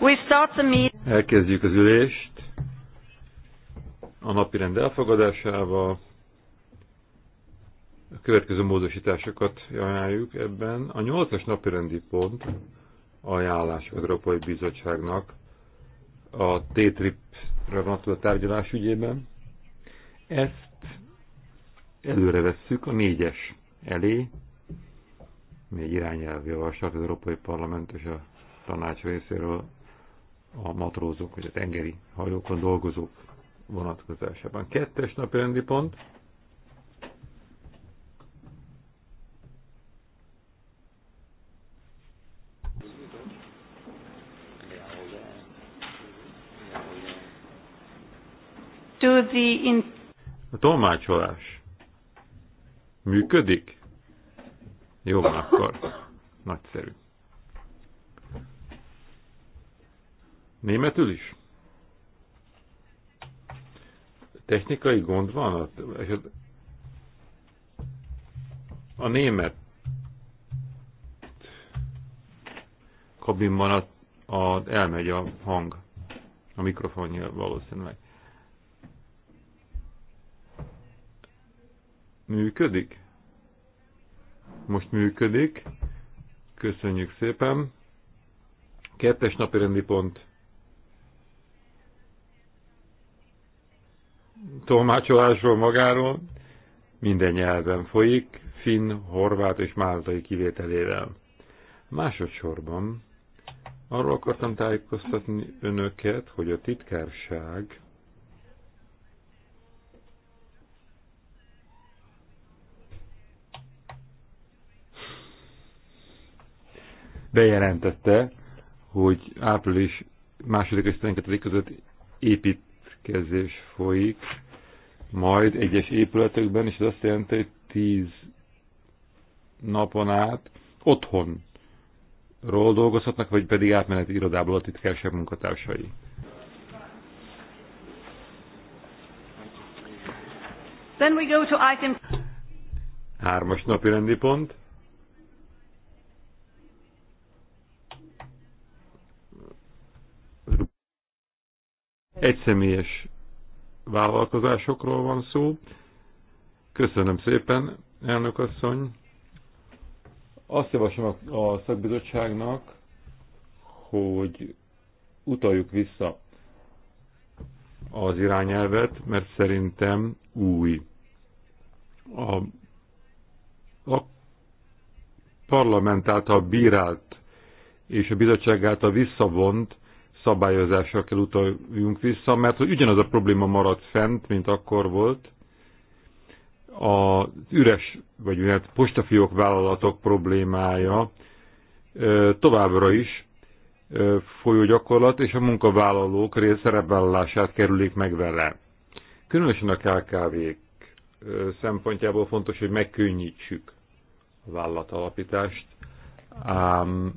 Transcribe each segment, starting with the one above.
We start the Elkezdjük az ülést a napi rend elfogadásával. A következő módosításokat ajánljuk ebben. A nyolcas napi rendi pont ajánlás az Európai Bizottságnak a T-tripre vonatkozó tárgyalás ügyében. Ezt előre vesszük a négyes elé, még irányelv javaslat az Európai Parlament és a tanács részéről a matrózok, vagy a tengeri hajókon dolgozók vonatkozásában. Kettes napi rendi pont. To the in... A tolmácsolás működik? Jó van akkor. Nagyszerű. Németül is? Technikai gond van? A német kabinban a, a, elmegy a hang, a mikrofonja valószínűleg. Működik? Most működik. Köszönjük szépen. Kettes napi rendi pont tolmácsolásról magáról minden nyelven folyik, finn, horvát és máltai kivételével. Másodszorban arról akartam tájékoztatni önöket, hogy a titkárság bejelentette, hogy április második és 12 között épít építkezés folyik, majd egyes épületekben, és ez azt jelenti, hogy tíz napon át otthon ról dolgozhatnak, vagy pedig átmeneti irodából a titkárság munkatársai. Then we go to item... Hármas napi rendi pont. egyszemélyes vállalkozásokról van szó. Köszönöm szépen, elnök asszony. Azt javaslom a szakbizottságnak, hogy utaljuk vissza az irányelvet, mert szerintem új. A, a parlament által bírált és a bizottság által visszavont szabályozással kell utaljunk vissza, mert hogy ugyanaz a probléma maradt fent, mint akkor volt, az üres, vagy hát postafiók vállalatok problémája továbbra is folyó gyakorlat, és a munkavállalók részerepvállalását kerülik meg vele. Különösen a kkv szempontjából fontos, hogy megkönnyítsük a vállalatalapítást, ám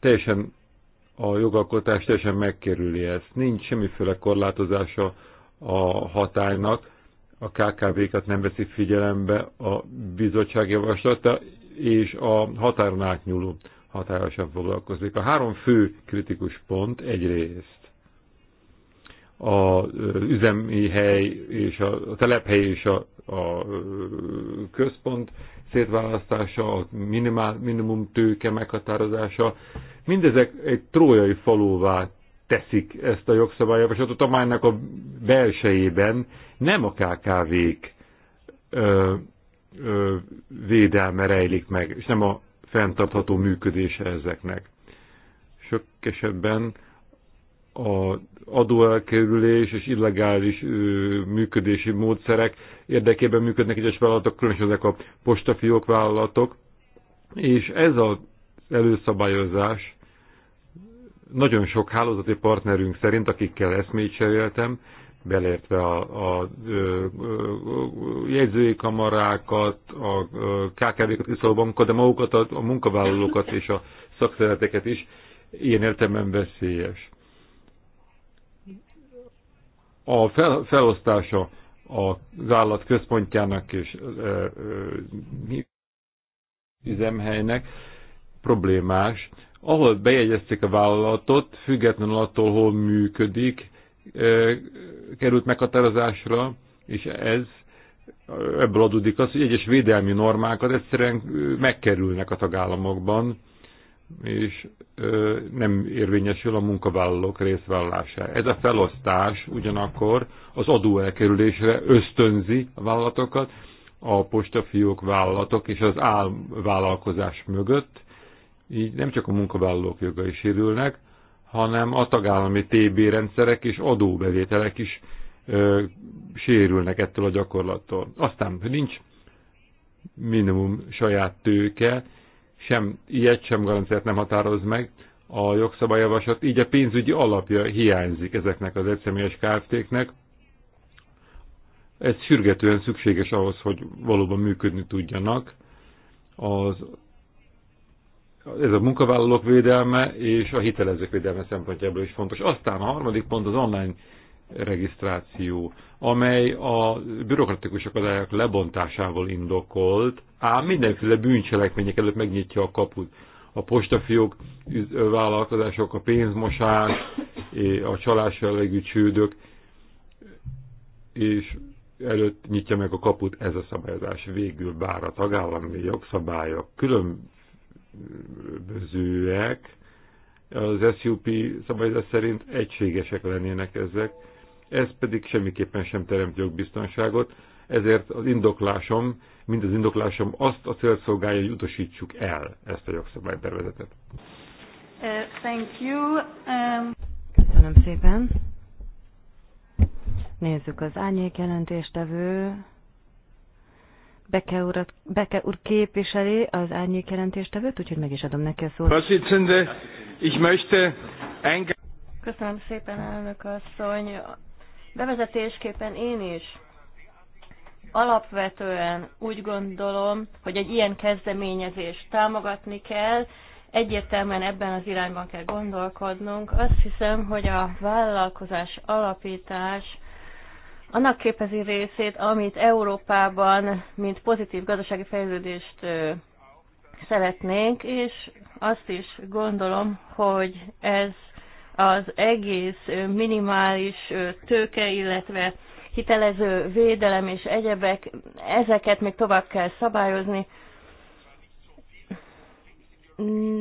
teljesen a jogalkotás teljesen megkerüli ezt. Nincs semmiféle korlátozása a hatálynak, a KKV-kat nem veszi figyelembe a bizottság javaslata, és a határon átnyúló hatályosan foglalkozik. A három fő kritikus pont egyrészt a üzemi hely és a, a telephely és a, a központ szétválasztása, a minimál, minimum tőke meghatározása, mindezek egy trójai falóvá teszik ezt a jogszabályjavaslatot, amelynek a belsejében nem a KKV-k védelme rejlik meg, és nem a fenntartható működése ezeknek. Sok esetben az adóelkerülés és illegális ö, működési módszerek érdekében működnek egyes vállalatok, különösen ezek a postafiók vállalatok, és ez az előszabályozás nagyon sok hálózati partnerünk szerint, akikkel eszmét cseréltem, beleértve a, a, a, a jegyzői kamarákat, a KKV-kat, a bankokat, de magukat, a, a munkavállalókat és a szakszereteket is ilyen értelemben veszélyes a fel, felosztása az állat központjának és e, e, üzemhelynek problémás. Ahol bejegyezték a vállalatot, függetlenül attól, hol működik, e, került meghatározásra, és ez ebből adódik az, hogy egyes védelmi normákat egyszerűen megkerülnek a tagállamokban, és ö, nem érvényesül a munkavállalók részvállalása. Ez a felosztás ugyanakkor az adó elkerülésre ösztönzi a vállalatokat, a postafiók vállalatok és az álvállalkozás mögött, így nem csak a munkavállalók jogai sérülnek, hanem a tagállami TB rendszerek és adóbevételek is ö, sérülnek ettől a gyakorlattól. Aztán nincs minimum saját tőke, sem ilyet, sem garanciát nem határoz meg a jogszabályjavaslat, így a pénzügyi alapja hiányzik ezeknek az egyszemélyes kft Ez sürgetően szükséges ahhoz, hogy valóban működni tudjanak. Az, ez a munkavállalók védelme és a hitelezők védelme szempontjából is fontos. Aztán a harmadik pont az online regisztráció, amely a bürokratikus akadályok lebontásával indokolt, ám mindenféle bűncselekmények előtt megnyitja a kaput. A postafiók, vállalkozások, a pénzmosás, a csalás jellegű csődök, és előtt nyitja meg a kaput ez a szabályozás. Végül bár a tagállami jogszabályok különbözőek, az SUP szabályozás szerint egységesek lennének ezek, ez pedig semmiképpen sem teremt jogbiztonságot, ezért az indoklásom, mind az indoklásom azt a célt szolgálja, hogy utasítsuk el ezt a jogszabálytervezetet. Uh, thank you. Um... Köszönöm szépen. Nézzük az árnyék jelentéstevő. Beke, urat, Beke úr képviseli az árnyék jelentéstevőt, úgyhogy meg is adom neki a szót. Köszönöm szépen, elnök asszony. Bevezetésképpen én is alapvetően úgy gondolom, hogy egy ilyen kezdeményezést támogatni kell, egyértelműen ebben az irányban kell gondolkodnunk. Azt hiszem, hogy a vállalkozás alapítás annak képezi részét, amit Európában, mint pozitív gazdasági fejlődést szeretnénk, és azt is gondolom, hogy ez az egész minimális tőke, illetve hitelező védelem és egyebek, ezeket még tovább kell szabályozni.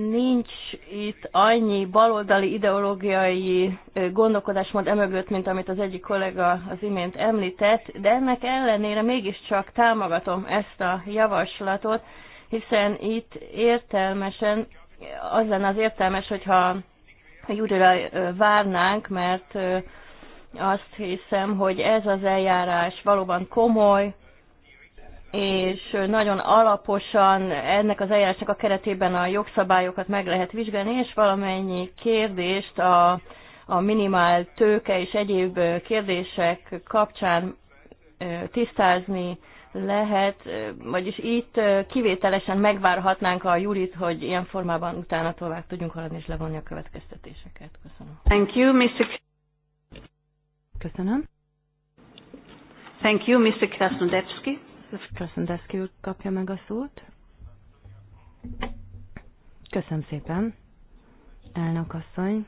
Nincs itt annyi baloldali ideológiai gondolkodásmód emögött, mint amit az egyik kollega az imént említett, de ennek ellenére mégiscsak támogatom ezt a javaslatot, hiszen itt értelmesen az lenne az értelmes, hogyha Júdira várnánk, mert azt hiszem, hogy ez az eljárás valóban komoly, és nagyon alaposan ennek az eljárásnak a keretében a jogszabályokat meg lehet vizsgálni, és valamennyi kérdést a, a minimál tőke és egyéb kérdések kapcsán tisztázni lehet, vagyis itt kivételesen megvárhatnánk a Jurit, hogy ilyen formában utána tovább tudjunk haladni és levonni a következtetéseket. Köszönöm. Thank you, Mr. Köszönöm. Thank you, Mr. Krasnodevsky. Krasnodevsky úr kapja meg a szót. Köszönöm szépen, elnök asszony.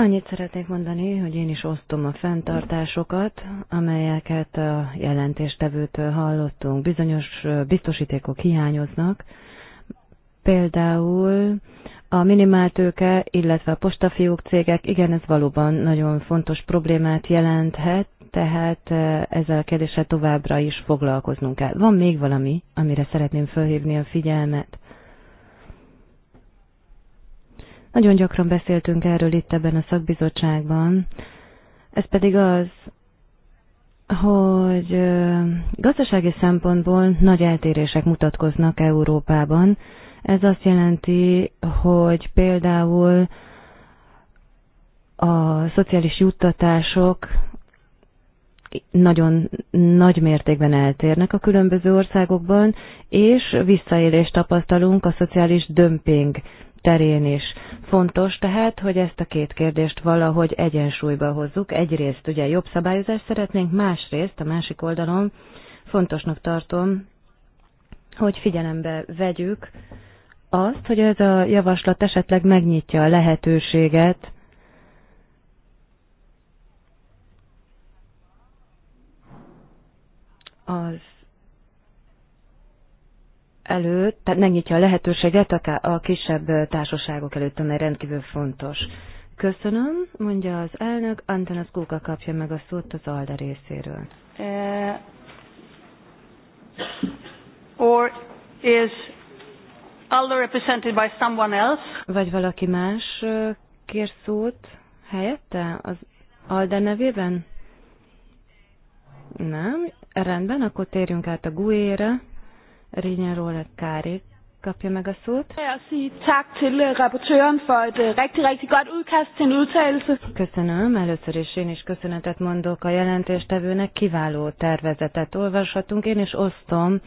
Annyit szeretnék mondani, hogy én is osztom a fenntartásokat, amelyeket a jelentéstevőtől hallottunk. Bizonyos biztosítékok hiányoznak, például a minimáltőke, illetve a postafiók cégek, igen, ez valóban nagyon fontos problémát jelenthet, tehát ezzel a kérdéssel továbbra is foglalkoznunk kell. Van még valami, amire szeretném felhívni a figyelmet. Nagyon gyakran beszéltünk erről itt ebben a szakbizottságban. Ez pedig az, hogy gazdasági szempontból nagy eltérések mutatkoznak Európában. Ez azt jelenti, hogy például a szociális juttatások nagyon nagy mértékben eltérnek a különböző országokban, és visszaélést tapasztalunk a szociális dömping terén is. Fontos tehát, hogy ezt a két kérdést valahogy egyensúlyba hozzuk. Egyrészt ugye jobb szabályozást szeretnénk, másrészt a másik oldalon fontosnak tartom, hogy figyelembe vegyük azt, hogy ez a javaslat esetleg megnyitja a lehetőséget, az előtt, tehát megnyitja a lehetőséget a, a kisebb társaságok előtt, amely rendkívül fontos. Köszönöm, mondja az elnök, Antanas Kóka kapja meg a szót az ALDA részéről. Uh, or is ALDA represented by someone else? Vagy valaki más uh, kér szót helyette az ALDA nevében? Nem? Rendben, akkor térjünk át a GUE-re. Rényen Róla Kári kapja meg a szót. Köszönöm, először is én is köszönetet mondok a jelentéstevőnek, kiváló tervezetet olvashatunk, én is osztom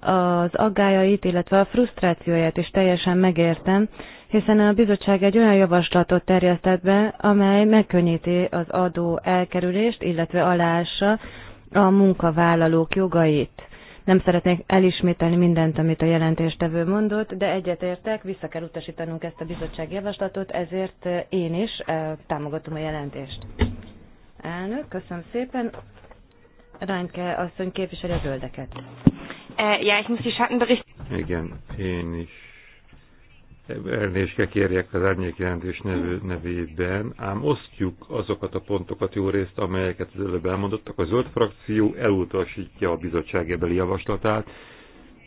az aggájait, illetve a frusztrációját is teljesen megértem, hiszen a bizottság egy olyan javaslatot terjesztett be, amely megkönnyíti az adó elkerülést, illetve alássa a munkavállalók jogait. Nem szeretnék elismételni mindent, amit a jelentéstevő mondott, de egyetértek, vissza kell utasítanunk ezt a bizottság javaslatot, ezért én is támogatom a jelentést. Elnök, köszönöm szépen. Reinke asszony képviseli a zöldeket. Äh, ja, ich muss die Schattenbericht... Igen, én is elnézést kell kérjek az árnyékjelentés nevében, ám osztjuk azokat a pontokat jó részt, amelyeket az előbb elmondottak. A zöld frakció elutasítja a bizottság ebeli javaslatát.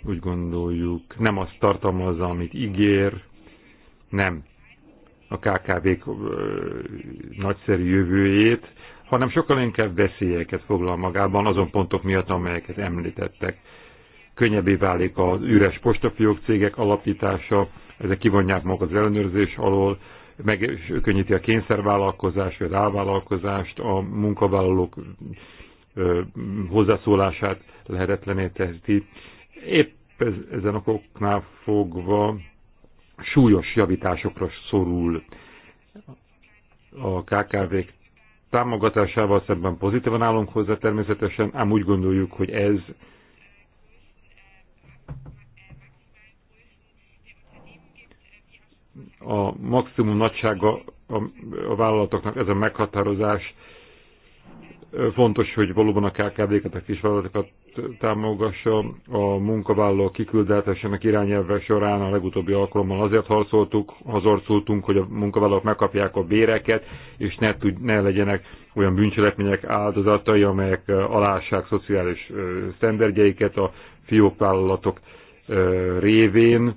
Úgy gondoljuk, nem azt tartalmazza, amit ígér, nem a KKV-k nagyszerű jövőjét, hanem sokkal inkább veszélyeket foglal magában azon pontok miatt, amelyeket említettek. Könnyebbé válik az üres postafiók cégek alapítása, ezek kivonják magukat az ellenőrzés alól, könnyíti a kényszervállalkozást, vagy az állvállalkozást, a munkavállalók ö, hozzászólását lehetetlené teheti. Épp ez, ezen okoknál fogva súlyos javításokra szorul a KKV-k támogatásával szemben pozitívan állunk hozzá természetesen, ám úgy gondoljuk, hogy ez a maximum nagysága a vállalatoknak ez a meghatározás fontos, hogy valóban a KKV-ket, a kisvállalatokat támogassa. A munkavállaló kiküldetésének irányelve során a legutóbbi alkalommal azért harcoltuk, hazarcoltunk, hogy a munkavállalók megkapják a béreket, és ne, tud, ne legyenek olyan bűncselekmények áldozatai, amelyek alássák szociális sztenderdjeiket a fiókvállalatok révén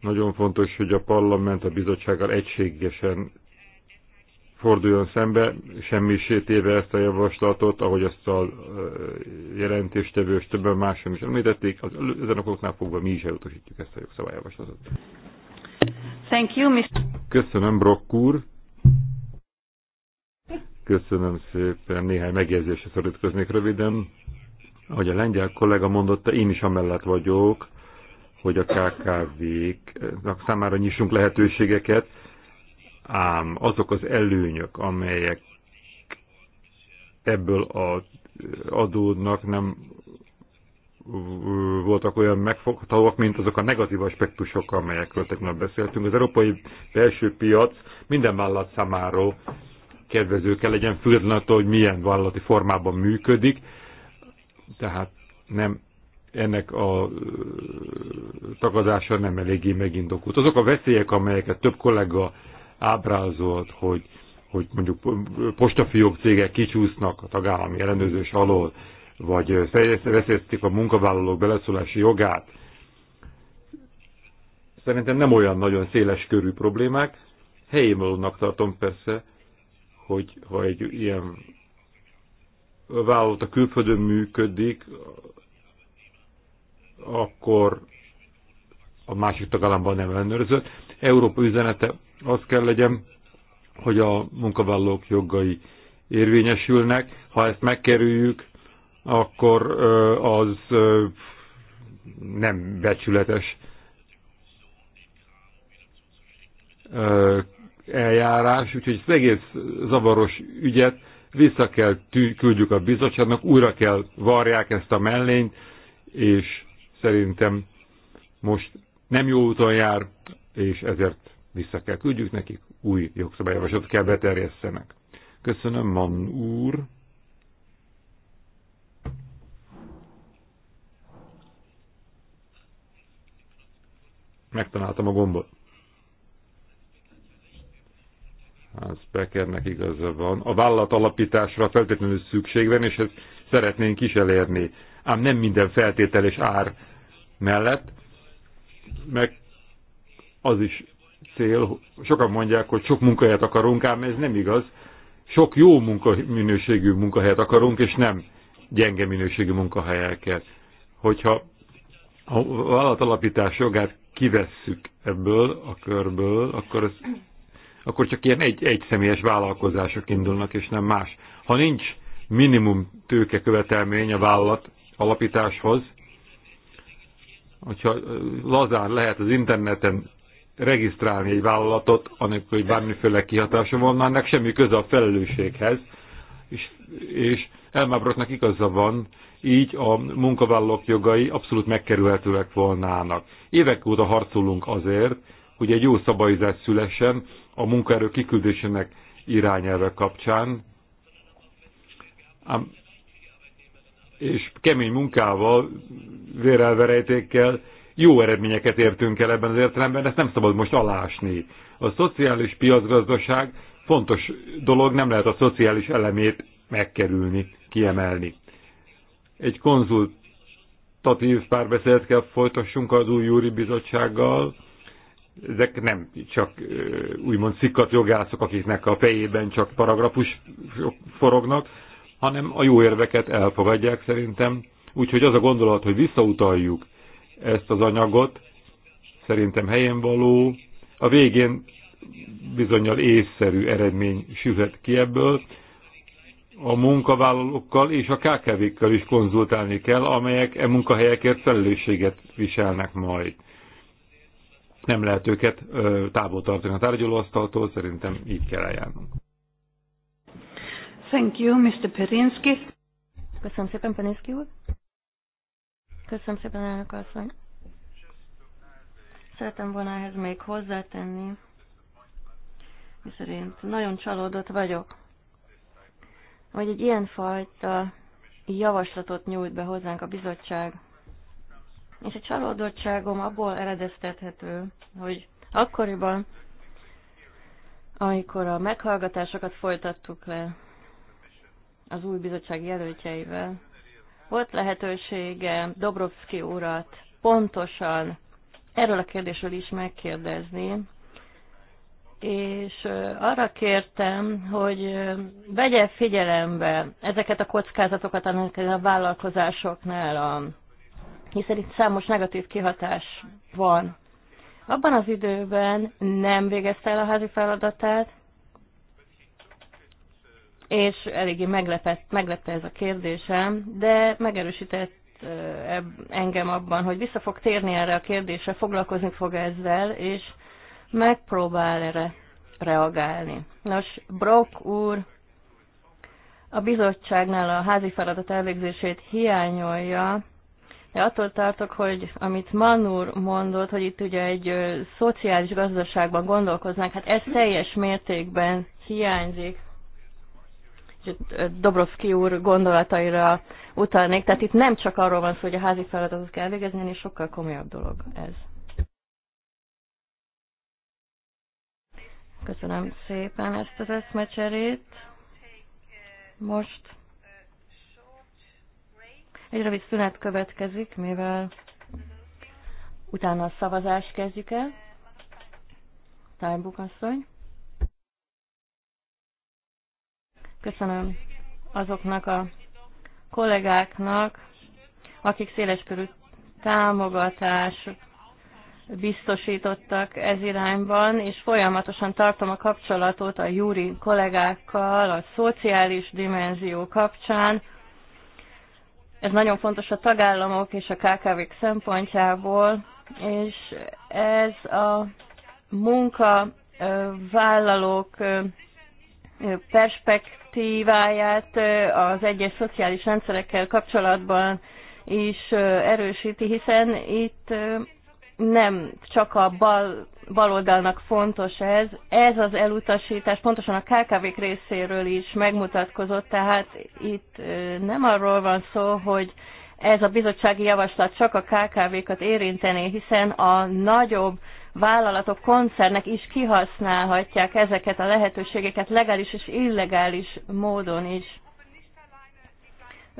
nagyon fontos, hogy a parlament a bizottsággal egységesen forduljon szembe, semmisé téve ezt a javaslatot, ahogy ezt a jelentéstevő és többen máson is említették, az, ezen okoknál fogva mi is elutasítjuk ezt a jogszabályjavaslatot. Thank you, Mr. Köszönöm, Brock úr. Köszönöm szépen, néhány megjegyzésre szorítkoznék röviden. Ahogy a lengyel kollega mondotta, én is amellett vagyok, hogy a KKV-k számára nyissunk lehetőségeket, ám azok az előnyök, amelyek ebből a adódnak nem voltak olyan megfoghatóak, mint azok a negatív aspektusok, amelyekről tegnap beszéltünk. Az európai belső piac minden vállalat számára kedvező kell legyen, függetlenül attól, hogy milyen vállalati formában működik, tehát nem ennek a tagadása nem eléggé megindokult. Azok a veszélyek, amelyeket több kollega ábrázolt, hogy, hogy mondjuk postafiók cégek kicsúsznak a tagállami ellenőrzés alól, vagy veszélyeztetik a munkavállalók beleszólási jogát, szerintem nem olyan nagyon széles körű problémák. Helyén valónak tartom persze, hogy ha egy ilyen vállalat a külföldön működik, akkor a másik tagállamban nem ellenőrzött. Európa üzenete az kell legyen, hogy a munkavállalók jogai érvényesülnek. Ha ezt megkerüljük, akkor az nem becsületes eljárás, úgyhogy az egész zavaros ügyet vissza kell küldjük a bizottságnak, újra kell varják ezt a mellényt, és szerintem most nem jó úton jár, és ezért vissza kell küldjük nekik, új jogszabályjavaslatot kell beterjesszenek. Köszönöm, Mann úr. Megtaláltam a gombot. Az Beckernek igaza van. A vállalat alapításra feltétlenül szükség van, és ezt szeretnénk is elérni. Ám nem minden feltétel és ár mellett, meg az is cél, sokan mondják, hogy sok munkahelyet akarunk, ám ez nem igaz. Sok jó munka, minőségű munkahelyet akarunk, és nem gyenge minőségű munkahelyeket. Hogyha a vállalatalapítás jogát kivesszük ebből a körből, akkor, ez, akkor csak ilyen egy, egy személyes vállalkozások indulnak, és nem más. Ha nincs minimum tőke követelmény a vállalat alapításhoz, hogyha lazán lehet az interneten regisztrálni egy vállalatot, anélkül, hogy bármiféle kihatása volna, ennek semmi köze a felelősséghez, és, és Elmábrotnak igaza van, így a munkavállalók jogai abszolút megkerülhetőek volnának. Évek óta harcolunk azért, hogy egy jó szabályzás szülessen a munkaerő kiküldésének irányelve kapcsán, ám és kemény munkával, vérelverejtékkel jó eredményeket értünk el ebben az értelemben, ezt nem szabad most alásni. A szociális piacgazdaság fontos dolog, nem lehet a szociális elemét megkerülni, kiemelni. Egy konzultatív párbeszédet kell folytassunk az új júri bizottsággal, ezek nem csak úgymond szikkat jogászok, akiknek a fejében csak paragrafus forognak, hanem a jó érveket elfogadják szerintem. Úgyhogy az a gondolat, hogy visszautaljuk ezt az anyagot, szerintem helyen való. A végén bizonyal észszerű eredmény süzet ki ebből. A munkavállalókkal és a KKV-kkel is konzultálni kell, amelyek e munkahelyekért felelősséget viselnek majd. Nem lehet őket távol tartani a tárgyalóasztaltól, szerintem így kell eljárnunk. Thank you, Mr. Perinsky. Köszönöm szépen, Perinsky úr. Köszönöm szépen, elnök asszony. Szeretem volna ehhez még hozzátenni, miszerint nagyon csalódott vagyok, hogy egy ilyenfajta javaslatot nyújt be hozzánk a bizottság. És a csalódottságom abból eredeztethető, hogy akkoriban, amikor a meghallgatásokat folytattuk le, az új bizottság jelöltjeivel. Volt lehetősége Dobrovszki urat pontosan erről a kérdésről is megkérdezni, és arra kértem, hogy vegye figyelembe ezeket a kockázatokat a vállalkozásoknál, a, hiszen itt számos negatív kihatás van. Abban az időben nem végezte el a házi feladatát, és eléggé meglepett, meglepte ez a kérdésem, de megerősített engem abban, hogy vissza fog térni erre a kérdésre, foglalkozni fog ezzel, és megpróbál erre reagálni. Nos, Brock úr a bizottságnál a házi feladat elvégzését hiányolja, de attól tartok, hogy amit Manur mondott, hogy itt ugye egy szociális gazdaságban gondolkoznak, hát ez teljes mértékben hiányzik Dobrovszki úr gondolataira utalnék. Tehát itt nem csak arról van szó, hogy a házi feladatot kell végezni, hanem sokkal komolyabb dolog ez. Köszönöm szépen ezt az eszmecserét. Most egy rövid szünet következik, mivel utána a szavazást kezdjük el. Tájbuk asszony. Köszönöm azoknak a kollégáknak, akik széleskörű támogatást biztosítottak ez irányban, és folyamatosan tartom a kapcsolatot a júri kollégákkal a szociális dimenzió kapcsán. Ez nagyon fontos a tagállamok és a kkv szempontjából, és ez a munkavállalók perspektíváját az egyes szociális rendszerekkel kapcsolatban is erősíti, hiszen itt nem csak a bal, baloldalnak fontos ez, ez az elutasítás pontosan a KKV-k részéről is megmutatkozott, tehát itt nem arról van szó, hogy ez a bizottsági javaslat csak a KKV-kat érintené, hiszen a nagyobb vállalatok, koncernek is kihasználhatják ezeket a lehetőségeket legális és illegális módon is.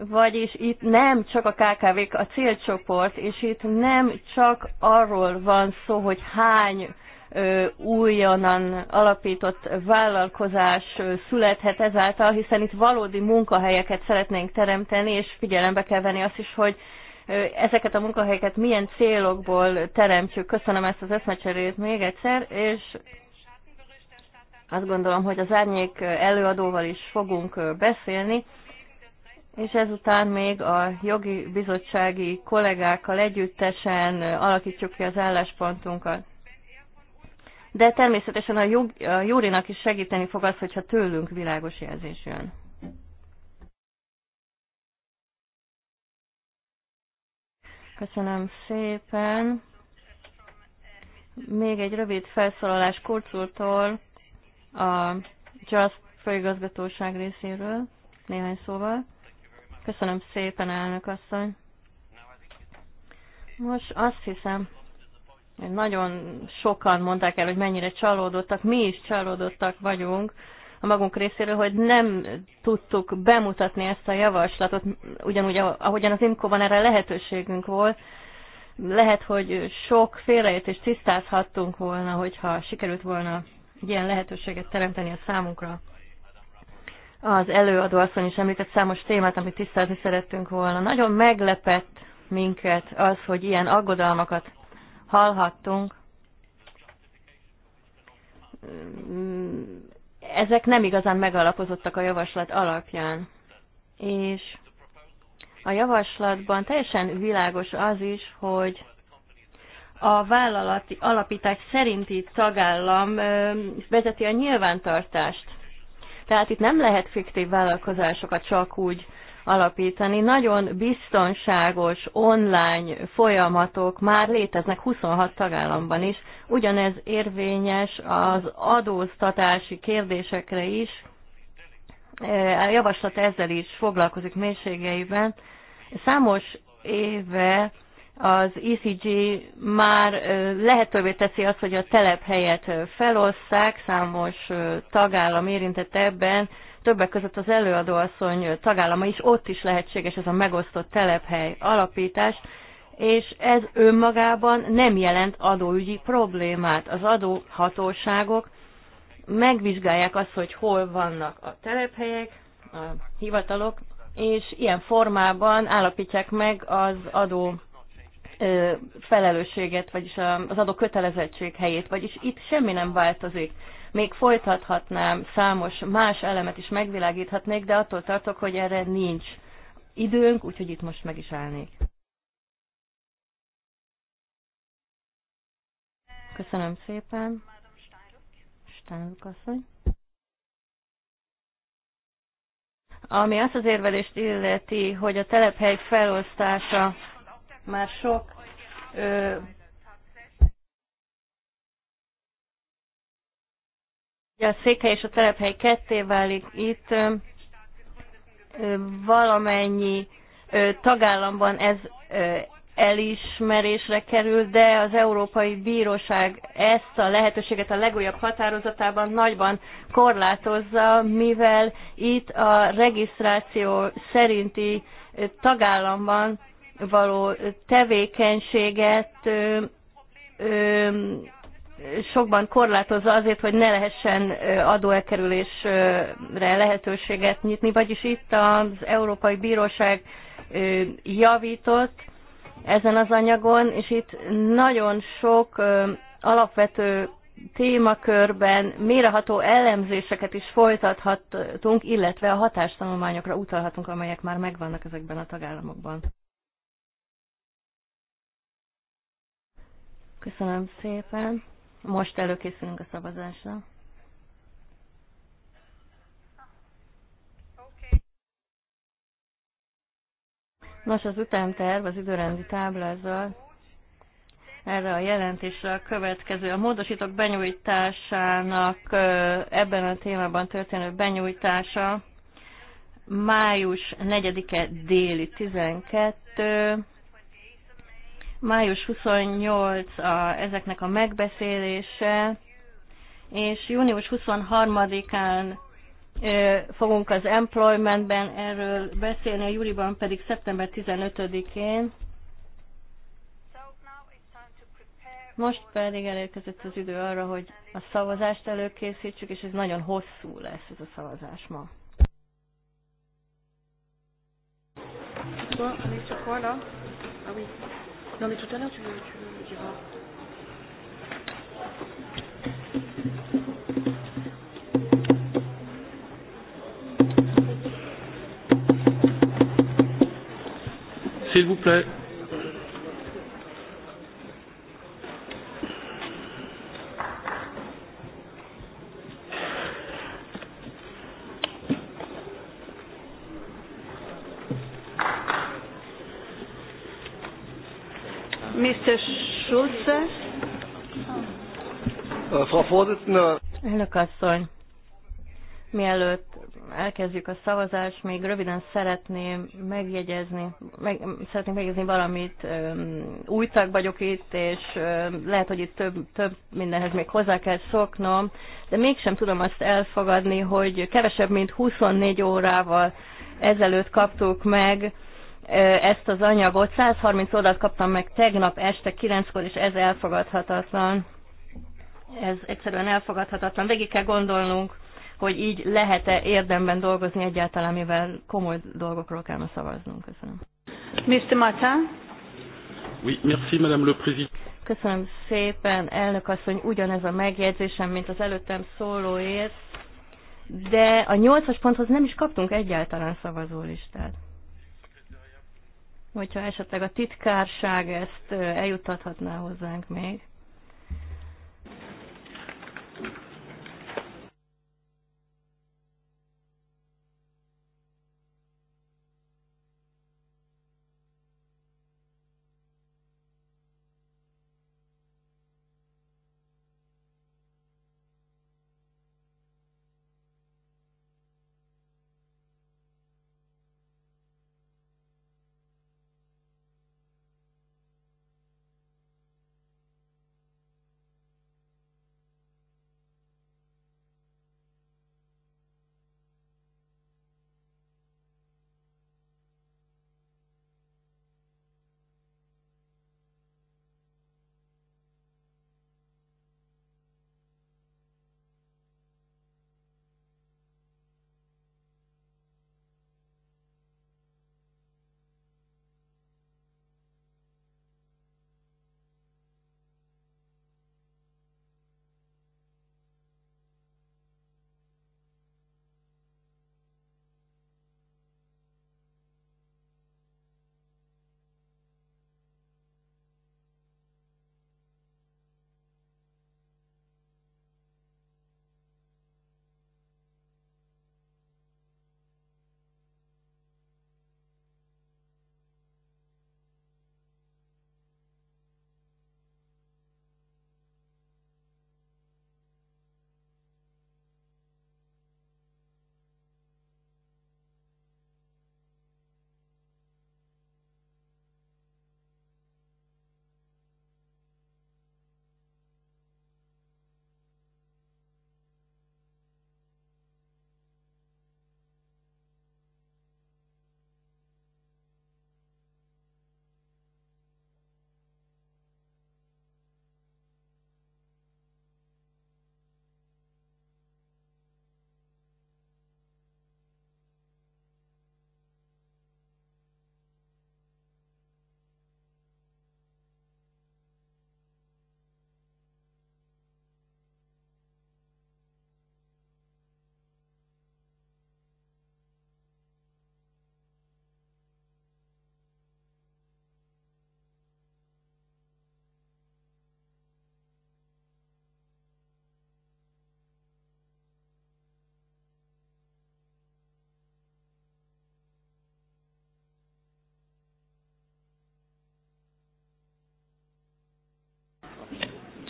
Vagyis itt nem csak a KKV-k a célcsoport, és itt nem csak arról van szó, hogy hány ö, újonnan alapított vállalkozás születhet ezáltal, hiszen itt valódi munkahelyeket szeretnénk teremteni, és figyelembe kell venni azt is, hogy ezeket a munkahelyeket milyen célokból teremtjük. Köszönöm ezt az eszmecserét még egyszer, és azt gondolom, hogy az árnyék előadóval is fogunk beszélni, és ezután még a jogi bizottsági kollégákkal együttesen alakítjuk ki az álláspontunkat. De természetesen a, jog, a Júrinak is segíteni fog az, hogyha tőlünk világos jelzés jön. Köszönöm szépen. Még egy rövid felszólalás Kurcultól a Just főigazgatóság részéről néhány szóval. Köszönöm szépen, elnök asszony. Most azt hiszem, hogy nagyon sokan mondták el, hogy mennyire csalódottak, mi is csalódottak vagyunk a magunk részéről, hogy nem tudtuk bemutatni ezt a javaslatot, ugyanúgy, ahogyan az IMCO-ban erre lehetőségünk volt, lehet, hogy sok félreértést tisztázhattunk volna, hogyha sikerült volna egy ilyen lehetőséget teremteni a számunkra. Az előadó asszony is említett számos témát, amit tisztázni szerettünk volna. Nagyon meglepett minket az, hogy ilyen aggodalmakat hallhattunk ezek nem igazán megalapozottak a javaslat alapján. És a javaslatban teljesen világos az is, hogy a vállalati alapítás szerinti tagállam vezeti a nyilvántartást. Tehát itt nem lehet fiktív vállalkozásokat csak úgy alapítani. Nagyon biztonságos online folyamatok már léteznek 26 tagállamban is. Ugyanez érvényes az adóztatási kérdésekre is. A e, javaslat ezzel is foglalkozik mélységeiben. Számos éve az ECG már e, lehetővé teszi azt, hogy a telephelyet e, felosszák, számos tagállam érintett ebben, többek között az előadóasszony tagállama is, ott is lehetséges ez a megosztott telephely alapítás, és ez önmagában nem jelent adóügyi problémát. Az adóhatóságok megvizsgálják azt, hogy hol vannak a telephelyek, a hivatalok, és ilyen formában állapítják meg az adó felelősséget, vagyis az adó kötelezettség helyét, vagyis itt semmi nem változik még folytathatnám, számos más elemet is megvilágíthatnék, de attól tartok, hogy erre nincs időnk, úgyhogy itt most meg is állnék. Köszönöm szépen. Stánuk asszony. Ami azt az érvelést illeti, hogy a telephely felosztása már sok ö, a székhely és a telephely ketté válik itt, valamennyi tagállamban ez elismerésre kerül, de az Európai Bíróság ezt a lehetőséget a legújabb határozatában nagyban korlátozza, mivel itt a regisztráció szerinti tagállamban való tevékenységet sokban korlátozza azért, hogy ne lehessen adóelkerülésre lehetőséget nyitni, vagyis itt az Európai Bíróság javított ezen az anyagon, és itt nagyon sok alapvető témakörben méreható elemzéseket is folytathatunk, illetve a hatástanulmányokra utalhatunk, amelyek már megvannak ezekben a tagállamokban. Köszönöm szépen. Most előkészülünk a szavazásra. Nos, az ütemterv, az időrendi táblázat erre a jelentésre a következő. A módosítók benyújtásának ebben a témában történő benyújtása május 4-e déli 12 Május 28 a, ezeknek a megbeszélése, és június 23-án fogunk az employmentben erről beszélni, a júliban pedig szeptember 15-én. Most pedig elérkezett az idő arra, hogy a szavazást előkészítsük, és ez nagyon hosszú lesz ez a szavazás ma. Well, Non, mais tout à l'heure, tu, tu diras. S'il vous plaît. Elnök asszony, mielőtt elkezdjük a szavazást, még röviden szeretném megjegyezni, meg, szeretném megjegyezni valamit. Új tag vagyok itt, és lehet, hogy itt több, több mindenhez még hozzá kell szoknom, de mégsem tudom azt elfogadni, hogy kevesebb, mint 24 órával ezelőtt kaptuk meg ezt az anyagot. 130 órát kaptam meg tegnap este 9-kor, és ez elfogadhatatlan ez egyszerűen elfogadhatatlan. Végig kell gondolnunk, hogy így lehet-e érdemben dolgozni egyáltalán, mivel komoly dolgokról kell szavaznunk. Köszönöm. Mr. Martin? Oui, merci, Madame le Président. Köszönöm szépen, elnök asszony, ugyanez a megjegyzésem, mint az előttem szólóért, de a nyolcas ponthoz nem is kaptunk egyáltalán szavazólistát. Hogyha esetleg a titkárság ezt eljutathatná hozzánk még.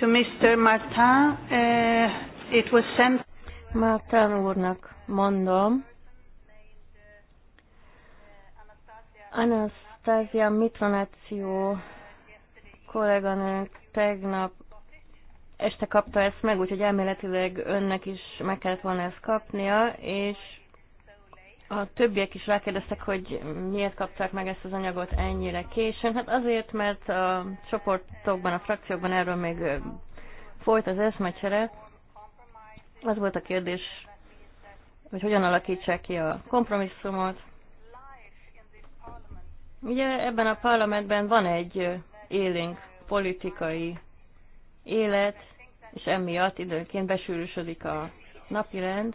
to Mr. Martin. Uh, it was sent. Martin úrnak mondom. Anastasia Mitronáció kolléganőnk tegnap este kapta ezt meg, úgyhogy elméletileg önnek is meg kellett volna ezt kapnia, és a többiek is rákérdeztek, hogy miért kapták meg ezt az anyagot ennyire későn. Hát azért, mert a csoportokban, a frakciókban erről még folyt az eszmecsere. Az volt a kérdés, hogy hogyan alakítsák ki a kompromisszumot. Ugye ebben a parlamentben van egy élénk politikai élet, és emiatt időnként besűrűsödik a rend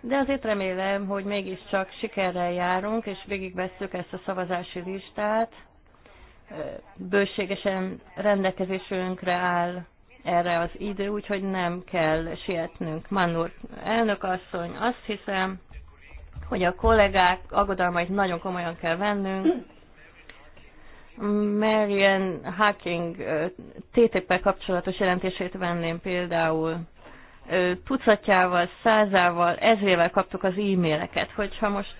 de azért remélem, hogy mégiscsak sikerrel járunk, és végigvesszük ezt a szavazási listát. Bőségesen rendelkezésünkre áll erre az idő, úgyhogy nem kell sietnünk. Manur elnök asszony, azt hiszem, hogy a kollégák aggodalmait nagyon komolyan kell vennünk. Marian Hacking ttp kapcsolatos jelentését venném például tucatjával, százával, ezrével kaptuk az e-maileket. Hogyha most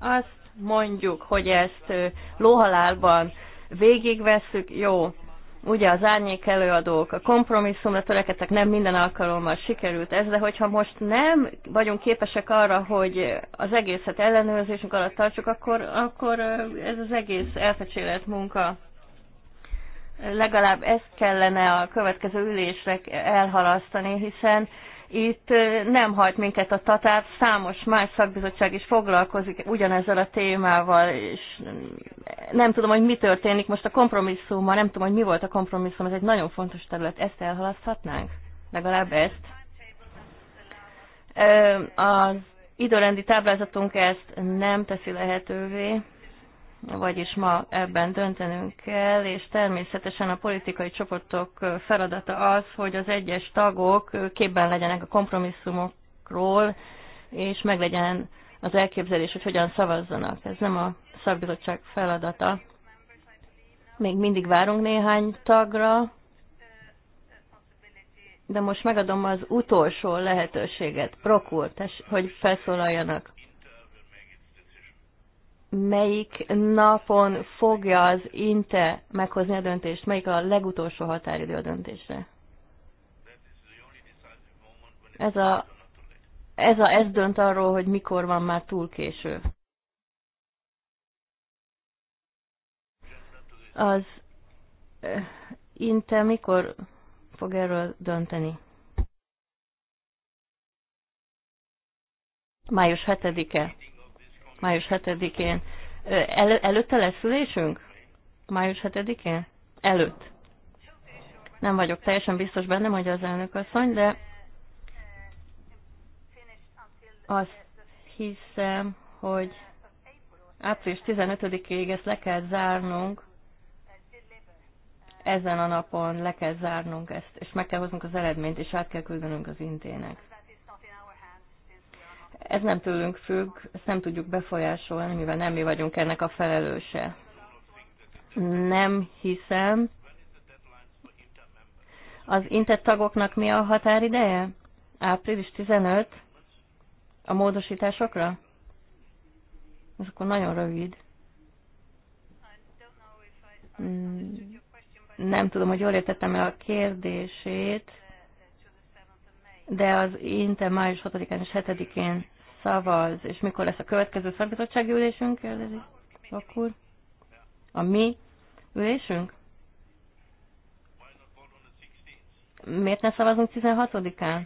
azt mondjuk, hogy ezt lóhalálban végigveszük, jó, ugye az árnyék előadók a kompromisszumra törekedtek, nem minden alkalommal sikerült ez, de hogyha most nem vagyunk képesek arra, hogy az egészet ellenőrzésünk alatt tartsuk, akkor, akkor ez az egész elfecsélet munka legalább ezt kellene a következő ülésre elhalasztani, hiszen itt nem hajt minket a tatár, számos más szakbizottság is foglalkozik ugyanezzel a témával, és nem tudom, hogy mi történik most a kompromisszummal, nem tudom, hogy mi volt a kompromisszum, ez egy nagyon fontos terület, ezt elhalaszthatnánk? Legalább ezt? Az időrendi táblázatunk ezt nem teszi lehetővé vagyis ma ebben döntenünk kell, és természetesen a politikai csoportok feladata az, hogy az egyes tagok képben legyenek a kompromisszumokról, és meglegyen az elképzelés, hogy hogyan szavazzanak. Ez nem a szakbizottság feladata. Még mindig várunk néhány tagra, de most megadom az utolsó lehetőséget, Prokúr, hogy felszólaljanak melyik napon fogja az INTE meghozni a döntést, melyik a legutolsó határidő a döntésre. Ez a, ez a ez dönt arról, hogy mikor van már túl késő. Az INTE mikor fog erről dönteni? Május 7-e Május 7-én. El, előtte lesz ülésünk? Május 7-én? Előtt. Nem vagyok teljesen biztos benne, hogy az elnök asszony, de azt hiszem, hogy április 15-ig ezt le kell zárnunk, ezen a napon le kell zárnunk ezt, és meg kell hoznunk az eredményt, és át kell küldenünk az intének. Ez nem tőlünk függ, ezt nem tudjuk befolyásolni, mivel nem mi vagyunk ennek a felelőse. Nem hiszem. Az intett tagoknak mi a határideje? Április 15 a módosításokra? Ez akkor nagyon rövid. Nem tudom, hogy jól értettem-e a kérdését, de az Inte május 6-án és 7-én szavaz, és mikor lesz a következő szakbizottsági ülésünk, kérdezi? Akkor a mi ülésünk? Miért ne szavazunk 16-án?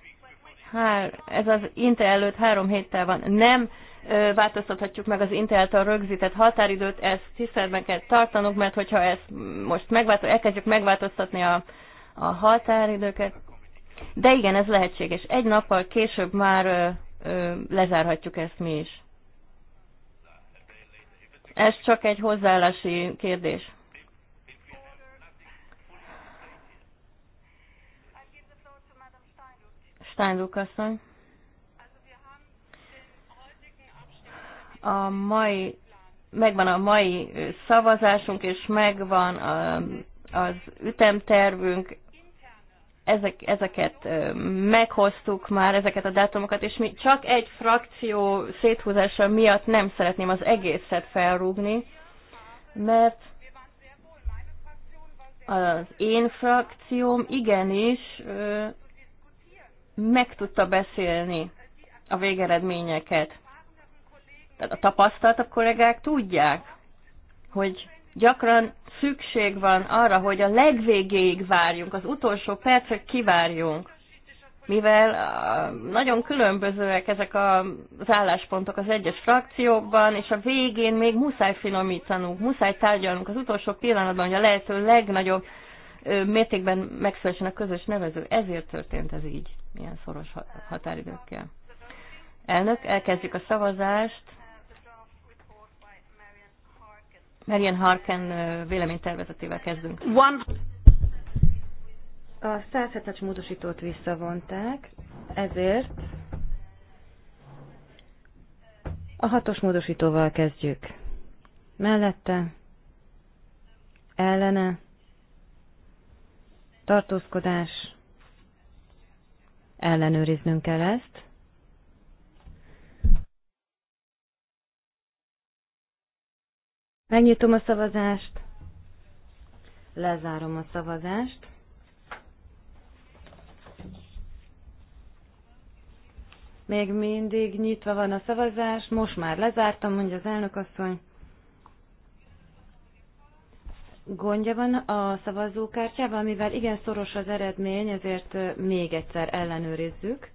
Hár, ez az Intel előtt három héttel van. Nem ö, változtathatjuk meg az intel a rögzített határidőt, ezt tiszteletben kell tartanunk, mert hogyha ezt most megváltoz, elkezdjük megváltoztatni a, a határidőket, de igen, ez lehetséges. Egy nappal később már lezárhatjuk ezt mi is. Ez csak egy hozzáállási kérdés. Steinruck asszony. A mai, megvan a mai szavazásunk, és megvan a, az ütemtervünk, ezek, ezeket meghoztuk már, ezeket a dátumokat, és mi csak egy frakció széthúzása miatt nem szeretném az egészet felrúgni, mert az én frakcióm igenis meg tudta beszélni a végeredményeket. Tehát a tapasztaltabb kollégák tudják, hogy gyakran szükség van arra, hogy a legvégéig várjunk, az utolsó percek kivárjunk, mivel uh, nagyon különbözőek ezek az álláspontok az egyes frakciókban, és a végén még muszáj finomítanunk, muszáj tárgyalnunk az utolsó pillanatban, hogy a lehető legnagyobb mértékben megszülessen a közös nevező. Ezért történt ez így, ilyen szoros határidőkkel. Elnök, elkezdjük a szavazást. Marian Harken véleménytervezetével kezdünk. One. A 107-es módosítót visszavonták, ezért a hatos módosítóval kezdjük. Mellette, ellene, tartózkodás, ellenőriznünk kell ezt. Megnyitom a szavazást, lezárom a szavazást. Még mindig nyitva van a szavazás, most már lezártam, mondja az elnökasszony. Gondja van a szavazókártyával, mivel igen szoros az eredmény, ezért még egyszer ellenőrizzük.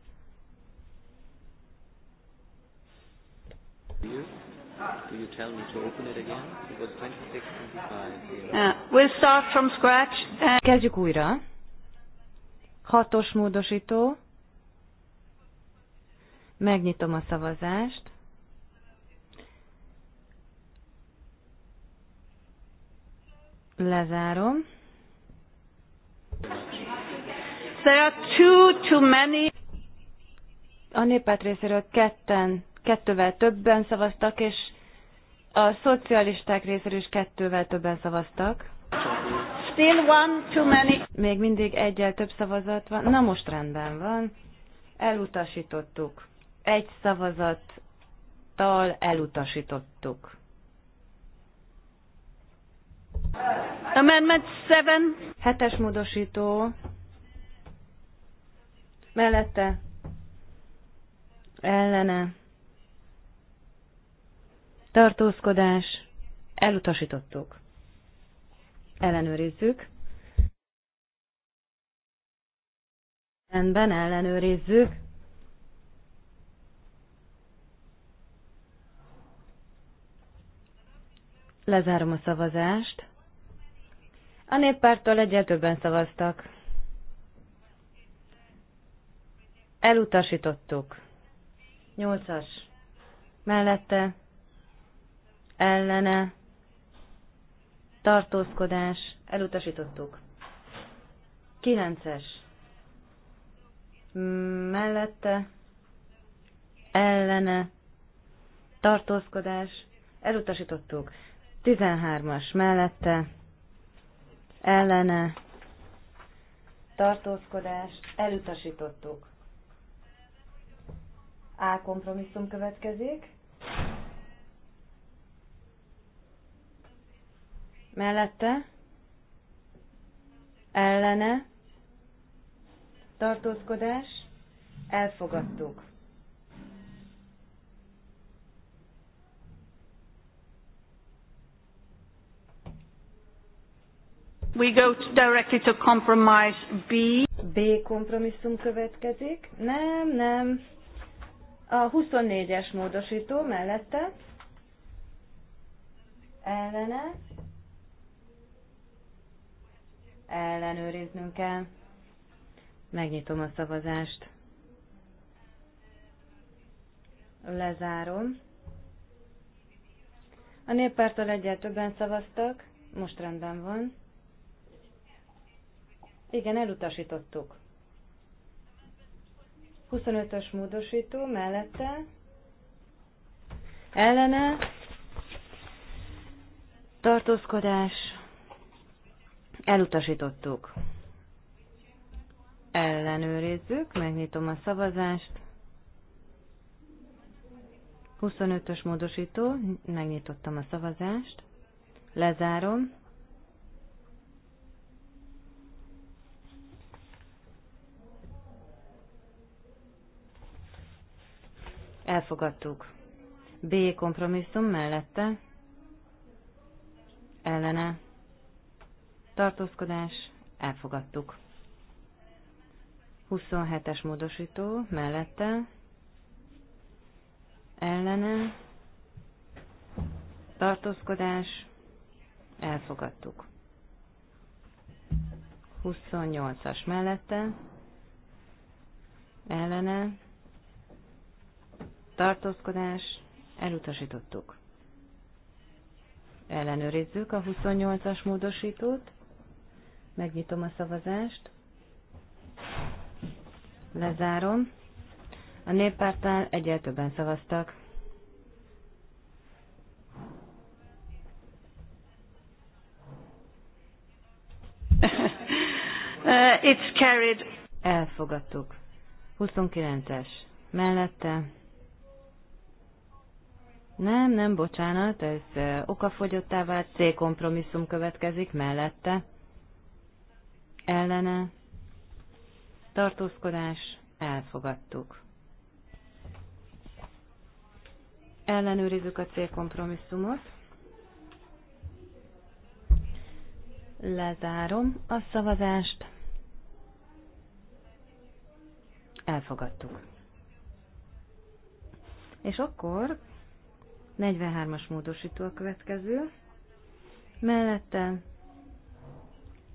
Uh, we'll start from scratch. And... Uh, Kezdjük újra. Hatos módosító. Megnyitom a szavazást. Lezárom. There are too too many. A néppárt részéről ketten, kettővel többen szavaztak, és a szocialisták részéről is kettővel többen szavaztak. Still one too many. Még mindig egyel több szavazat van. Na most rendben van. Elutasítottuk. Egy szavazattal elutasítottuk. Amendment 7. Hetes módosító. Mellette. Ellene tartózkodás, elutasítottuk. Ellenőrizzük. Rendben, ellenőrizzük. Lezárom a szavazást. A néppártól egyel többen szavaztak. Elutasítottuk. Nyolcas. Mellette ellene tartózkodás elutasítottuk. kilences. mellette ellene tartózkodás elutasítottuk. tizenhármas mellette ellene tartózkodás elutasítottuk. A kompromisszum következik mellette, ellene, tartózkodás, elfogadtuk. We go directly to compromise B. B kompromisszum következik. Nem, nem. A 24-es módosító mellette ellene ellenőriznünk kell. Megnyitom a szavazást. Lezárom. A néppártól egyel többen szavaztak, most rendben van. Igen, elutasítottuk. 25-ös módosító mellette, ellene, tartózkodás, Elutasítottuk. Ellenőrizzük, megnyitom a szavazást. 25-ös módosító, megnyitottam a szavazást. Lezárom. Elfogadtuk. B kompromisszum mellette. Ellene tartózkodás, elfogadtuk. 27-es módosító mellette, ellene, tartózkodás, elfogadtuk. 28-as mellette, ellene, tartózkodás, elutasítottuk. Ellenőrizzük a 28-as módosítót. Megnyitom a szavazást. Lezárom. A néppártnál egyel többen szavaztak. Uh, it's carried. Elfogadtuk. 29-es. Mellette. Nem, nem, bocsánat, ez uh, okafogyottá vált, C kompromisszum következik mellette ellene tartózkodás elfogadtuk. Ellenőrizzük a célkompromisszumot. Lezárom a szavazást. Elfogadtuk. És akkor 43-as módosító a következő. Mellette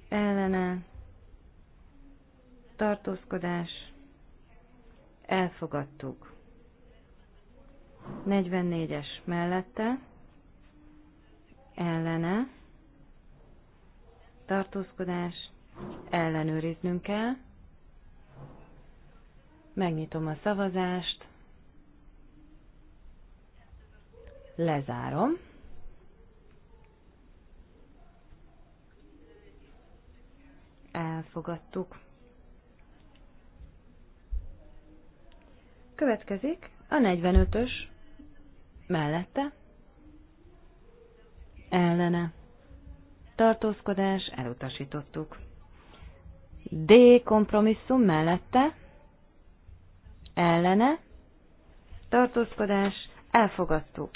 ellene tartózkodás, elfogadtuk. 44-es mellette, ellene, tartózkodás, ellenőriznünk kell. Megnyitom a szavazást, lezárom. Elfogadtuk. Következik a 45-ös mellette, ellene. Tartózkodás elutasítottuk. D kompromisszum mellette, ellene. Tartózkodás elfogadtuk.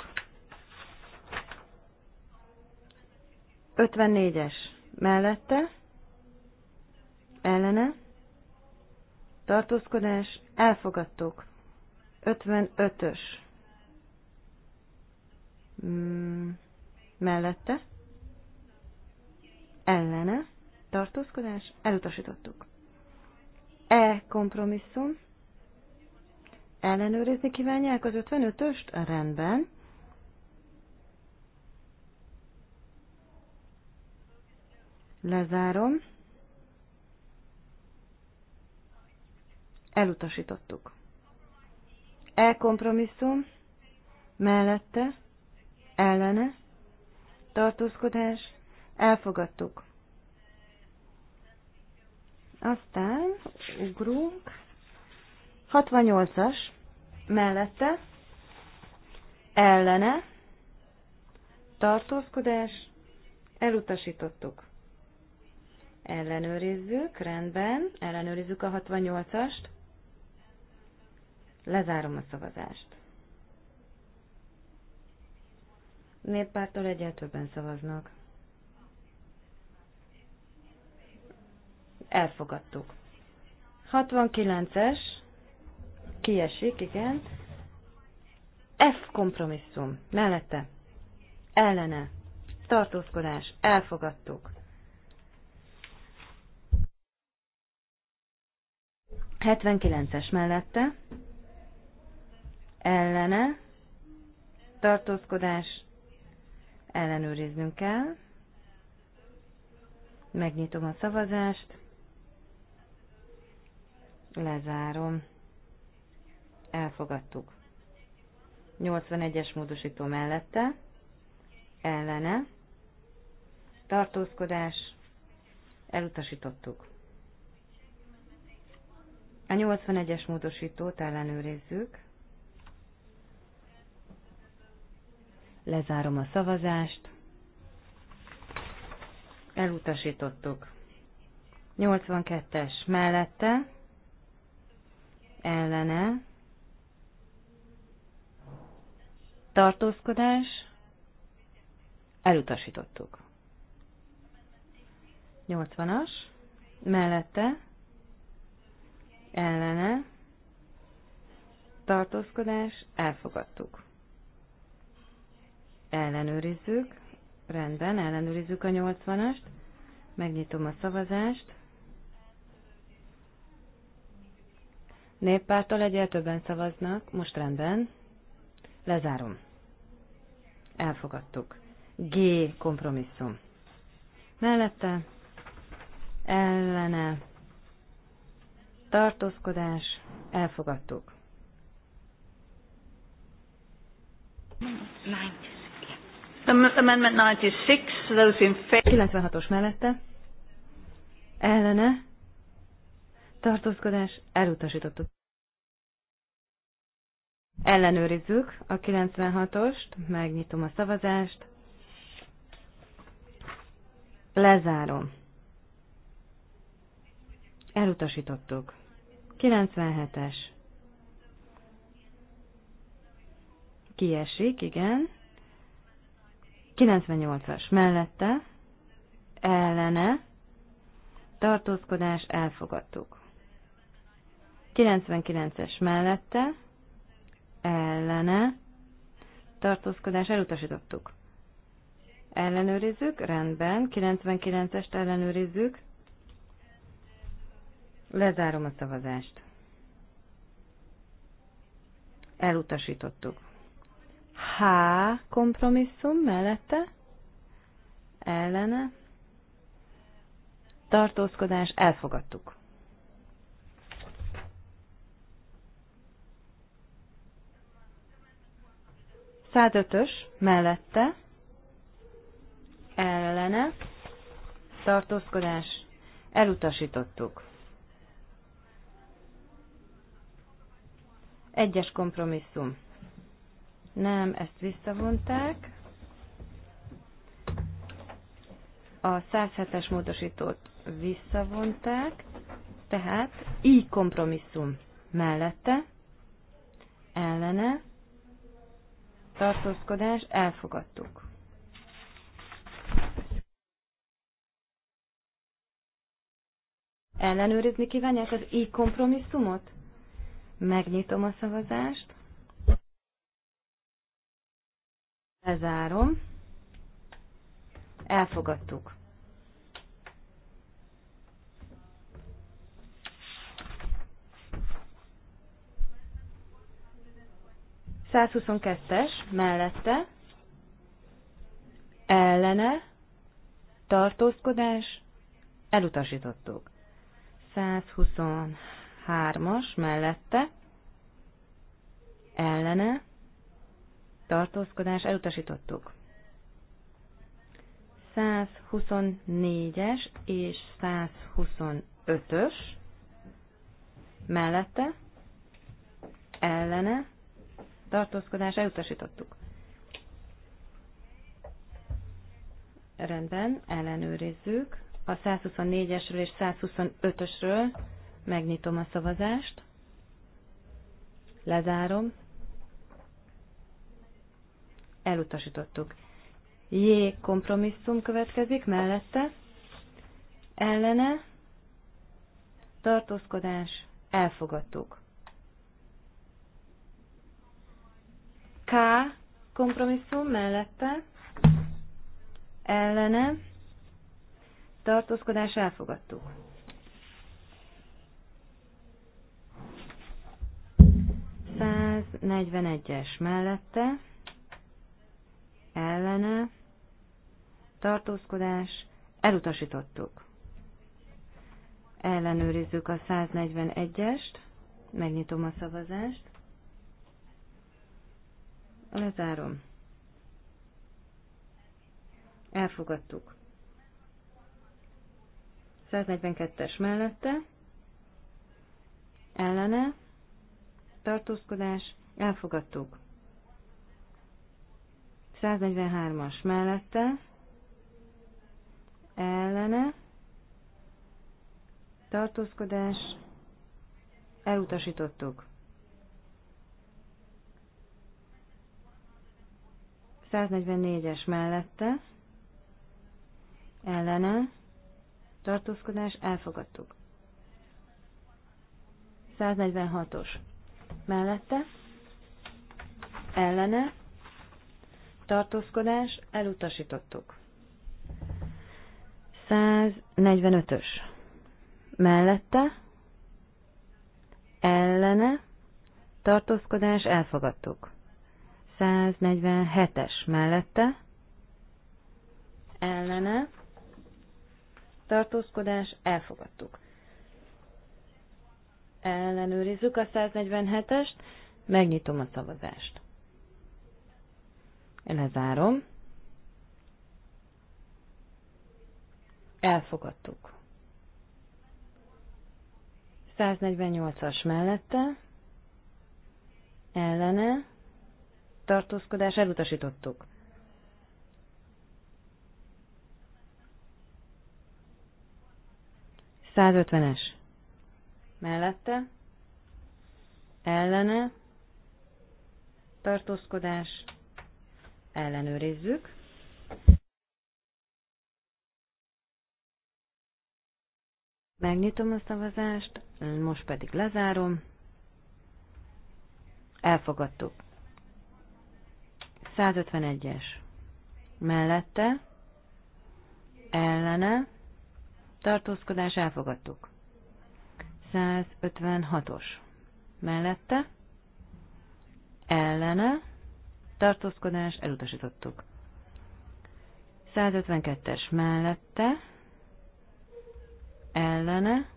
54-es mellette, ellene. Tartózkodás elfogadtuk. 55-ös mm, mellette, ellene, tartózkodás, elutasítottuk. E kompromisszum, ellenőrizni kívánják az 55-öst, rendben. Lezárom. Elutasítottuk. E kompromisszum mellette, ellene, tartózkodás, elfogadtuk. Aztán ugrunk. 68-as mellette, ellene, tartózkodás, elutasítottuk. Ellenőrizzük, rendben, ellenőrizzük a 68-ast. Lezárom a szavazást. Néppártól egyel többen szavaznak. Elfogadtuk. 69-es, kiesik, igen. F kompromisszum, mellette, ellene, tartózkodás, elfogadtuk. 79-es mellette, ellene tartózkodás ellenőriznünk kell. Megnyitom a szavazást, lezárom, elfogadtuk. 81-es módosító mellette, ellene, tartózkodás, elutasítottuk. A 81-es módosítót ellenőrizzük. Lezárom a szavazást. Elutasítottuk. 82-es mellette, ellene, tartózkodás, elutasítottuk. 80-as, mellette, ellene, tartózkodás, elfogadtuk. Ellenőrizzük. Rendben, ellenőrizzük a 80-ast. Megnyitom a szavazást. Néppártól egyel többen szavaznak, most rendben. Lezárom. Elfogadtuk. G kompromisszum. Mellette ellene tartózkodás elfogadtuk. Nine. Amendment 96, those in favor. 96-os mellette. Ellene. Tartózkodás. Elutasítottuk. Ellenőrizzük a 96-ost, megnyitom a szavazást, lezárom. Elutasítottuk. 97-es. Kiesik, igen. 98-as mellette, ellene, tartózkodás elfogadtuk. 99-es mellette, ellene, tartózkodás elutasítottuk. Ellenőrizzük, rendben, 99-est ellenőrizzük. Lezárom a szavazást. Elutasítottuk. H kompromisszum mellette, ellene, tartózkodás, elfogadtuk. Szádötös mellette, ellene, tartózkodás, elutasítottuk. Egyes kompromisszum nem, ezt visszavonták. A 107-es módosítót visszavonták, tehát így kompromisszum mellette, ellene, tartózkodás, elfogadtuk. Ellenőrizni kívánják az így kompromisszumot? Megnyitom a szavazást. Lezárom. Elfogadtuk. Százhuszonkettes mellette ellene tartózkodás elutasítottuk. 123-as mellette ellene tartózkodás elutasítottuk. 124-es és 125-ös mellette ellene tartózkodás elutasítottuk. Rendben, ellenőrizzük. A 124-esről és 125-ösről megnyitom a szavazást. Lezárom elutasítottuk. J kompromisszum következik, mellette, ellene, tartózkodás, elfogadtuk. K kompromisszum mellette, ellene, tartózkodás, elfogadtuk. Száz negyvenegyes mellette, ellene, tartózkodás, elutasítottuk. Ellenőrizzük a 141-est, megnyitom a szavazást, lezárom. Elfogadtuk. 142-es mellette, ellene, tartózkodás, elfogadtuk. 143-as mellette, ellene, tartózkodás, elutasítottuk. 144-es mellette, ellene, tartózkodás, elfogadtuk. 146-os mellette, ellene, tartózkodás, elutasítottuk. 145-ös. Mellette, ellene, tartózkodás, elfogadtuk. 147-es mellette, ellene, tartózkodás, elfogadtuk. Ellenőrizzük a 147-est, megnyitom a szavazást. Lezárom. Elfogadtuk. 148-as mellette, ellene, tartózkodás elutasítottuk. Százötvenes. Mellette, ellene, tartózkodás, ellenőrizzük. Megnyitom a szavazást, most pedig lezárom. Elfogadtuk. 151-es. Mellette, ellene, tartózkodás elfogadtuk. 156-os. Mellette, ellene, tartózkodás, elutasítottuk. 152-es mellette, ellene,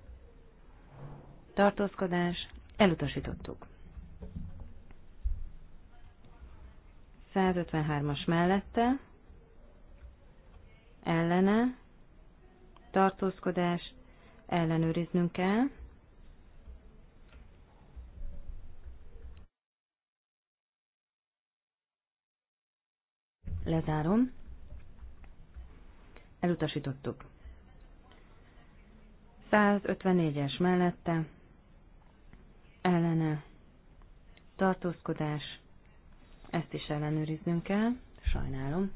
tartózkodás, elutasítottuk. 153-as mellette, ellene, tartózkodás, ellenőriznünk kell. Lezárom. Elutasítottuk. 154-es mellette, ellene, tartózkodás, ezt is ellenőriznünk kell, sajnálom.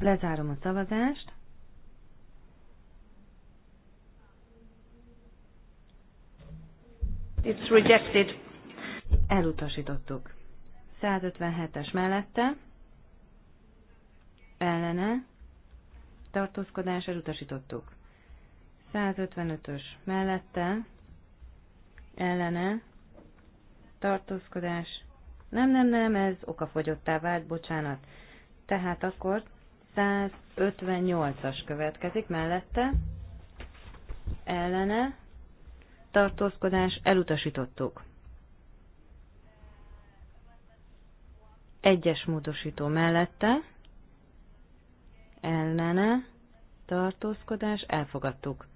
Lezárom a szavazást. It's rejected. Elutasítottuk. 157-es mellette, ellene, tartózkodás, elutasítottuk. 155-ös mellette, ellene, tartózkodás, nem, nem, nem, ez okafogyottá vált, bocsánat. Tehát akkor 158-as következik mellette, ellene, tartózkodás, elutasítottuk. Egyes módosító mellette, ellene, tartózkodás, elfogadtuk.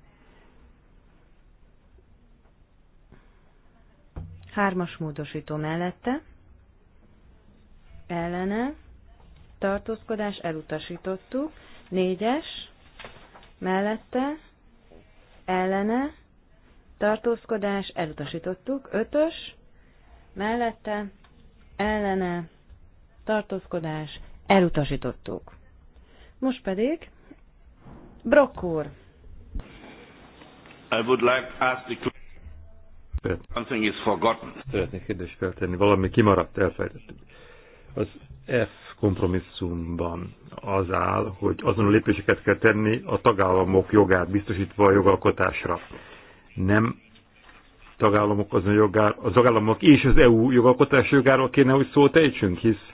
Hármas módosító mellette, ellene, tartózkodás, elutasítottuk. Négyes, mellette, ellene, tartózkodás, elutasítottuk. Ötös, mellette, ellene, tartózkodás, elutasítottuk. Most pedig Brock I would like to ask the... Something is forgotten. Szeretnék kérdést feltenni, valami kimaradt, elfelejtettük. Az F kompromisszumban az áll, hogy azon a lépéseket kell tenni a tagállamok jogát biztosítva a jogalkotásra. Nem tagállamok azon jogára, a tagállamok és az EU jogalkotás jogáról kéne, hogy szót ejtsünk, hisz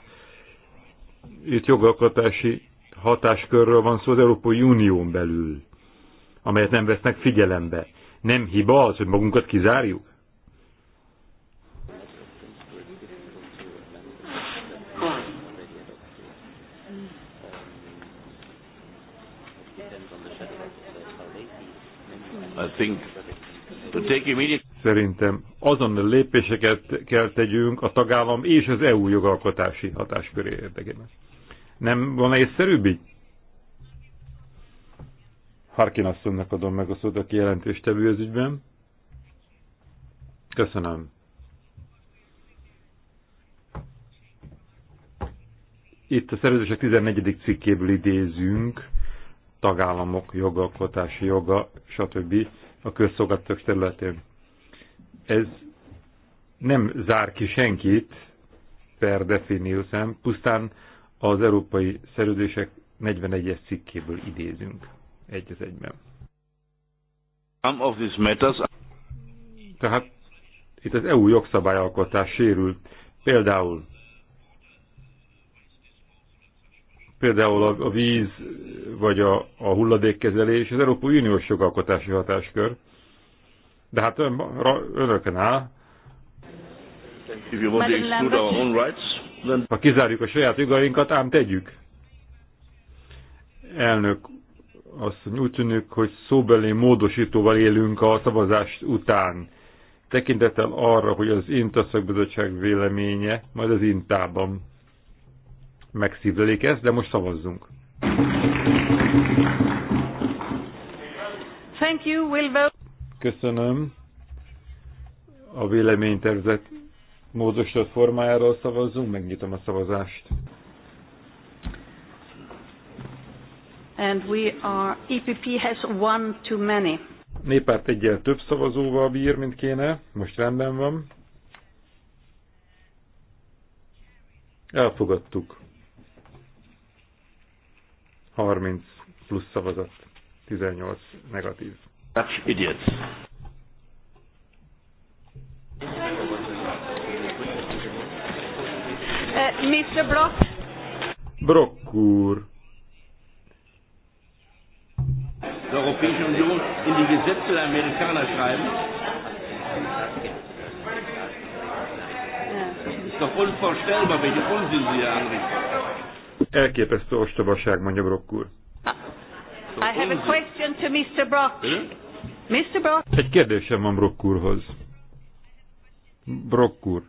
itt jogalkotási hatáskörről van szó az Európai Unión belül, amelyet nem vesznek figyelembe. Nem hiba az, hogy magunkat kizárjuk? Szerintem azon lépéseket kell tegyünk a tagállam és az EU jogalkotási hatásköré érdekében. Nem volna észszerűbb így? Harkin asszonynak adom meg a szót, aki jelentéstevő az ügyben. Köszönöm. Itt a szerződések 14. cikkéből idézünk, tagállamok jogalkotási joga, stb. a közszolgáltatók területén. Ez nem zár ki senkit, per definíciószem, pusztán az európai szerződések 41-es cikkéből idézünk egy az egyben. Tehát itt az EU jogszabályalkotás sérült. Például például a, a víz vagy a, a hulladékkezelés az Európai Uniós jogalkotási hatáskör. De hát ön, ra, önöken áll. If you own rights, ha kizárjuk a saját jogainkat, ám tegyük. Elnök, azt úgy tűnik, hogy szóbeli módosítóval élünk a szavazást után. Tekintettel arra, hogy az INTA szakbizottság véleménye majd az INTA-ban ezt, de most szavazzunk. Thank you, Köszönöm a véleménytervezet módosított formájáról szavazzunk, megnyitom a szavazást. And we are, EPP has one too many. Népárt egyel több szavazóval bír, mint kéne, most rendben van. Elfogadtuk. 30 plusz szavazat, 18 negatív. That's idiots. Mr. Brock. Brock úr. Az Európai Unió in die Gesetze der Amerikaner schreiben? Ist doch unvorstellbar, welche Unsinn Sie hier anrichten. Elképesztő ostobaság, mondja Brock úr. I have a question to Mr. Brock. Mr. Brock. Egy kérdésem van Brock úrhoz. Brock úr.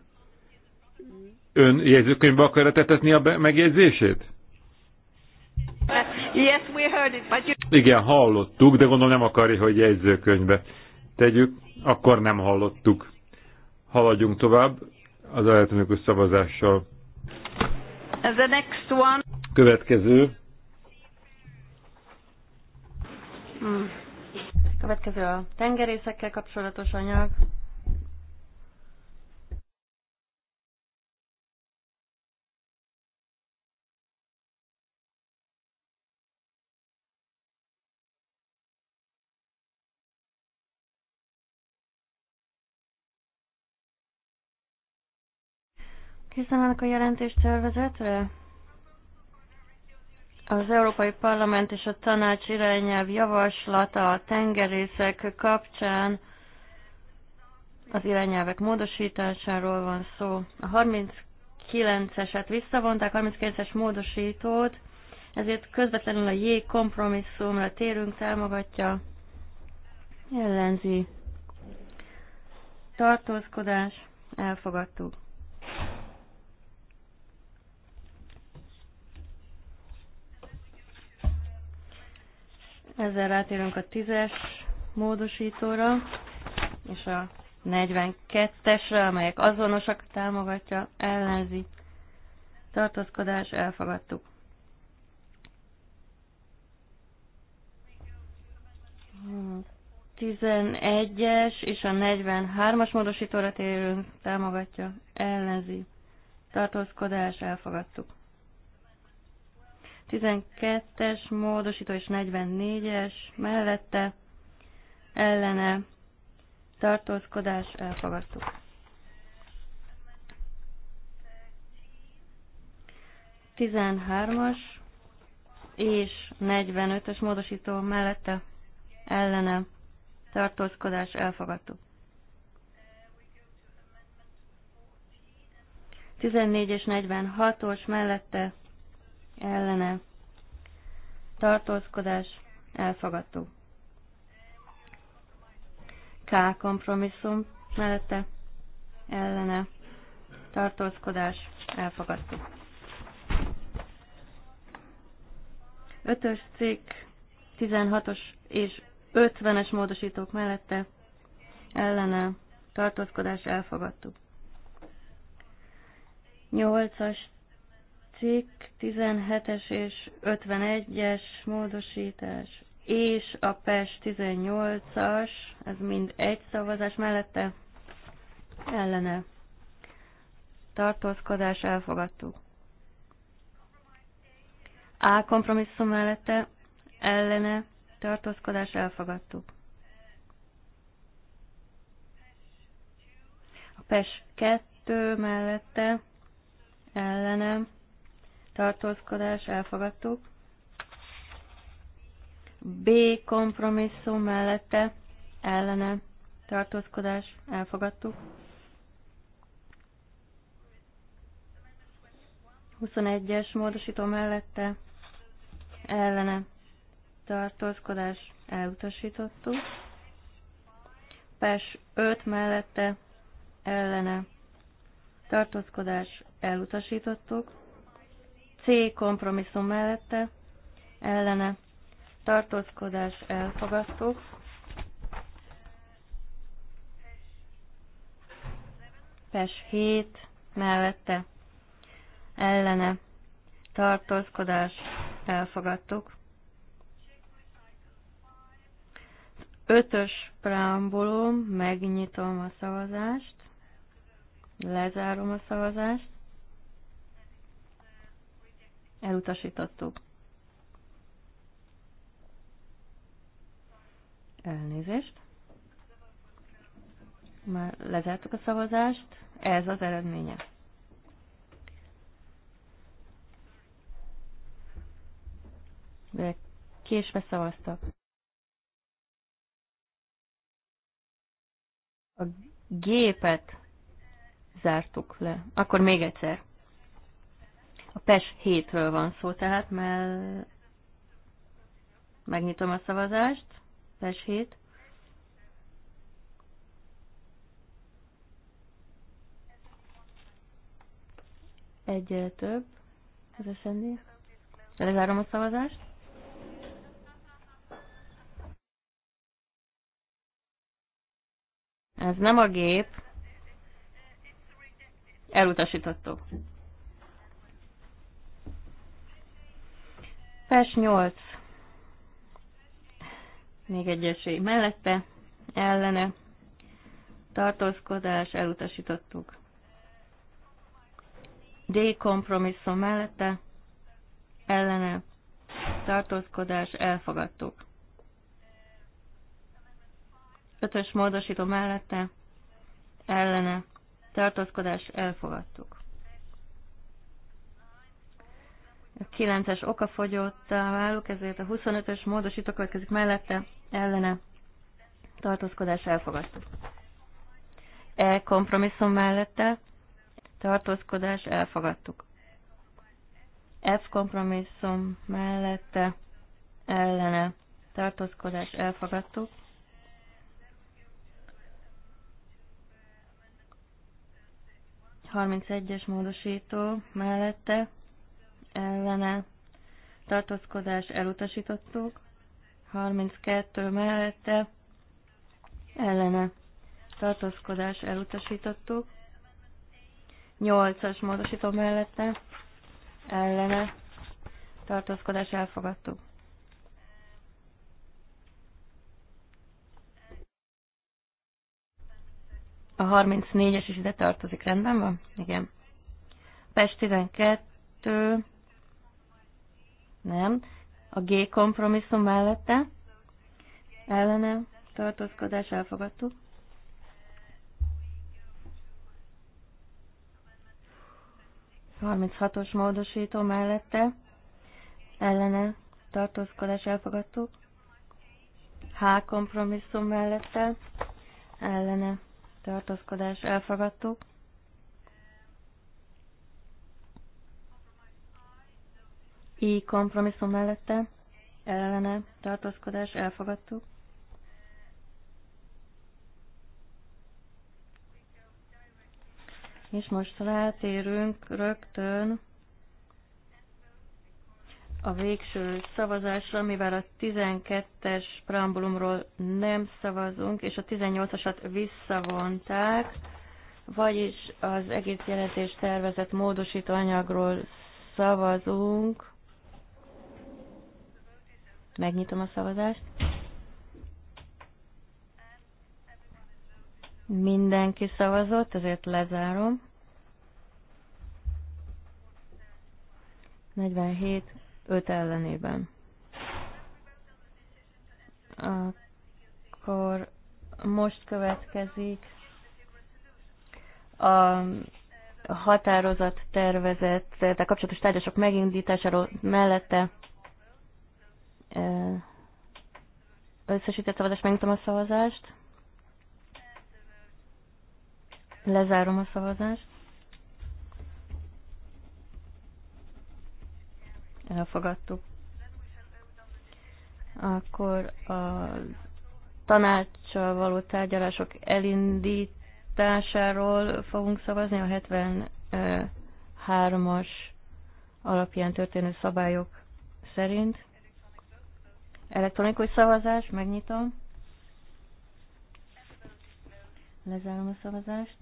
Ön jegyzőkönyvbe akarja tetetni a megjegyzését? Yes, we heard it, but you... Igen, hallottuk, de gondolom nem akarja, hogy jegyzőkönyvbe tegyük. Akkor nem hallottuk. Haladjunk tovább az elektronikus szavazással. The next one. Következő. Hmm. Következő a tengerészekkel kapcsolatos anyag. Készen a jelentés szervezetre. Az Európai Parlament és a Tanács irányelv javaslata a tengerészek kapcsán az irányelvek módosításáról van szó. A 39-eset visszavonták, 39-es módosítót, ezért közvetlenül a jég kompromisszumra térünk, támogatja, ellenzi, tartózkodás, elfogadtuk. Ezzel rátérünk a tízes módosítóra, és a 42-esre, amelyek azonosak támogatja, ellenzi. Tartózkodás, elfogadtuk. A 11-es és a 43-as módosítóra térünk, támogatja, ellenzi, tartózkodás, elfogadtuk. 12-es módosító és 44-es mellette ellene tartózkodás elfogadtuk. 13 és 45-ös módosító mellette ellene tartózkodás elfogadtuk. 14 és 46-os mellette ellene tartózkodás elfogadó. K kompromisszum mellette ellene tartózkodás elfogadó. Ötös cikk 16-os és 50-es módosítók mellette ellene tartózkodás elfogadó. 8-as cikk 17-es és 51-es módosítás és a PES 18-as, ez mind egy szavazás mellette ellene tartózkodás elfogadtuk. A kompromisszum mellette ellene tartózkodás elfogadtuk. A PES 2 mellette ellenem tartózkodás elfogadtuk. B kompromisszum mellette ellene tartózkodás elfogadtuk. 21-es módosító mellette ellene tartózkodás elutasítottuk. PES 5 mellette ellene tartózkodás elutasítottuk. C kompromisszum mellette ellene tartózkodás elfogadtuk. Pes 7 mellette ellene tartózkodás elfogadtuk. Ötös preambulum, megnyitom a szavazást, lezárom a szavazást, Elutasítottuk. Elnézést. Már lezártuk a szavazást. Ez az eredménye. De késve szavaztak. A gépet zártuk le. Akkor még egyszer. A PES 7-ről van szó, tehát mert megnyitom a szavazást. PES 7. Egyre több. Ez a szendi. Lezárom a szavazást. Ez nem a gép. Elutasítottuk. Vers 8 Még egy esély mellette, ellene, tartózkodás, elutasítottuk. D kompromisszum mellette, ellene, tartózkodás, elfogadtuk. Ötös módosító mellette, ellene, tartózkodás, elfogadtuk. A 9-es a válluk, ezért a 25-ös módosító következik mellette, ellene tartózkodás elfogadta. E kompromisszum mellette tartózkodás elfogadtuk. F kompromisszum mellette ellene tartózkodás elfogadtuk. 31-es módosító mellette ellene tartózkodás elutasítottuk, 32 mellette ellene tartózkodás elutasítottuk, 8-as módosító mellette ellene tartózkodás elfogadtuk. A 34-es is ide tartozik, rendben van? Igen. Pest 12, nem. A G kompromisszum mellette ellene tartózkodás elfogadtuk. Harminchatos módosító mellette ellene tartózkodás elfogadtuk. H kompromisszum mellette ellene tartózkodás elfogadtuk. I kompromisszum mellette ellene tartózkodás elfogadtuk. És most rátérünk rögtön a végső szavazásra, mivel a 12-es preambulumról nem szavazunk, és a 18-asat visszavonták, vagyis az egész jelentés tervezett módosító anyagról szavazunk, Megnyitom a szavazást. Mindenki szavazott, ezért lezárom. 47, 5 ellenében. Akkor most következik a határozat tervezett, tehát kapcsolatos tárgyások megindításáról mellette összesített szavazás, megnyitom a szavazást. Lezárom a szavazást. Elfogadtuk. Akkor a tanácssal való tárgyalások elindításáról fogunk szavazni a 73-as alapján történő szabályok szerint. Elektronikus szavazás, megnyitom. Lezárom a szavazást.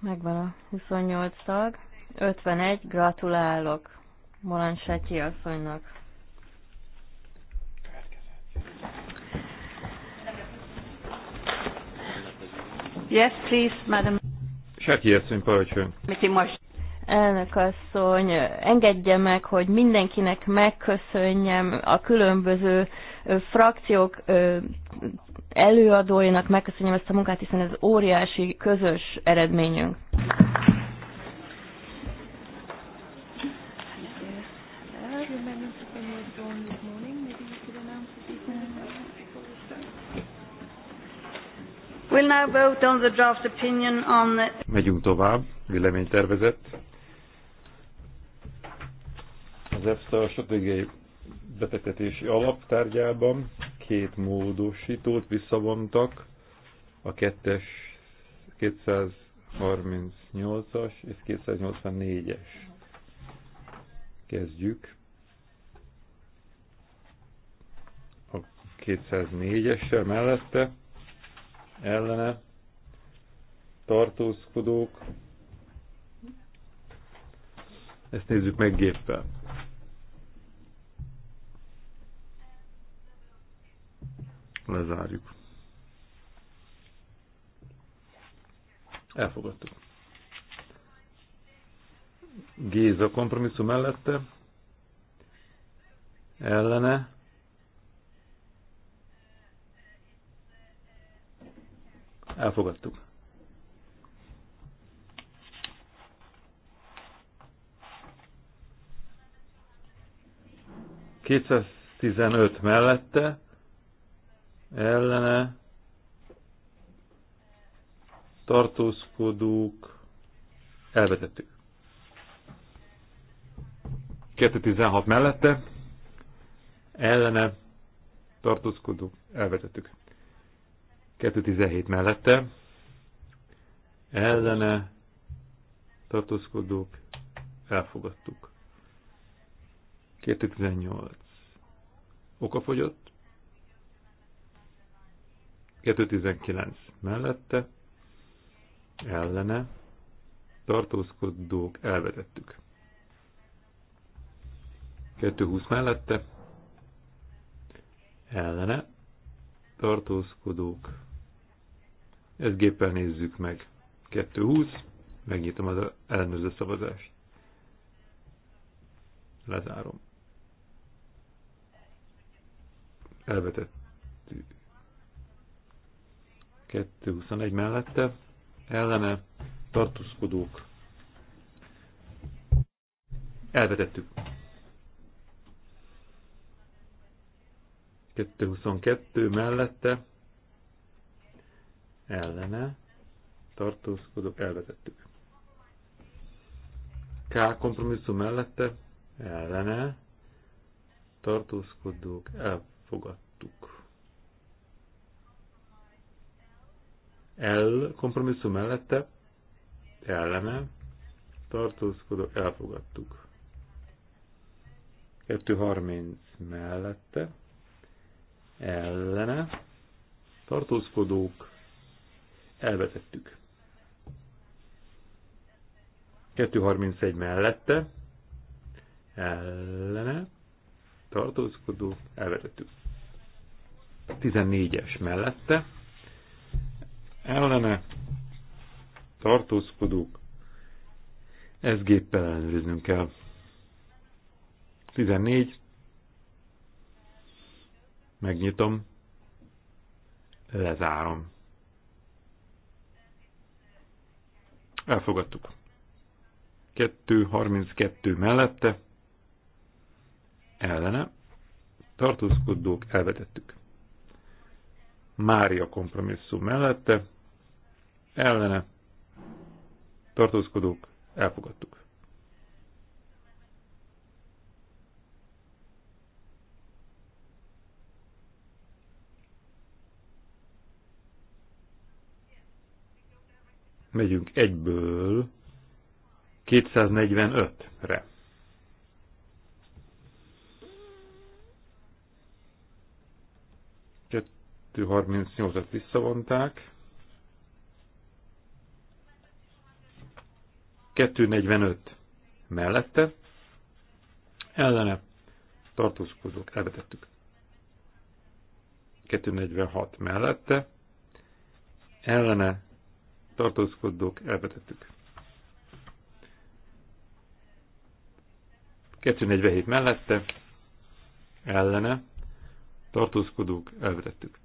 Megvan a 28 tag. 51, gratulálok Molan Setyi asszonynak. Yes, please, madam. Seki asszony, parancsoljon. Elnök asszony, engedje meg, hogy mindenkinek megköszönjem a különböző frakciók előadóinak, megköszönjem ezt a munkát, hiszen ez óriási közös eredményünk. morning, maybe you could announce it even We'll now vote on the draft opinion on the... Megyünk tovább, véleménytervezet. Az EFSA stratégiai befektetési alaptárgyában két módosítót visszavontak, a kettes 238-as és 284-es. Kezdjük. A 204-essel mellette ellene tartózkodók. Ezt nézzük meg géppel. Lezárjuk. Elfogadtuk. Géza kompromisszum mellette, ellene Elfogadtuk. 15 mellette, ellene, tartózkodók, elvetettük. 216 mellette, ellene tartózkodók, elvetettük. 217 mellette ellene tartózkodók elfogadtuk. 218 okafogyott, 219 mellette ellene tartózkodók elvetettük. 220 mellette ellene tartózkodók ezt géppel nézzük meg. 220, megnyitom az ellenőrző szavazást. Lezárom. Elvetett. 221 mellette, ellene tartózkodók. Elvetettük. 222 mellette, ellene tartózkodok, elvetettük. K kompromisszum mellette ellene tartózkodók elfogadtuk. L kompromisszum mellette ellene tartózkodók elfogadtuk. 230 mellette ellene tartózkodók elvetettük. 231 mellette, ellene, tartózkodó, elvetettük. 14-es mellette, ellene, tartózkodók, ezt géppel ellenőriznünk kell. 14, megnyitom, lezárom. Elfogadtuk. 2.32 mellette ellene tartózkodók elvetettük. Mária kompromisszum mellette ellene tartózkodók elfogadtuk. megyünk egyből 245-re. Kettő 38-at visszavonták. 245 mellette, ellene tartózkodók elvetettük. 246 mellette, ellene tartózkodók elvetettük. 247 mellette, ellene, tartózkodók elvetettük.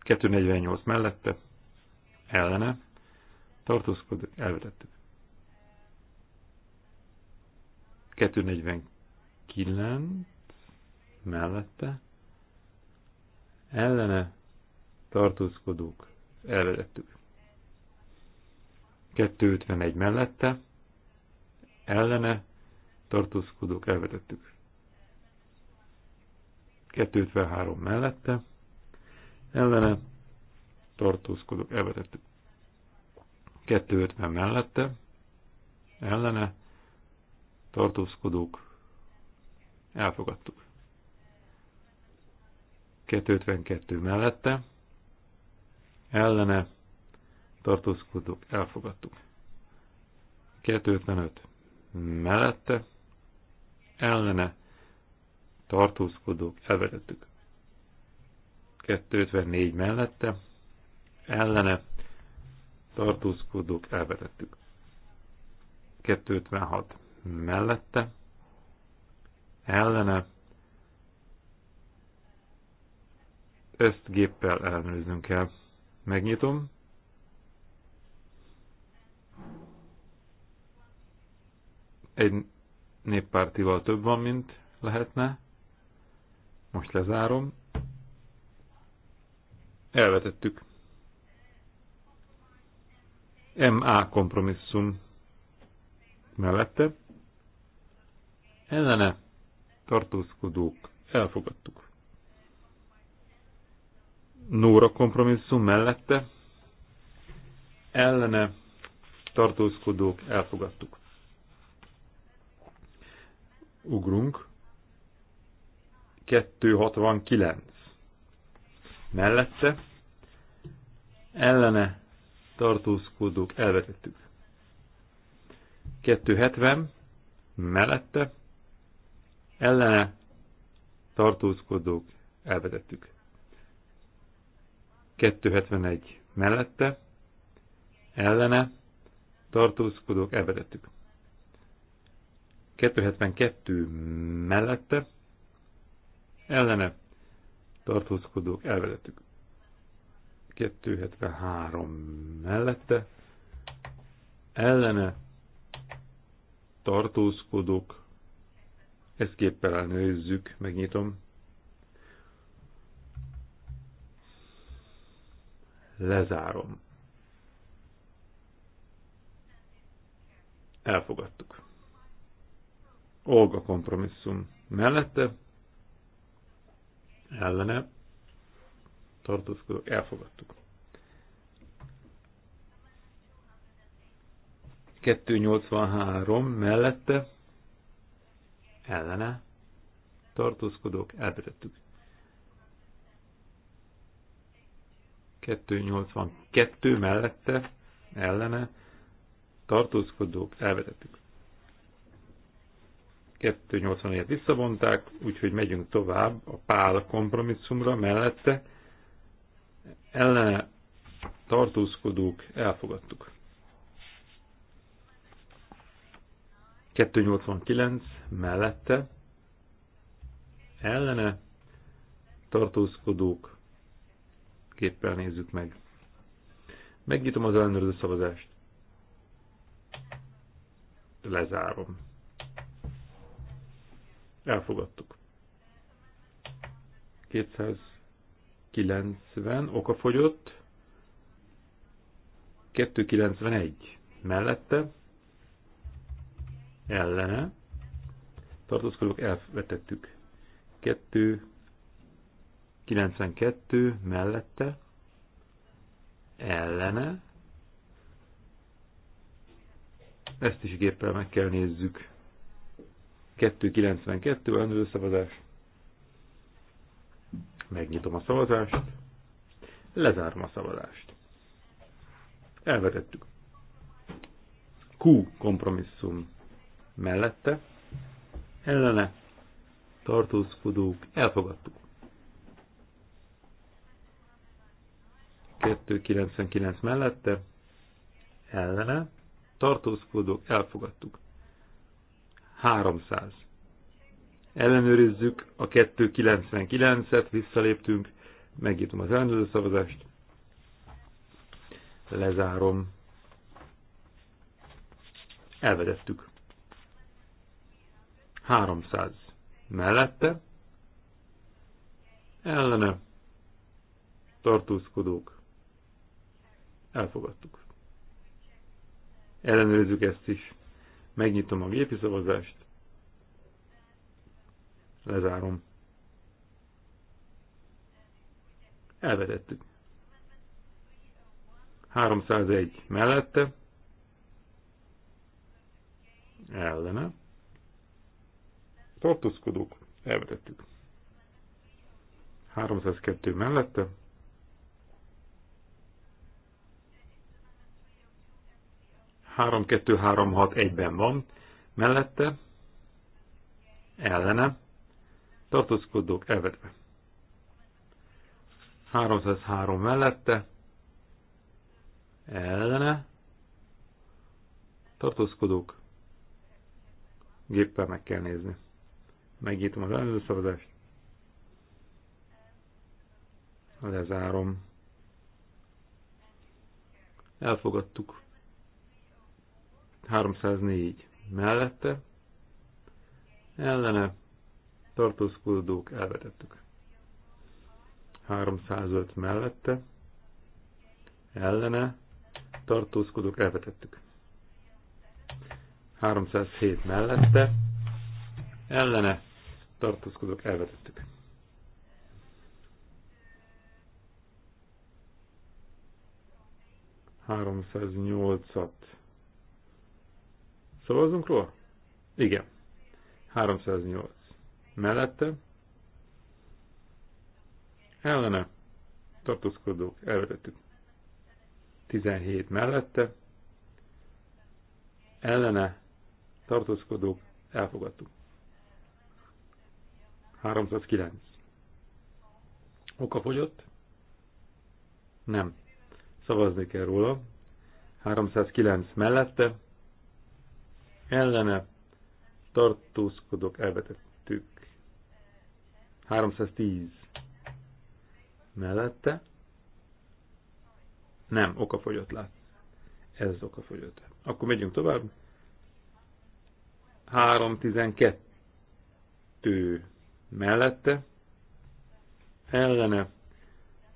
248 mellette, ellene, tartózkodók elvetettük. 249 mellette, ellene tartózkodók elvedettük. 251 mellette, ellene tartózkodók elvedettük. 253 mellette, ellene tartózkodók elvetettük. 250 mellette, ellene tartózkodók elfogadtuk. 252 mellette, ellene tartózkodók elfogadtuk. 255 mellette ellene tartózkodók elvedettük. 254 mellette ellene tartózkodók elvedettük. 256 mellette ellene ezt géppel ellenőriznünk kell. Megnyitom. Egy néppártival több van, mint lehetne. Most lezárom. Elvetettük. MA kompromisszum mellette. Ellene tartózkodók elfogadtuk. Nóra kompromisszum mellette ellene tartózkodók elfogadtuk. Ugrunk. 269. Mellette ellene tartózkodók elvetettük. 270 mellette ellene tartózkodók elvetettük. 271 mellette, ellene, tartózkodók, elvedettük. 272 mellette, ellene, tartózkodók, elvedettük. 273 mellette, ellene, tartózkodók, ezt képpel elnőzzük, megnyitom. Lezárom. Elfogadtuk. Olga kompromisszum mellette, ellene tartózkodok, elfogadtuk. 283 mellette, ellene tartózkodok, elvetettük. 282 mellette ellene tartózkodók elvetettük. 284-et visszavonták, úgyhogy megyünk tovább a pál kompromisszumra mellette. Ellene tartózkodók elfogadtuk. 289 mellette ellene tartózkodók képpel nézzük meg. Megnyitom az ellenőrző szavazást. Lezárom. Elfogadtuk. 290 okafogyott. 291 mellette. Ellene. Tartózkodók elvetettük. 2 92 mellette ellene. Ezt is géppel meg kell nézzük. 292 ellenőrző szavazás. Megnyitom a szavazást. Lezárom a szavazást. Elvetettük. Q kompromisszum mellette. Ellene tartózkodók elfogadtuk. 2299 mellette, ellene, tartózkodók, elfogadtuk. 300. Ellenőrizzük a 299-et, visszaléptünk, megnyitom az ellenőrző szavazást, lezárom, elvedettük. 300. Mellette, ellene, tartózkodók, Elfogadtuk. Ellenőrizzük ezt is. Megnyitom a gépi szavazást. Lezárom. Elvedettük. 301 mellette. Ellene. Tartózkodók. Elvedettük. 302 mellette 3-2-3-6 egyben van, mellette, ellene, tartózkodók elvetve. 303 mellette, ellene, tartózkodók, géppel meg kell nézni. Megnyitom az előszavazást, lezárom, elfogadtuk 304 mellette, ellene tartózkodók elvetettük. 305 mellette, ellene tartózkodók elvetettük. 307 mellette, ellene tartózkodók elvetettük. Háromszáznyolcat Szavazzunk róla? Igen. 308. Mellette? Ellene. Tartózkodók. Elvetettük. 17 mellette. Ellene. Tartózkodók. Elfogadtuk. 309. Oka fogyott? Nem. Szavazni kell róla. 309 mellette ellene tartózkodok, elvetettük. 310 mellette. Nem, okafogyott lát. Ez okafogyott. Akkor megyünk tovább. 312 mellette. Ellene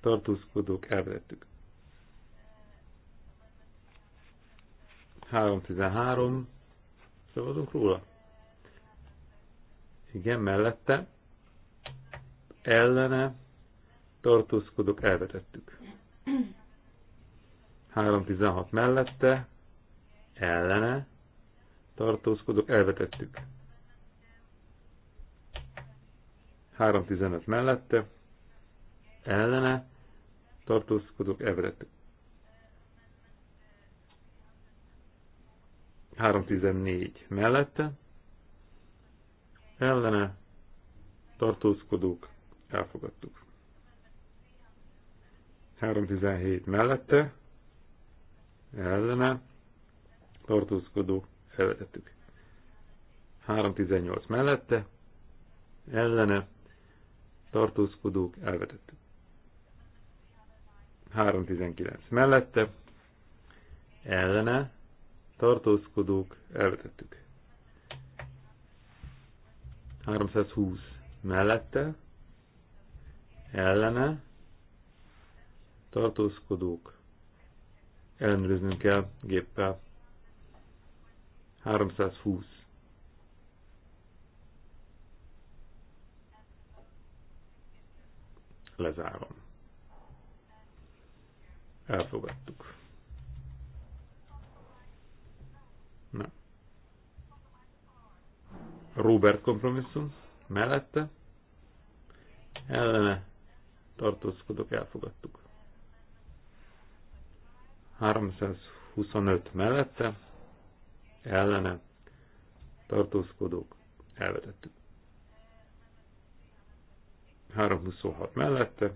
tartózkodók elvetettük. 313 Szavazunk róla? Igen, mellette. Ellene tartózkodok, elvetettük. 316 mellette, ellene, tartózkodok, elvetettük. 315 mellette, ellene, tartózkodok, elvetettük. 314 mellette, ellene tartózkodók elfogadtuk. 317 mellette, ellene tartózkodók elvetettük. 318 mellette, ellene tartózkodók elvetettük. 319 mellette, ellene tartózkodók, elvetettük. 320 mellette, ellene, tartózkodók, ellenőriznünk kell géppel. 320. Lezárom. Elfogadtuk. Robert kompromisszum mellette ellene tartózkodok, elfogadtuk. 325 mellette ellene tartózkodók elvetettük. 326 mellette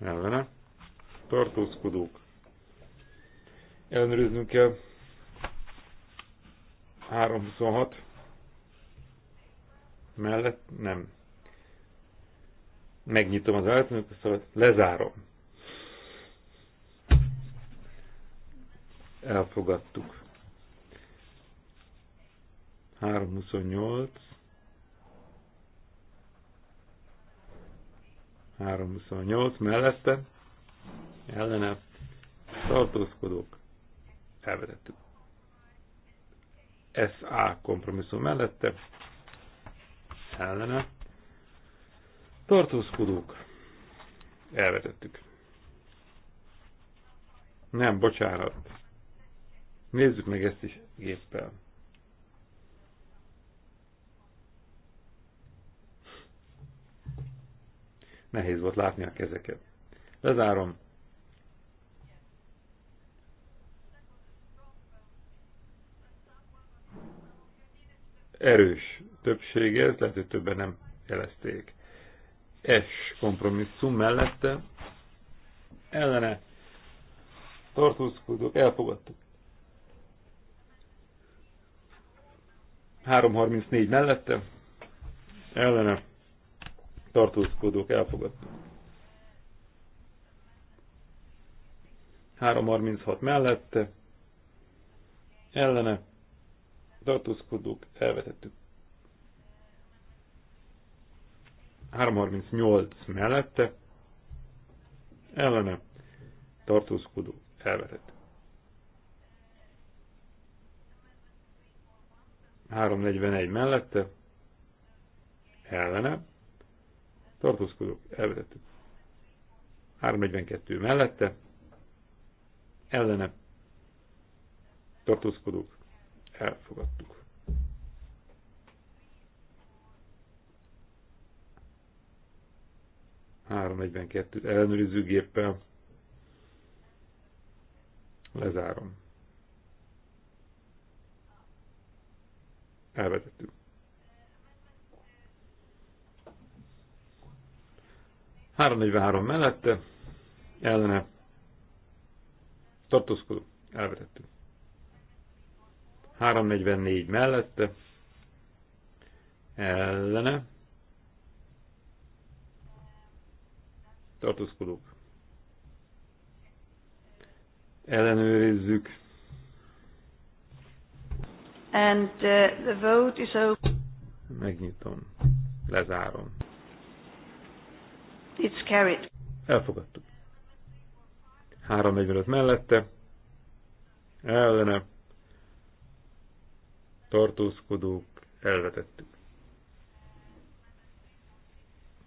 ellene tartózkodók ellenőriznünk kell 326 mellett nem. Megnyitom az általános, szóval lezárom. Elfogadtuk. 328 328 mellette ellene tartózkodók elvetettük. SA kompromisszum mellette ellene tartózkodók elvetettük. Nem, bocsánat. Nézzük meg ezt is géppel. Nehéz volt látni a kezeket. Lezárom. erős többsége, ezt lehet, hogy többen nem jelezték. S kompromisszum mellette ellene tartózkodók elfogadtuk. 334 mellette ellene tartózkodók elfogadtuk. 336 mellette ellene tartózkodók elvetettük. 338 mellette ellene tartózkodó elvetett. 341 mellette ellene tartózkodók elvetettük. 342 mellette ellene tartózkodók elfogadtuk. ...342 ellenőrző géppel lezárom. Elvetettük. ...343 mellette, ellene tartózkodó, elvetettük. 344 mellette, ellene, tartózkodók. Ellenőrizzük. And uh, the vote is open. Megnyitom. Lezárom. It's carried. Elfogadtuk. 345 mellette. Ellene tartózkodók elvetettük.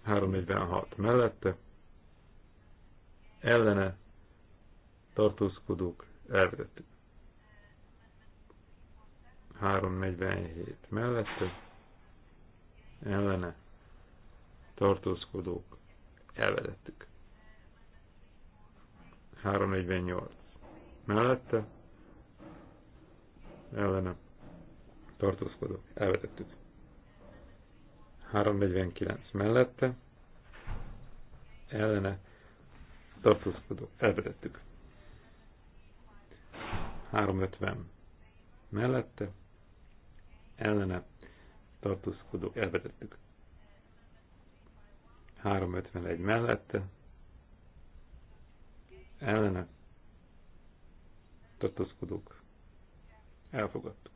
346 mellette, ellene tartózkodók elvetettük. 347 mellette, ellene tartózkodók elvetettük. 348 mellette, ellene tartózkodók, elvetettük. 349 mellette, ellene, tartózkodók, elvetettük. 350 mellette, ellene, tartózkodók, elvetettük. 351 mellette, ellene, tartózkodók, elfogadtuk.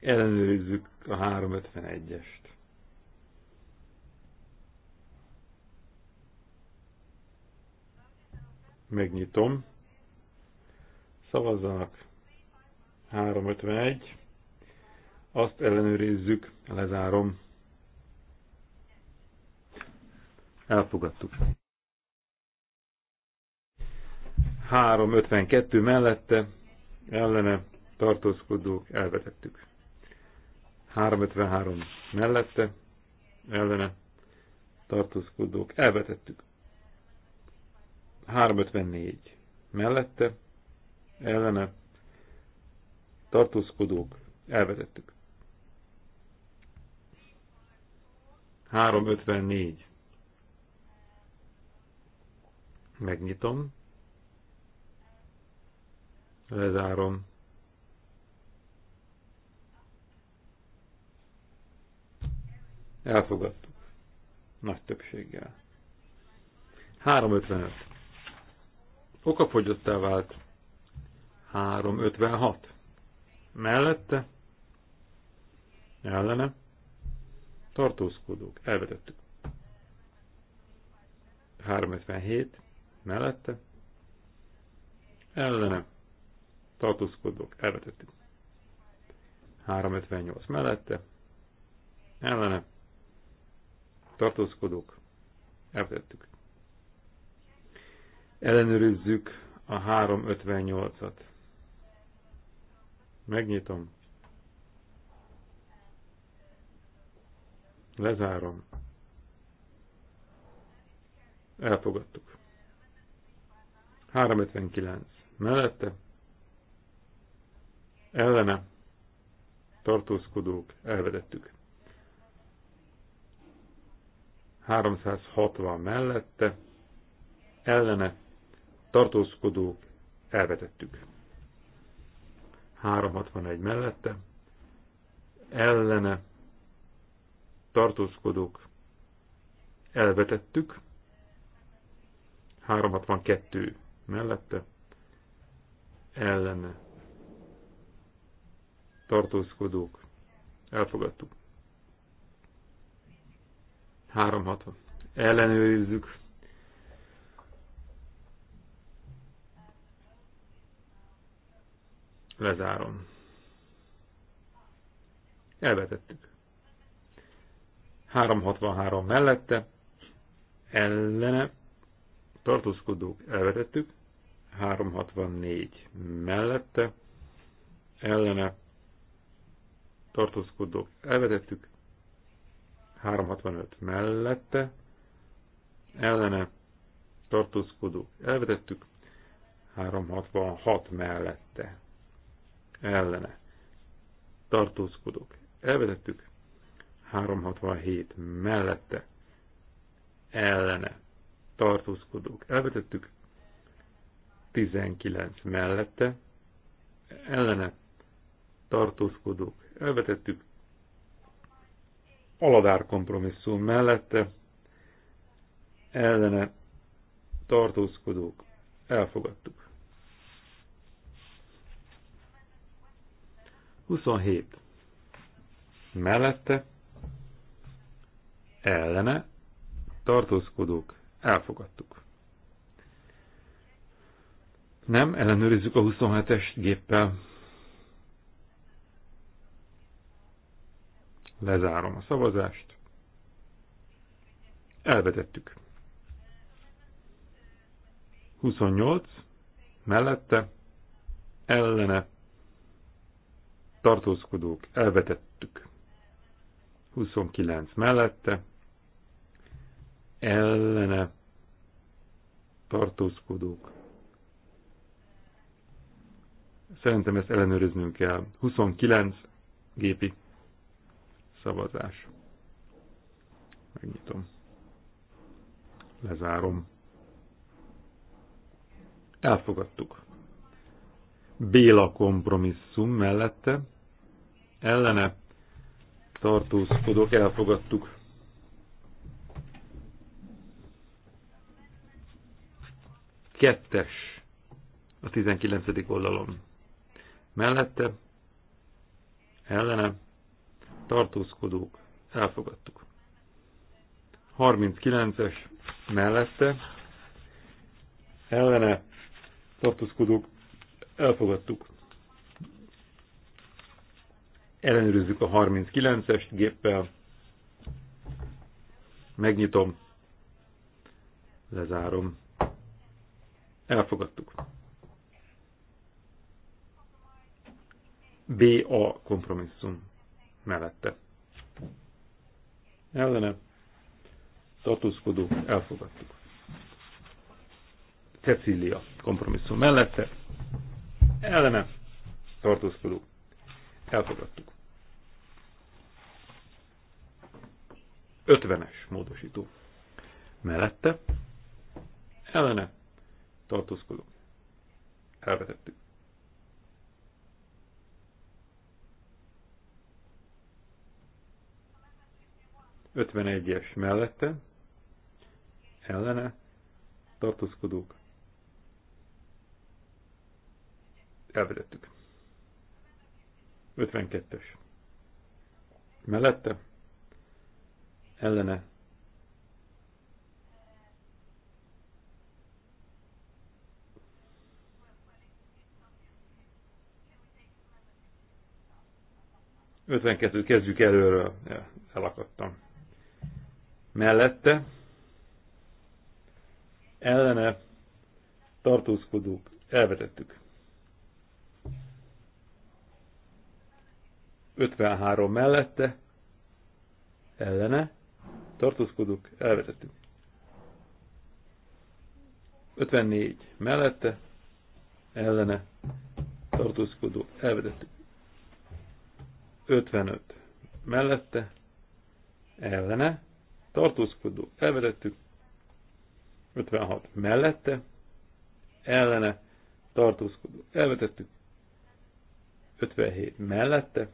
Ellenőrizzük a 351-est. Megnyitom. Szavazzanak. 351. Azt ellenőrizzük, lezárom. Elfogadtuk. 352 mellette ellene tartózkodók elvetettük. 353 mellette, ellene tartózkodók, elvetettük. 354 mellette, ellene tartózkodók, elvetettük. 354 megnyitom, lezárom, Elfogadtuk. Nagy többséggel. 355. Okafogyottá vált. 356. Mellette. Ellene. Tartózkodók. Elvetettük. 357. Mellette. Ellene. Tartózkodók. Elvetettük. 358 mellette, ellene tartózkodók, elvetettük. Ellenőrizzük a 358-at. Megnyitom. Lezárom. Elfogadtuk. 359. Mellette ellene tartózkodók elvedettük. 360 mellette, ellene tartózkodók elvetettük. 361 mellette, ellene tartózkodók elvetettük, 362 mellette, ellene tartózkodók elfogadtuk. 360. Ellenőrizzük. Lezárom. Elvetettük. 363 mellette, ellene tartózkodók elvetettük, 364 mellette, ellene tartózkodók elvetettük, 365 mellette, ellene tartózkodók elvetettük, 366 mellette, ellene tartózkodók elvetettük, 367 mellette, ellene tartózkodók elvetettük, 19 mellette, ellene tartózkodók elvetettük, aladár kompromisszum mellette ellene tartózkodók elfogadtuk. 27. Mellette ellene tartózkodók elfogadtuk. Nem, ellenőrizzük a 27-es géppel. Lezárom a szavazást. Elvetettük. 28 mellette ellene tartózkodók elvetettük. 29 mellette ellene tartózkodók. Szerintem ezt ellenőriznünk kell. 29 gépi szavazás. Megnyitom. Lezárom. Elfogadtuk. Béla kompromisszum mellette. Ellene tartózkodok, elfogadtuk. Kettes a 19. oldalon. Mellette, ellene, tartózkodók, elfogadtuk. 39-es mellette, ellene tartózkodók, elfogadtuk. Ellenőrizzük a 39-es géppel, megnyitom, lezárom, elfogadtuk. BA kompromisszum mellette. Ellene tartózkodó, elfogadtuk. Cecília kompromisszum mellette. Ellene tartózkodó, elfogadtuk. 50-es módosító. Mellette ellene tartózkodó, elvetettük. 51-es mellette, ellene, tartózkodók, elvedettük. 52-es. Mellette, ellene, Ötvenkettőt kezdjük előről, ja, elakadtam mellette ellene tartózkodók elvetettük. 53 mellette ellene tartózkodók elvetettük. 54 mellette ellene tartózkodó elvetettük. 55 mellette ellene tartózkodó, elvetettük, 56 mellette, ellene, tartózkodó, elvetettük, 57 mellette,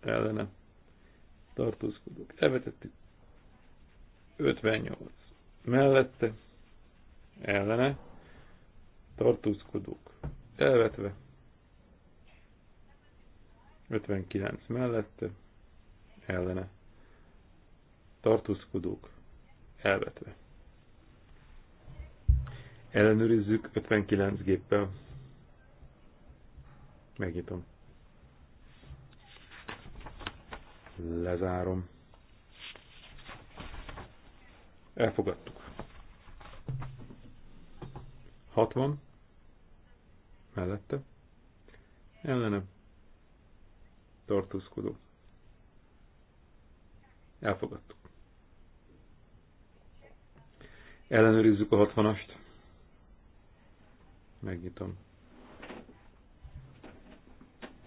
ellene, tartózkodó elvetettük, 58 mellette, ellene, tartózkodók, elvetve, 59 mellette, ellene, tartózkodók elvetve. Ellenőrizzük 59 géppel. Megnyitom. Lezárom. Elfogadtuk. 60 mellette ellenem tartózkodó. Elfogadtuk. Ellenőrizzük a 60-ast. Megnyitom.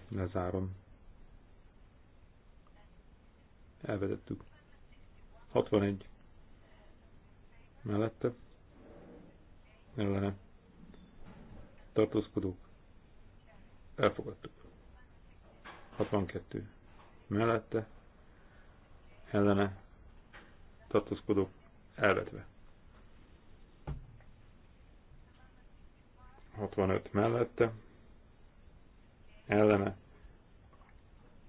Lezárom. Elvetettük. 61. Mellette. Ellene. Tartózkodók. Elfogadtuk. 62. Mellette. Ellene. Tartózkodók. Elvetve. 65 mellette, elleme,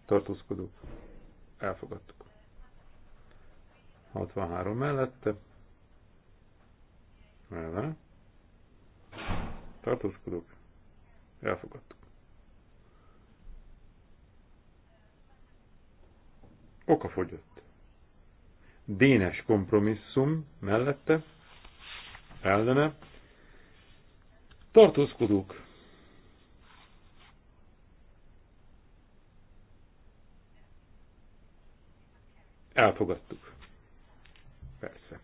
tartózkodók, elfogadtuk. 63 mellette, ellene, tartózkodók, elfogadtuk. Oka fogyott. Dénes kompromisszum mellette, ellene, Tartózkodók. Elfogadtuk. Persze.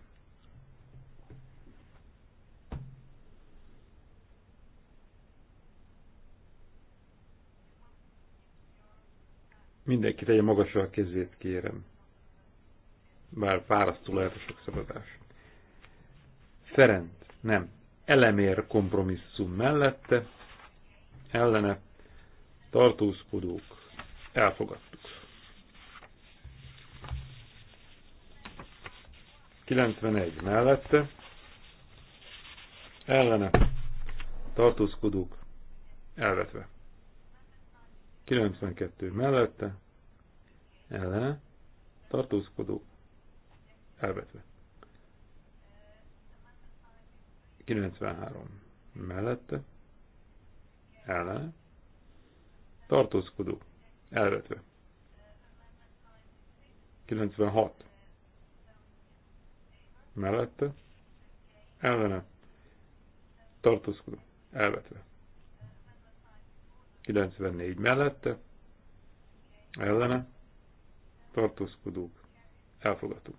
Mindenki tegye magasra a kezét, kérem. Bár fárasztó lehet a sok szabadás. Ferenc, nem, elemér kompromisszum mellette, ellene tartózkodók elfogadtuk. 91 mellette, ellene tartózkodók elvetve. 92 mellette, ellene tartózkodók elvetve. 93 mellette, ellene, tartózkodó, elvetve. 96 mellette, ellene, tartózkodó, elvetve. 94 mellette, ellene, tartózkodók, elfogadó.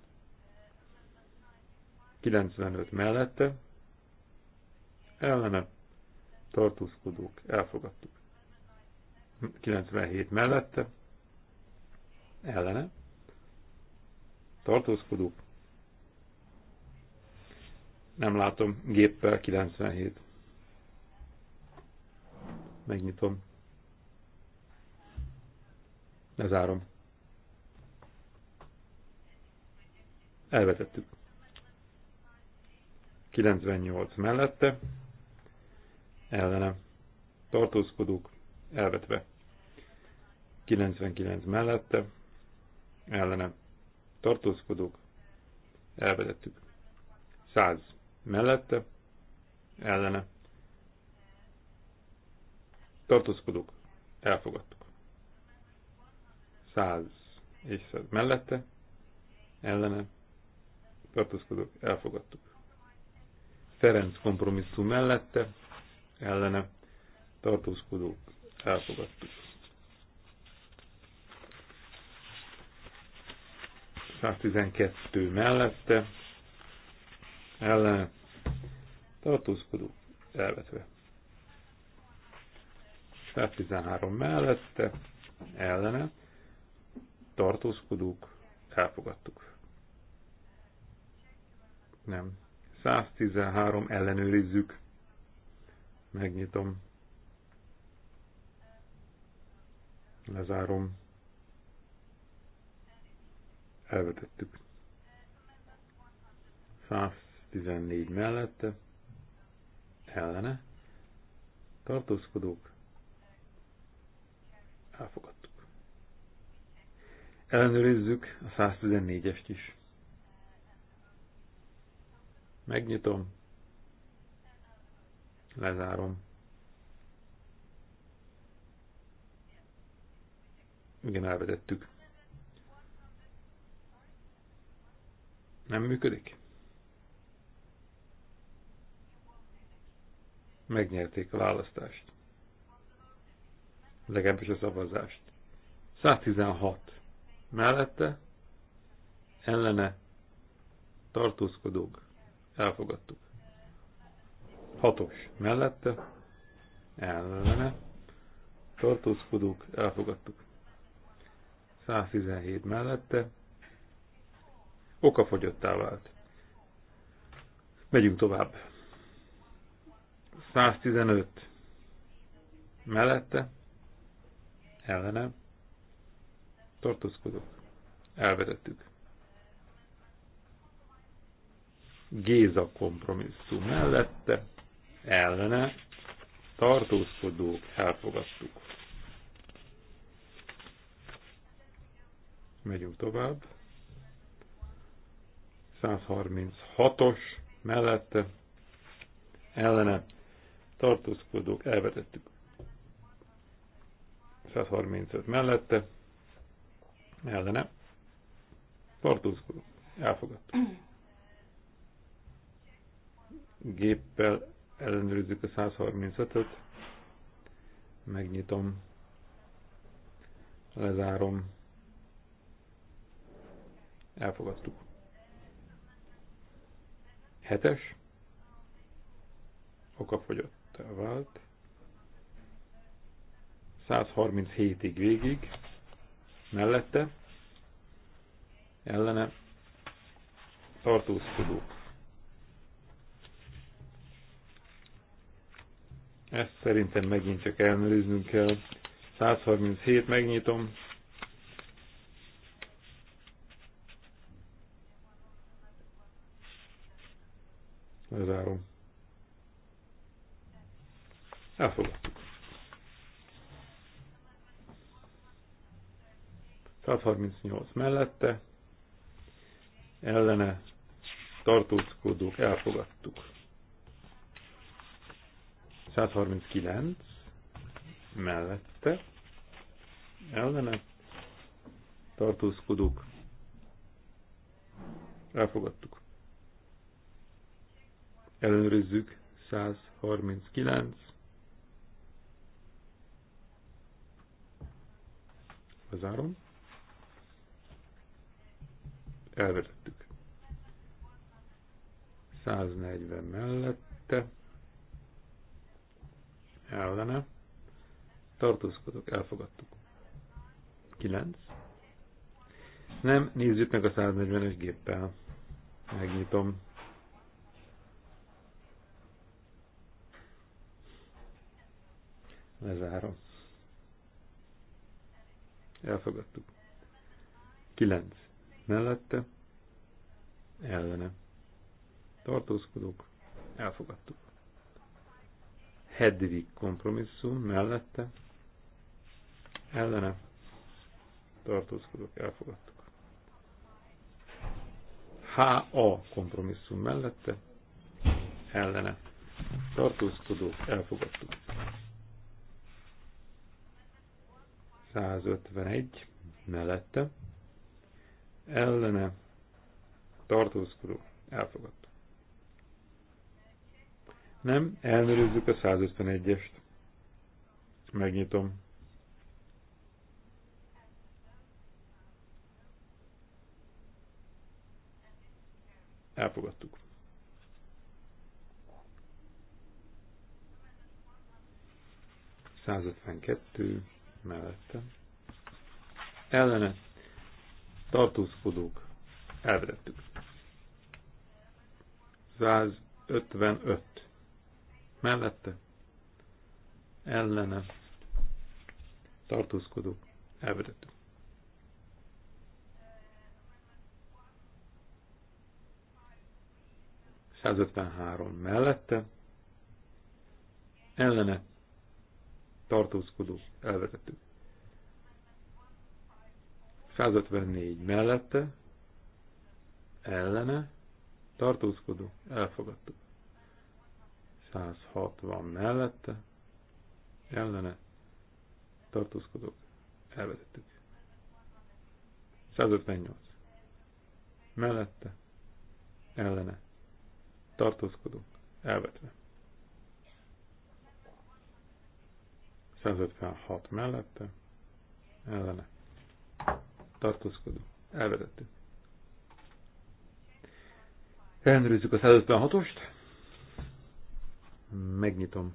95 mellette, ellene tartózkodók elfogadtuk. 97 mellette ellene tartózkodók nem látom géppel 97 megnyitom lezárom elvetettük 98 mellette ellene tartózkodók elvetve. 99 mellette ellene tartózkodók elvetettük. 100 mellette ellene tartózkodók elfogadtuk. 100 és 100 mellette ellene tartózkodók elfogadtuk. Ferenc kompromisszum mellette ellene tartózkodók elfogadtuk. 112 mellette ellene tartózkodók elvetve. 113 mellette ellene tartózkodók elfogadtuk. Nem. 113 ellenőrizzük megnyitom, lezárom, elvetettük. 114 mellette, ellene, tartózkodók, elfogadtuk. Ellenőrizzük a 114-est is. Megnyitom, Lezárom. Igen, elvezettük. Nem működik? Megnyerték a választást. Legalábbis a szavazást. 116. Mellette, ellene, tartózkodók. Elfogadtuk. Hatos mellette, ellene, tartózkodók, elfogadtuk. 117 mellette, okafogyottá vált. Megyünk tovább. 115 mellette, ellene, tartózkodók, elvetettük. Géza kompromisszum mellette, ellene tartózkodók elfogadtuk. Megyünk tovább. 136-os mellette ellene tartózkodók elvetettük. 135 mellette ellene tartózkodók elfogadtuk. Géppel ellenőrizzük a 135-öt, megnyitom, lezárom, elfogadtuk. Hetes, okafogyottá vált, 137-ig végig, mellette, ellene, tartózkodók Ezt szerintem megint csak elmerőznünk kell. 137 megnyitom. Lezárom. Elfogadtuk. 138 mellette, ellene tartózkodók elfogadtuk. 139 mellette ellene tartózkodók elfogadtuk. Ellenőrizzük 139 bezárom elvetettük. 140 mellette ellene tartózkodok, elfogadtuk. 9. Nem, nézzük meg a 141 géppel. Megnyitom. Lezárom. Elfogadtuk. 9. Mellette. Ellene. Tartózkodók. Elfogadtuk. Hedvig kompromisszum mellette ellene tartózkodok, elfogadtuk. HA kompromisszum mellette ellene tartózkodók, elfogadtuk. 151 mellette ellene tartózkodó elfogadtuk. Nem, elmérőzzük a 151-est. Megnyitom. Elfogadtuk. kettő mellette. Ellene tartózkodók Elvettük. 155 mellette ellene tartózkodók elvedettük. három mellette ellene tartózkodók elvetettük. 154 mellette ellene tartózkodó elfogadtuk. 160 mellette, ellene tartózkodók elvetettük. 158 mellette, ellene tartózkodók elvetve. 156 mellette, ellene tartózkodók elvetettük. Ellenőrizzük a 156-ost. Megnyitom.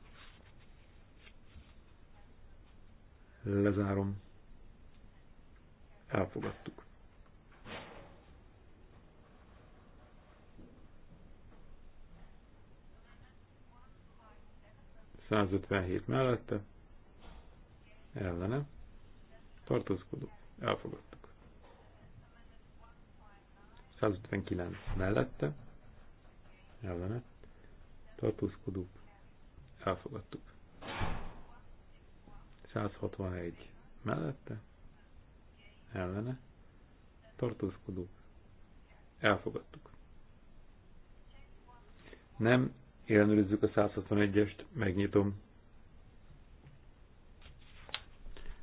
Lezárom. Elfogadtuk. hét mellette. Ellene. Tartózkodó. Elfogadtuk. 159 mellette. Ellene. Tartózkodó elfogadtuk. 161 mellette, ellene, tartózkodók, elfogadtuk. Nem ellenőrizzük a 161-est, megnyitom,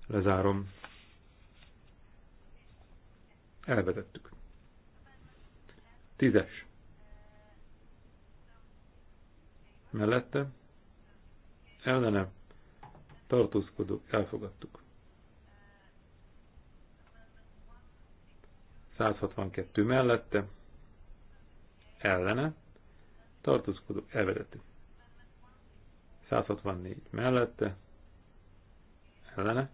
lezárom, elvetettük. Tízes. Mellette ellene tartózkodók elfogadtuk. 162 mellette ellene tartózkodók elvedettük. 164 mellette ellene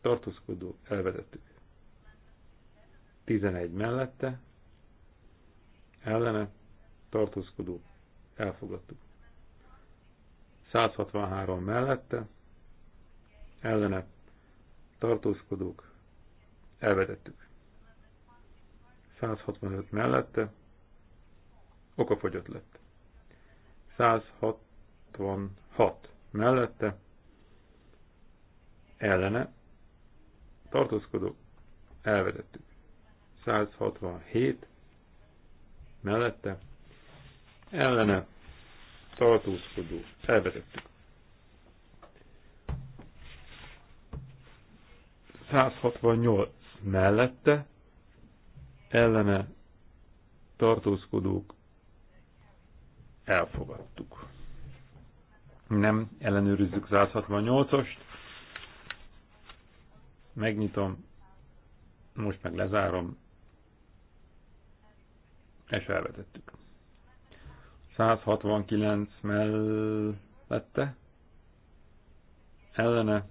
tartózkodó elvedettük. 11 mellette ellene tartózkodó elfogadtuk. 163 mellette, ellene tartózkodók, elvetettük. 165 mellette, okafogyott lett. 166 mellette, ellene tartózkodók, elvetettük. 167 mellette, ellene tartózkodó. Elvezettük. 168 mellette ellene tartózkodók elfogadtuk. Nem ellenőrizzük 168-ost. Megnyitom, most meg lezárom, és elvetettük. 169 mellette ellene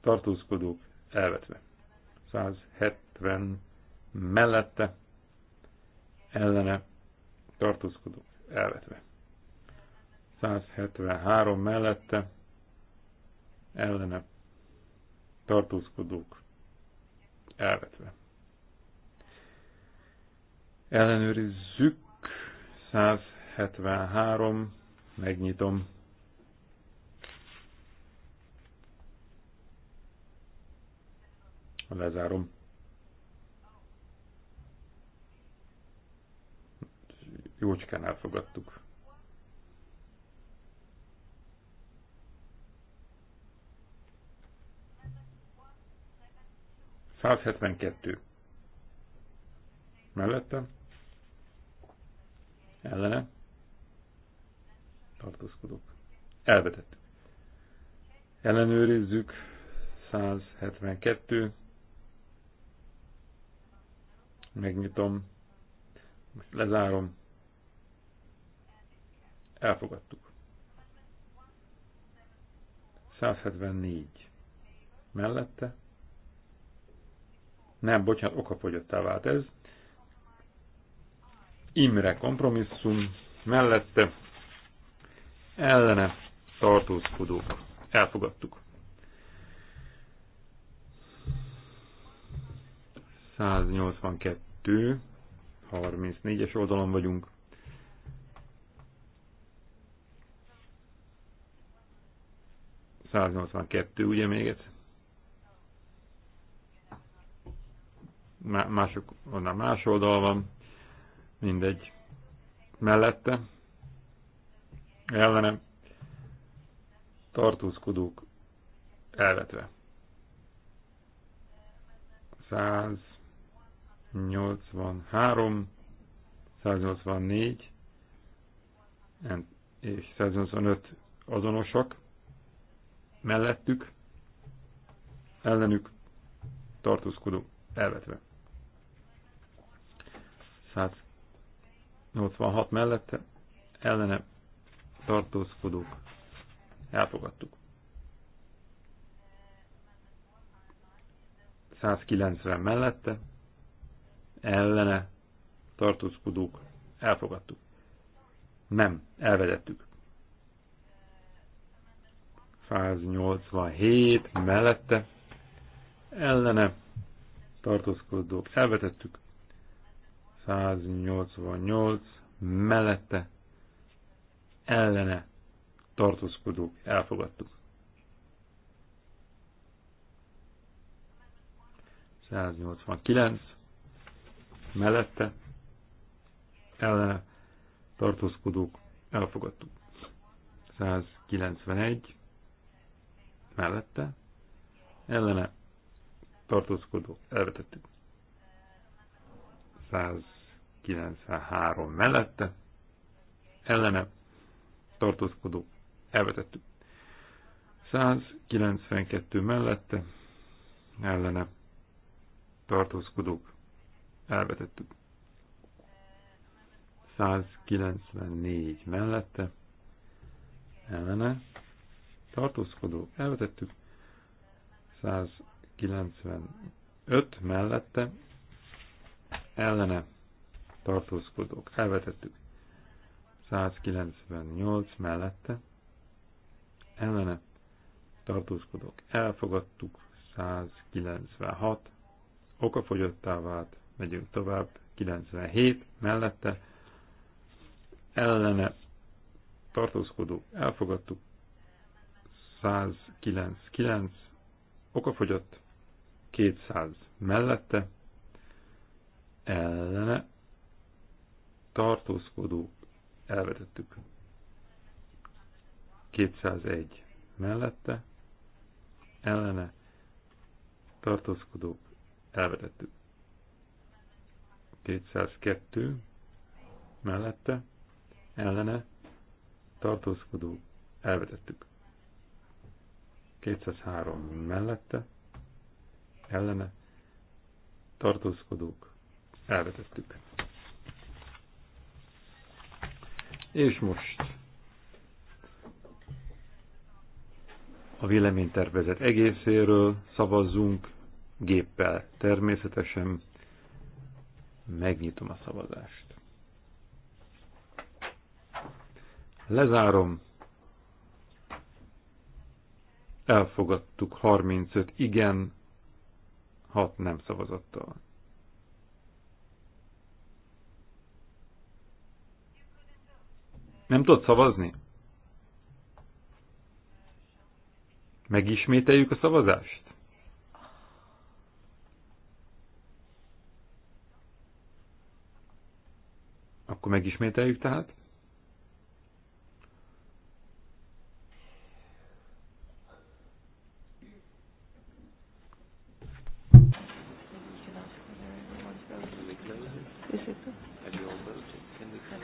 tartózkodók elvetve. 170 mellette ellene tartózkodók elvetve. 173 mellette ellene tartózkodók elvetve. Ellenőrizzük 100 73, megnyitom. Lezárom. Jócskán elfogadtuk. Százhetvenkettő. Mellette? Ellene? tartózkodók. Elvetett. Ellenőrizzük 172. Megnyitom. Most lezárom. Elfogadtuk. 174. Mellette. Nem, bocsánat, okafogyottá vált ez. Imre kompromisszum mellette ellene tartózkodók. Elfogadtuk. 182, 34-es oldalon vagyunk. kettő, ugye még egy? Mások, onnan más oldal van, mindegy, mellette, ellenem tartózkodók elvetve. 183, 184 és 185 azonosak mellettük, ellenük tartózkodó elvetve. 186 mellette ellenem tartózkodók, elfogadtuk. 190 mellette, ellene tartózkodók, elfogadtuk. Nem, elvedettük. 187 mellette, ellene tartózkodók, elvetettük. 188 mellette, ellene tartózkodók elfogadtuk. 189 mellette ellene tartózkodók elfogadtuk. 191 mellette ellene tartózkodók elvetettük. 193 mellette ellene tartózkodó elvetettük. 192 mellette ellene tartózkodók elvetettük. 194 mellette ellene tartózkodó elvetettük. 195 mellette ellene tartózkodók elvetettük. 198 mellette ellene tartózkodók elfogadtuk, 196 okafogyottá vált, megyünk tovább, 97 mellette ellene tartózkodók elfogadtuk, 199 okafogyott, 200 mellette ellene tartózkodók elvetettük. 201 mellette, ellene tartózkodók elvetettük. 202 mellette, ellene tartózkodók elvetettük. 203 mellette, ellene tartózkodók elvetettük. És most a véleménytervezet egészéről szavazzunk géppel. Természetesen megnyitom a szavazást. Lezárom. Elfogadtuk 35 igen, 6 nem szavazattal. Nem tudod szavazni? Megismételjük a szavazást? Akkor megismételjük tehát?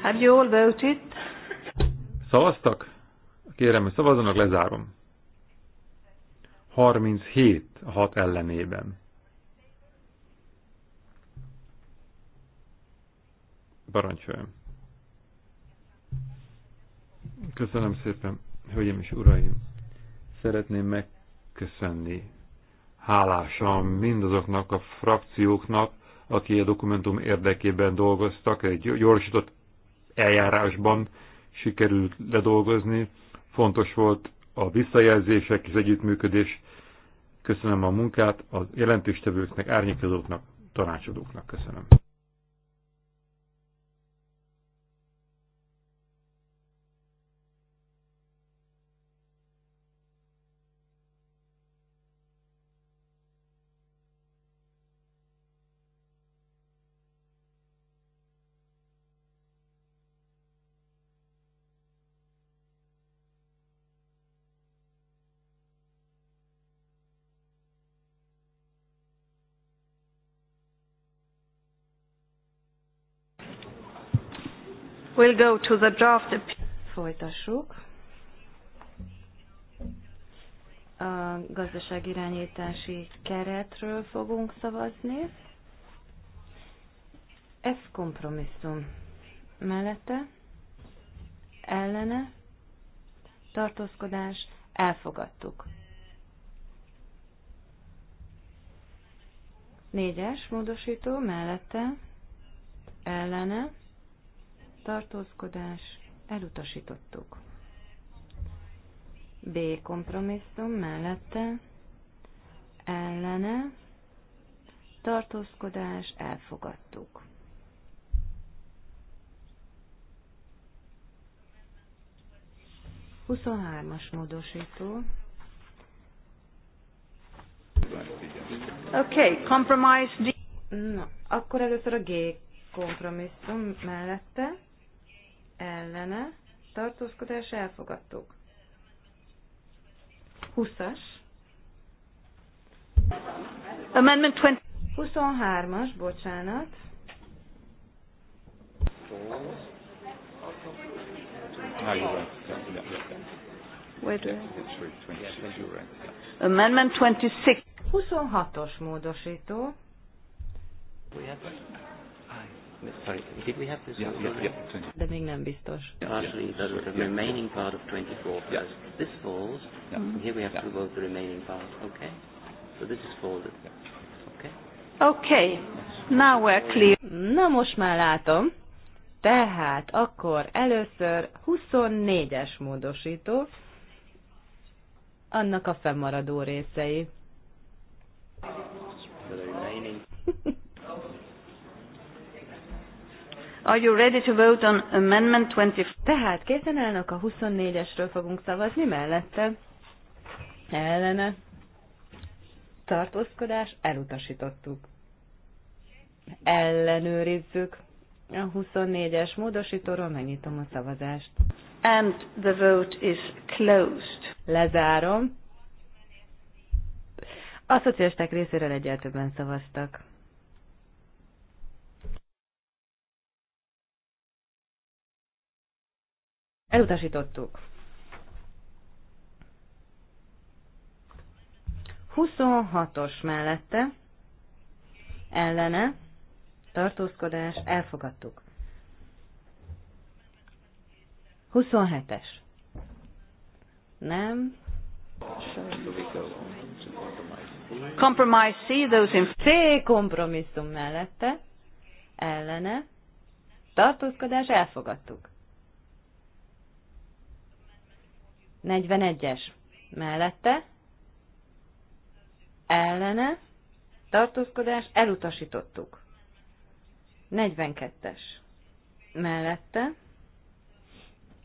Have you all voted? Szavaztak? Kérem, hogy szavazzanak, lezárom. 37 a hat ellenében. Parancsoljon. Köszönöm szépen, hölgyeim és uraim. Szeretném megköszönni hálásan mindazoknak a frakcióknak, akik a dokumentum érdekében dolgoztak, egy gyorsított eljárásban, sikerült ledolgozni. Fontos volt a visszajelzések és együttműködés. Köszönöm a munkát a jelentéstevőknek, árnyékozóknak, tanácsadóknak. Köszönöm. We'll go to the draft. Folytassuk. A gazdaságirányítási keretről fogunk szavazni. Ez kompromisszum. Mellette, ellene, tartózkodás, elfogadtuk. Négyes módosító mellette, ellene, tartózkodás, elutasítottuk. B kompromisszum mellette, ellene, tartózkodás, elfogadtuk. Huszonhármas módosító. Okay, compromise Na, akkor először a G kompromisszum mellette ellene tartózkodás elfogadtuk. 20-as. Amendment 20. 23-as, bocsánat. Amendment 26. 26-os módosító. Sorry, did we have this? Yeah, yeah, yeah. De még nem biztos. Partially, yeah. the remaining part of 24, yeah. this falls, yeah. and here we have yeah. to vote the remaining part, okay? So this is folded, yeah. okay? Okay, now we're clear. Na most már látom. Tehát akkor először 24-es módosító, annak a fennmaradó részei. The remaining Are you ready to vote on amendment 20? Tehát készen állnak a 24-esről fogunk szavazni mellette. Ellene. Tartózkodás elutasítottuk. Ellenőrizzük. A 24-es módosítóról megnyitom a szavazást. And the vote is closed. Lezárom. A szociálisták részéről egyáltalán szavaztak. Elutasítottuk. 26-os mellette ellene tartózkodás elfogadtuk. 27-es. Nem. Compromise C, those in... C kompromisszum mellette ellene tartózkodás elfogadtuk. 41-es mellette, ellene, tartózkodás, elutasítottuk. 42-es mellette,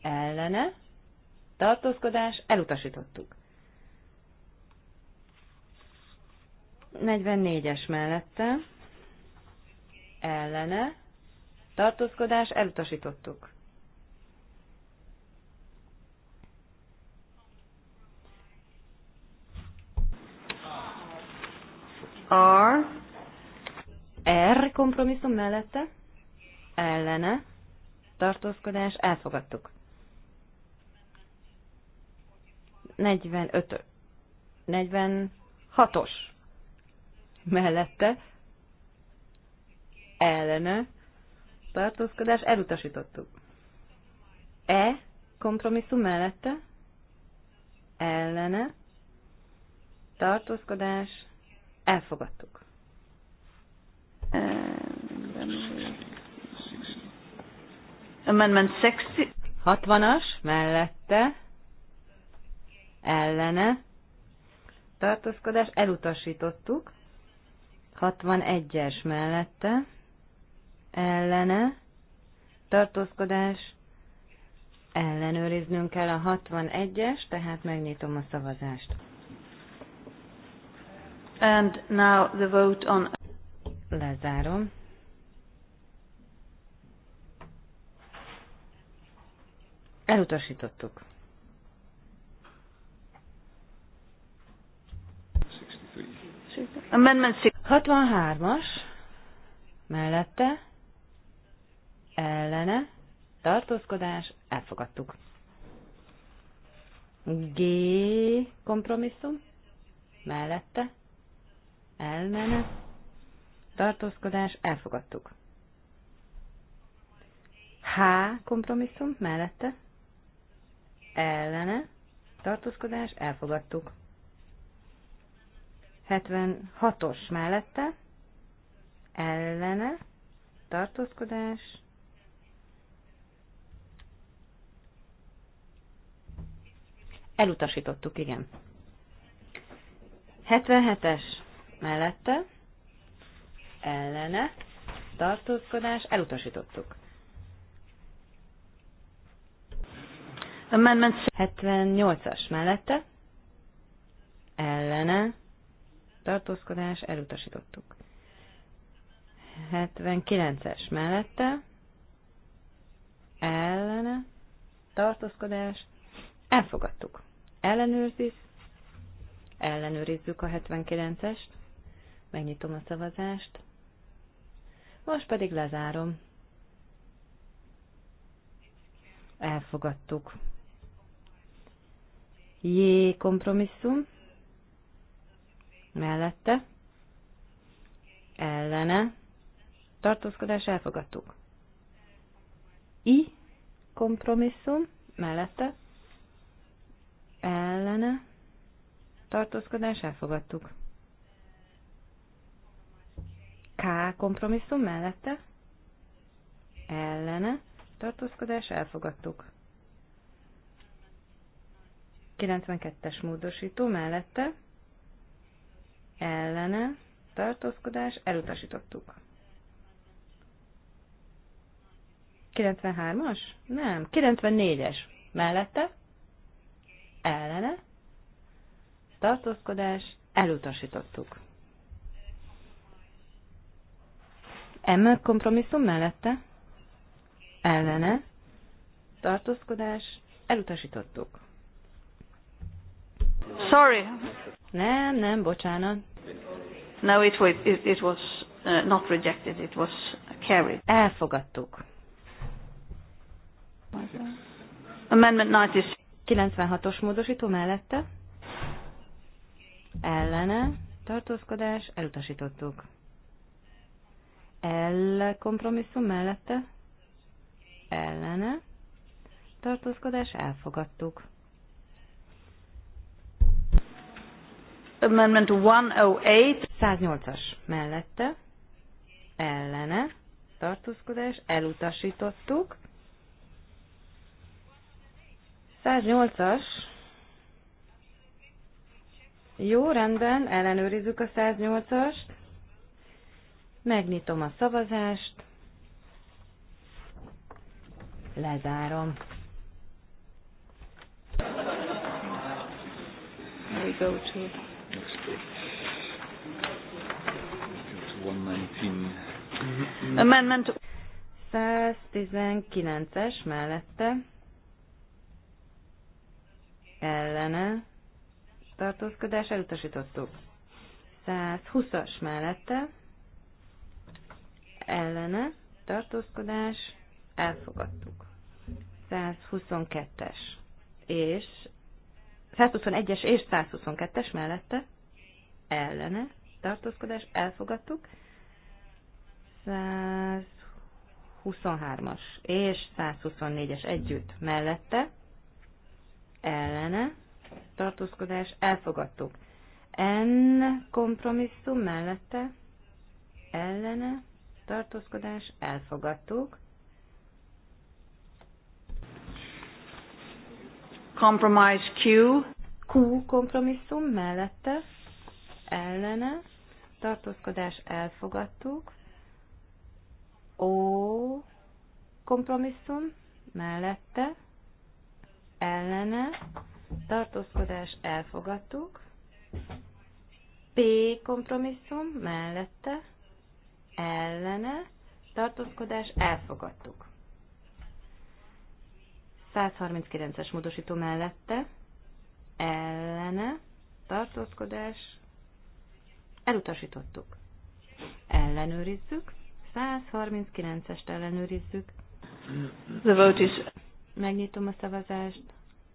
ellene, tartózkodás, elutasítottuk. 44-es mellette, ellene, tartózkodás, elutasítottuk. R. R kompromisszum mellette, ellene, tartózkodás, elfogadtuk. 45 46-os mellette, ellene, tartózkodás, elutasítottuk. E kompromisszum mellette, ellene, tartózkodás, Elfogadtuk. Amendment 60. 60-as mellette ellene tartózkodás elutasítottuk. 61-es mellette ellene tartózkodás ellenőriznünk kell a 61-es, tehát megnyitom a szavazást. And now the vote on... Lezárom. Elutasítottuk. 63-as mellette ellene tartózkodás elfogadtuk. G kompromisszum mellette ellene, tartózkodás, elfogadtuk. H kompromisszum mellette, ellene, tartózkodás, elfogadtuk. 76-os mellette, ellene, tartózkodás, elutasítottuk, igen. 77-es mellette, ellene, tartózkodás, elutasítottuk. Amendment 78-as mellette, ellene, tartózkodás, elutasítottuk. 79-es mellette, ellene, tartózkodás, elfogadtuk. Ellenőrzisz, ellenőrizzük a 79-est. Megnyitom a szavazást. Most pedig lezárom. Elfogadtuk. Jé, kompromisszum. Mellette. Ellene. Tartózkodás elfogadtuk. I kompromisszum. Mellette. Ellene. Tartózkodás elfogadtuk. K kompromisszum mellette, ellene, tartózkodás, elfogadtuk. 92-es módosító mellette, ellene, tartózkodás, elutasítottuk. 93-as? Nem, 94-es. Mellette? Ellene? Tartózkodás, elutasítottuk. M kompromisszum mellette ellene tartózkodás elutasítottuk. Sorry. Nem, nem, bocsánat. No, it was, it, it was uh, not rejected, it was carried. Elfogadtuk. Amendment 96. 96-os módosító mellette ellene tartózkodás elutasítottuk el kompromisszum mellette ellene tartózkodás elfogadtuk. Amendment 108. 108-as mellette ellene tartózkodás elutasítottuk. 108-as jó, rendben, ellenőrizzük a 108-ast. Megnyitom a szavazást. Lezárom. Amendment 119-es mellette ellene tartózkodás elutasítottuk. 120-as mellette ellene, tartózkodás, elfogadtuk. 122-es és 121-es és 122-es mellette ellene tartózkodás, elfogadtuk. 123-as és 124-es együtt mellette ellene tartózkodás, elfogadtuk. N kompromisszum mellette ellene tartózkodás, elfogadtuk. Compromise Q. Q kompromisszum mellette, ellene, tartózkodás, elfogadtuk. O kompromisszum mellette, ellene, tartózkodás, elfogadtuk. P kompromisszum mellette, ellene tartózkodás elfogadtuk. 139-es módosító mellette ellene tartózkodás elutasítottuk. Ellenőrizzük. 139-est ellenőrizzük. The vote is... Megnyitom a szavazást,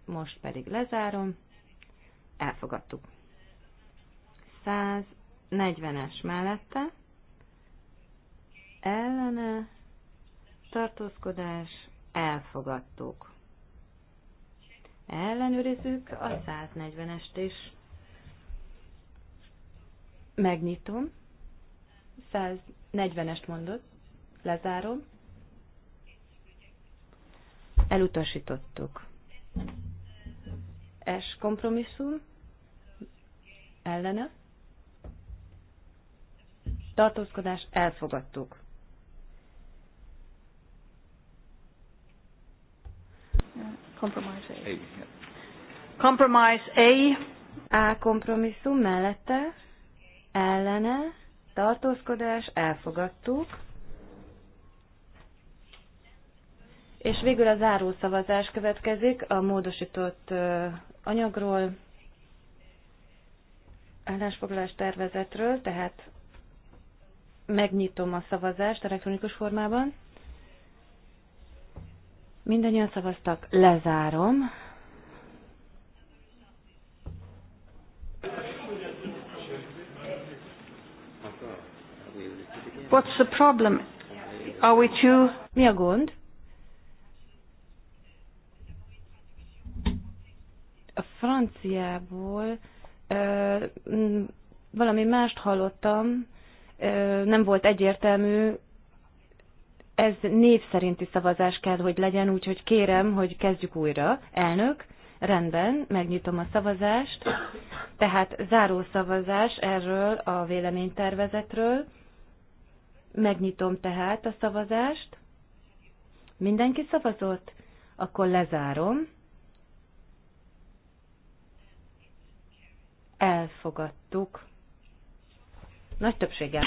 most pedig lezárom. Elfogadtuk. 140-es mellette ellene tartózkodás elfogadtuk. Ellenőrizzük a 140-est is. Megnyitom. 140-est mondod. Lezárom. Elutasítottuk. S kompromisszum. Ellene. Tartózkodás elfogadtuk. Compromise A. A yeah. Compromise A. A kompromisszum mellette, ellene, tartózkodás, elfogadtuk. És végül a záró szavazás következik a módosított anyagról, állásfoglalás tervezetről, tehát megnyitom a szavazást elektronikus formában. Mindannyian szavaztak, lezárom. What's the problem? Are we too... Mi a gond? A franciából ö, valami mást hallottam, ö, nem volt egyértelmű, ez név szerinti szavazás kell, hogy legyen, úgyhogy kérem, hogy kezdjük újra. Elnök, rendben, megnyitom a szavazást. Tehát záró szavazás erről a véleménytervezetről. Megnyitom tehát a szavazást. Mindenki szavazott? Akkor lezárom. Elfogadtuk. Nagy többséggel.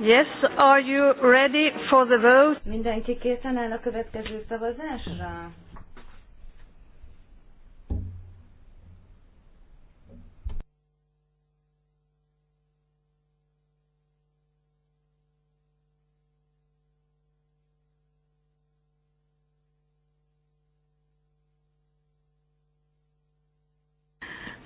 Yes, are you ready for the vote? Mindenki készen áll a következő szavazásra?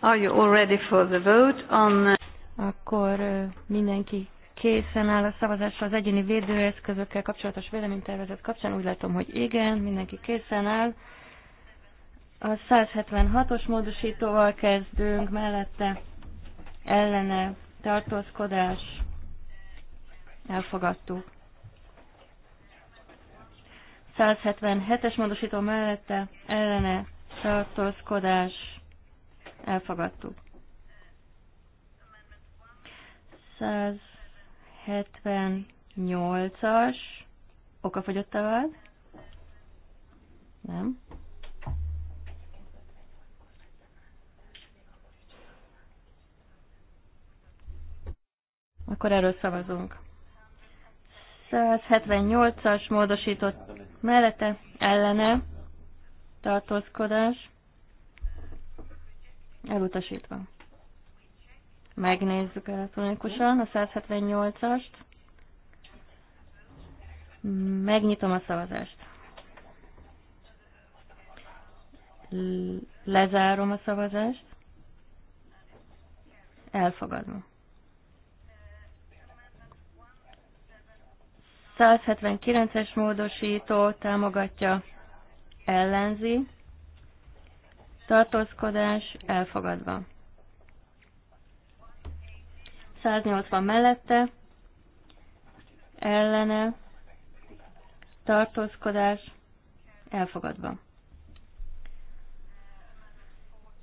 Are you all ready for the vote on Akkor mindenki készen áll a szavazásra az egyéni védőeszközökkel kapcsolatos véleménytervezet kapcsán. Úgy látom, hogy igen, mindenki készen áll. A 176-os módosítóval kezdünk, mellette ellene tartózkodás elfogadtuk. 177-es módosító mellette ellene tartózkodás elfogadtuk. 100 78-as okafogyottal vált. Nem. Akkor erről szavazunk. 178-as módosított mellette ellene tartózkodás elutasítva. Megnézzük elektronikusan a 178-ast. Megnyitom a szavazást. Lezárom a szavazást. Elfogadom. 179-es módosító támogatja, ellenzi, tartózkodás elfogadva. 180 mellette, ellene, tartózkodás, elfogadva.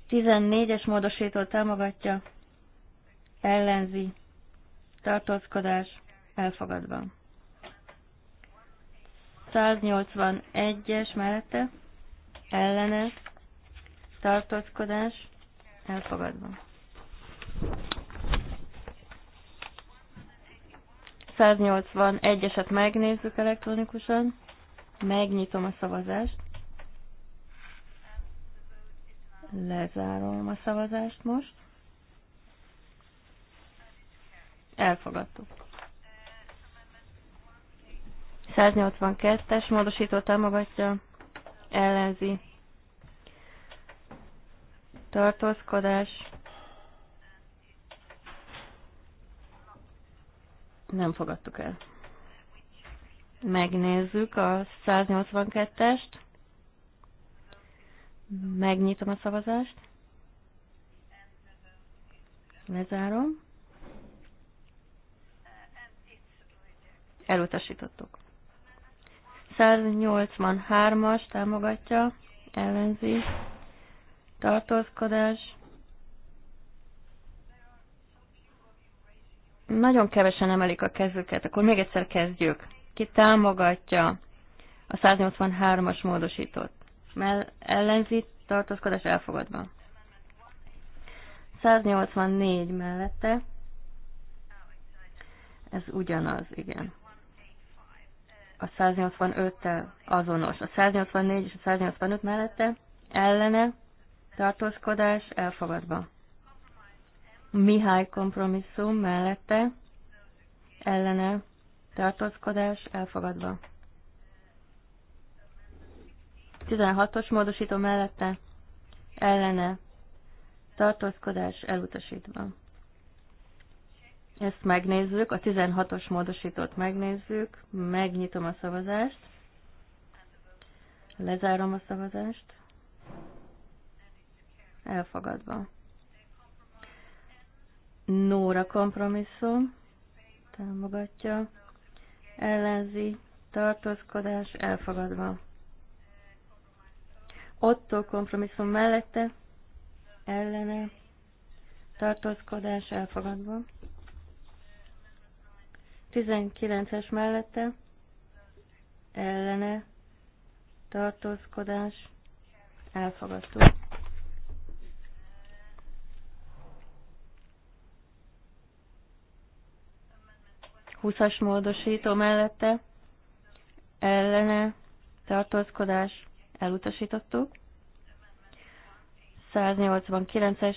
14-es módosító támogatja, ellenzi, tartózkodás, elfogadva. 181-es mellette, ellene, tartózkodás, elfogadva. 181-eset megnézzük elektronikusan. Megnyitom a szavazást. Lezárom a szavazást most. Elfogadtuk. 182-es módosító támogatja, ellenzi. Tartózkodás. Nem fogadtuk el. Megnézzük a 182-est. Megnyitom a szavazást. Lezárom. Elutasítottuk. 183-as támogatja, ellenzi, tartózkodás, nagyon kevesen emelik a kezüket, akkor még egyszer kezdjük. Ki támogatja a 183-as módosítót? Mert ellenzi tartózkodás elfogadva. 184 mellette. Ez ugyanaz, igen. A 185-tel azonos. A 184 és a 185 mellette ellene tartózkodás elfogadva. Mihály kompromisszum mellette ellene tartózkodás elfogadva. 16-os módosító mellette ellene tartózkodás elutasítva. Ezt megnézzük, a 16-os módosítót megnézzük, megnyitom a szavazást, lezárom a szavazást, elfogadva. Nóra kompromisszum támogatja, ellenzi, tartózkodás elfogadva. Otto kompromisszum mellette, ellene, tartózkodás elfogadva. 19-es mellette, ellene, tartózkodás elfogadva. 20-as módosító mellette ellene tartózkodás elutasítottuk. 189-es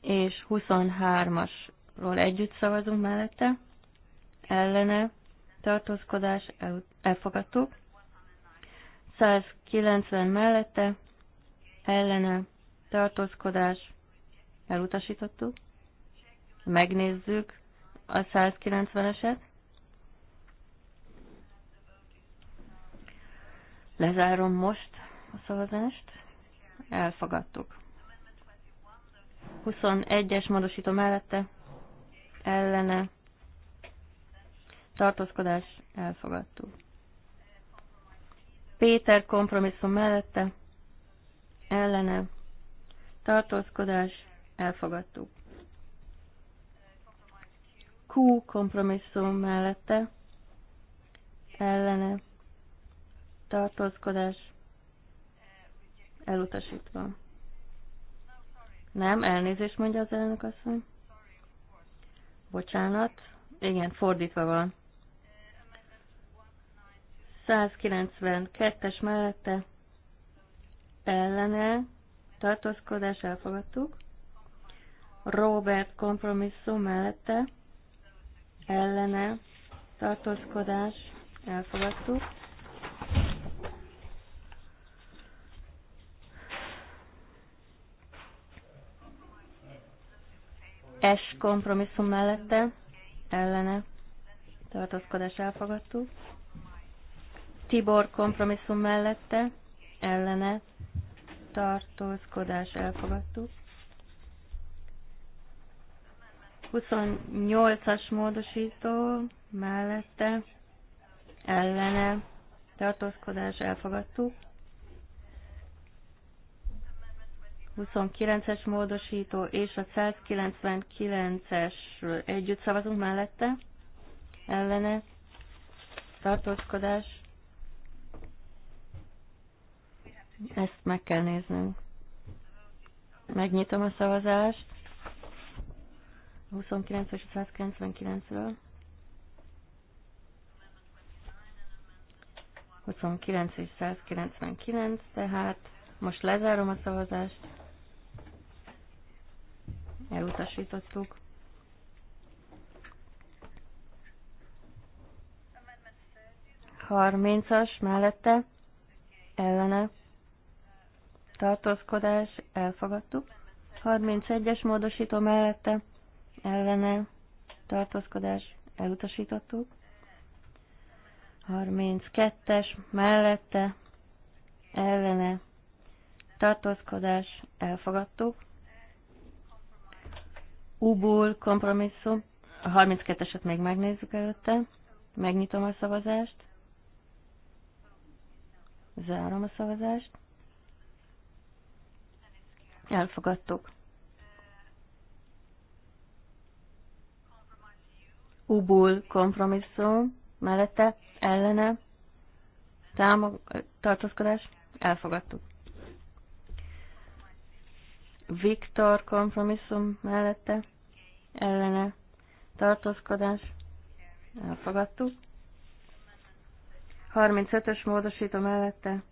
és 23-asról együtt szavazunk mellette. Ellene tartózkodás elfogadtuk. 190 mellette ellene tartózkodás elutasítottuk. Megnézzük a 190-eset. Lezárom most a szavazást. Elfogadtuk. 21-es módosító mellette ellene tartózkodás elfogadtuk. Péter kompromisszum mellette ellene tartózkodás elfogadtuk. Q kompromisszum mellette ellene tartózkodás elutasítva. Nem, elnézést mondja az elnök asszony. Bocsánat. Igen, fordítva van. 192-es mellette ellene tartózkodás elfogadtuk. Robert kompromisszum mellette ellene tartózkodás elfogadtuk. S kompromisszum mellette ellene tartózkodás elfogadtuk. Tibor kompromisszum mellette ellene tartózkodás elfogadtuk. 28-as módosító mellette ellene tartózkodás elfogadtuk. 29-es módosító és a 199-es együtt szavazunk mellette, ellene, tartózkodás, ezt meg kell néznünk. Megnyitom a szavazást. 29 és 199-ről. 29 és 199, tehát most lezárom a szavazást elutasítottuk. Harmincas mellette ellene tartózkodás elfogadtuk. 31-es módosító mellette ellene tartózkodás elutasítottuk. 32-es mellette ellene tartózkodás elfogadtuk. Ubul kompromisszum. A 32-eset még megnézzük előtte. Megnyitom a szavazást. Zárom a szavazást. Elfogadtuk. Ubul kompromisszum mellette, ellene, támog, tartózkodás, elfogadtuk. Viktor kompromisszum mellette ellene tartózkodás elfogadtuk. 35-ös módosító mellette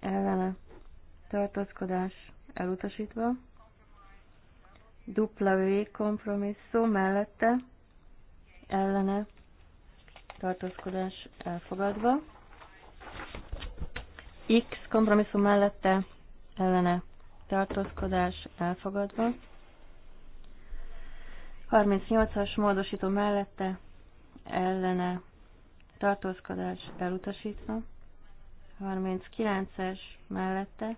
ellene tartózkodás elutasítva. Dupla V kompromisszum mellette ellene tartózkodás elfogadva. X kompromisszum mellette ellene tartózkodás elfogadva. 38-as módosító mellette ellene tartózkodás elutasítva. 39-es mellette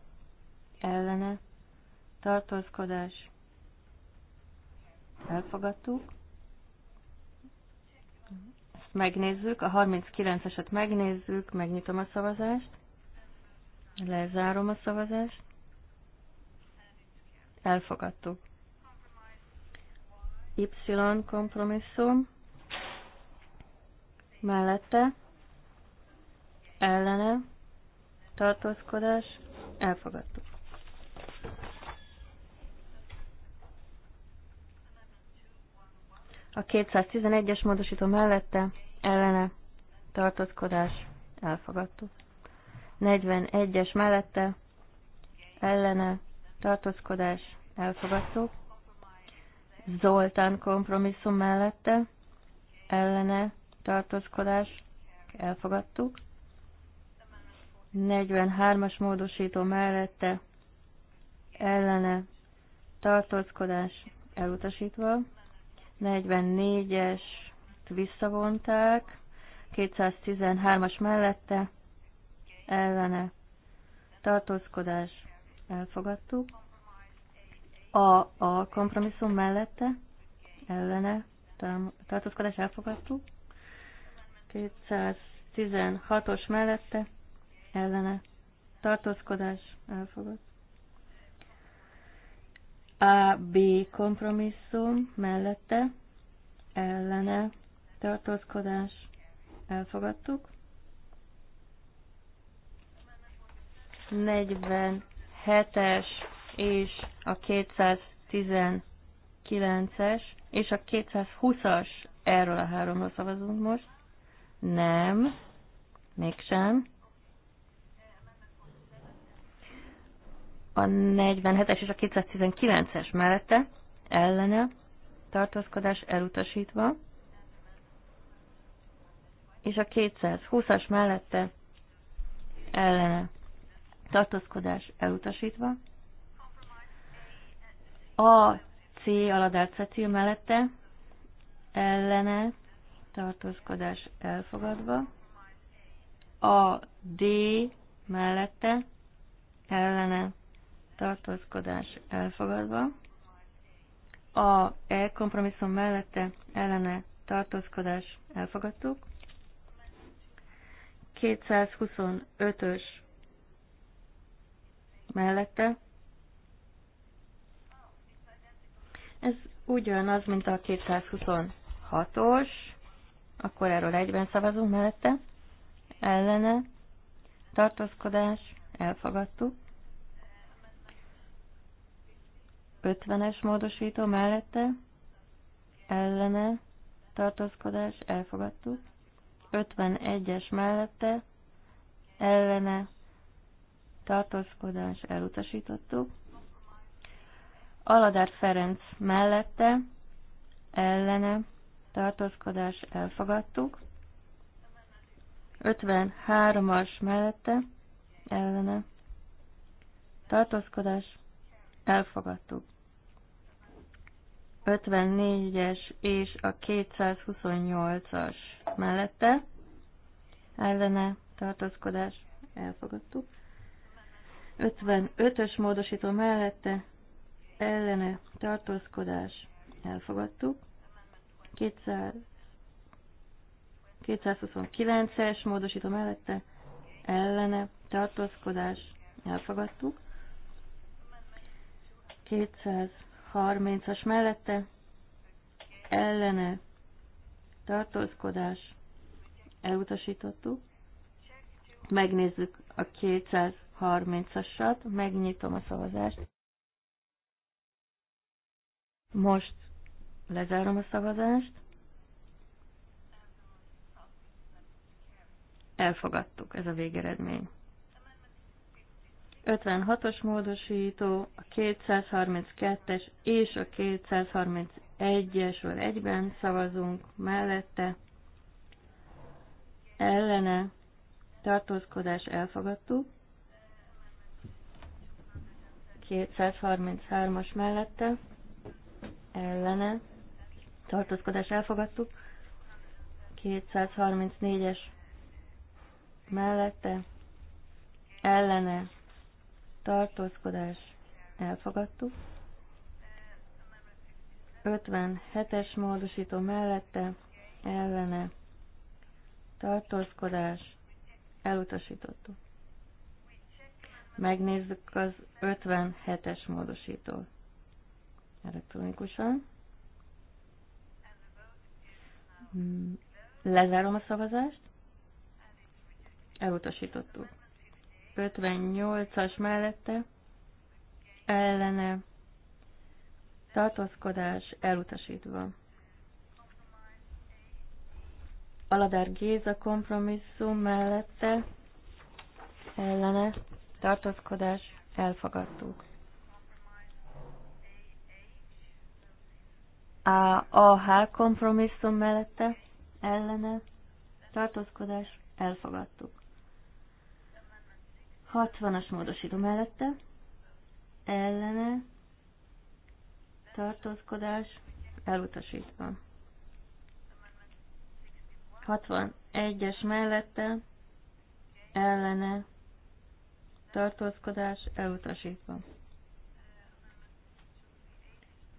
ellene tartózkodás elfogadtuk. Ezt megnézzük, a 39-eset megnézzük, megnyitom a szavazást, lezárom a szavazást. Elfogadtuk. Y kompromisszum mellette ellene tartózkodás elfogadtuk. A 211-es módosító mellette ellene tartózkodás elfogadtuk. 41-es mellette ellene tartózkodás elfogadtuk. Zoltán kompromisszum mellette ellene tartózkodás elfogadtuk. 43-as módosító mellette ellene tartózkodás elutasítva. 44-es visszavonták, 213-as mellette ellene tartózkodás elfogadtuk. A, a kompromisszum mellette ellene tartózkodás elfogadtuk. 216-os mellette ellene tartózkodás elfogadtuk. A B kompromisszum mellette ellene tartózkodás elfogadtuk. 7-es és a 219-es és a 220-as, erről a háromról szavazunk most. Nem, mégsem. A 47-es és a 219-es mellette ellene tartózkodás elutasítva, és a 220-as mellette ellene tartózkodás elutasítva, a C aladárcetil mellette ellene tartózkodás elfogadva, a D mellette ellene tartózkodás elfogadva, a E kompromisszum mellette ellene tartózkodás elfogadtuk, 225-ös mellette. Ez ugyanaz, mint a 226-os, akkor erről egyben szavazunk mellette, ellene, tartózkodás, elfogadtuk. 50-es módosító mellette, ellene, tartózkodás, elfogadtuk. 51-es mellette, ellene, tartózkodás elutasítottuk. Aladár Ferenc mellette, ellene, tartózkodás elfogadtuk. 53-as mellette, ellene, tartózkodás elfogadtuk. 54-es és a 228-as mellette ellene tartózkodás elfogadtuk. 55-ös módosító mellette ellene tartózkodás elfogadtuk. 200, 229-es módosító mellette ellene tartózkodás elfogadtuk. 230-as mellette ellene tartózkodás elutasítottuk. Megnézzük a 200. 30-asat, megnyitom a szavazást. Most lezárom a szavazást. Elfogadtuk, ez a végeredmény. 56-os módosító, a 232-es és a 231-esről es egyben szavazunk mellette. Ellene tartózkodás elfogadtuk. 233-as mellette ellene tartózkodás elfogadtuk, 234-es mellette ellene tartózkodás elfogadtuk, 57-es módosító mellette ellene tartózkodás elutasítottuk. Megnézzük az 57-es módosító elektronikusan. Mm, lezárom a szavazást. Elutasítottuk. 58-as mellette ellene tartózkodás elutasítva. Aladár Géza kompromisszum mellette ellene tartózkodás, elfogadtuk. A AH kompromisszum mellette, ellene, tartózkodás, elfogadtuk. 60-as módosító mellette, ellene, tartózkodás, elutasítva. 61-es mellette, ellene, tartózkodás elutasítva.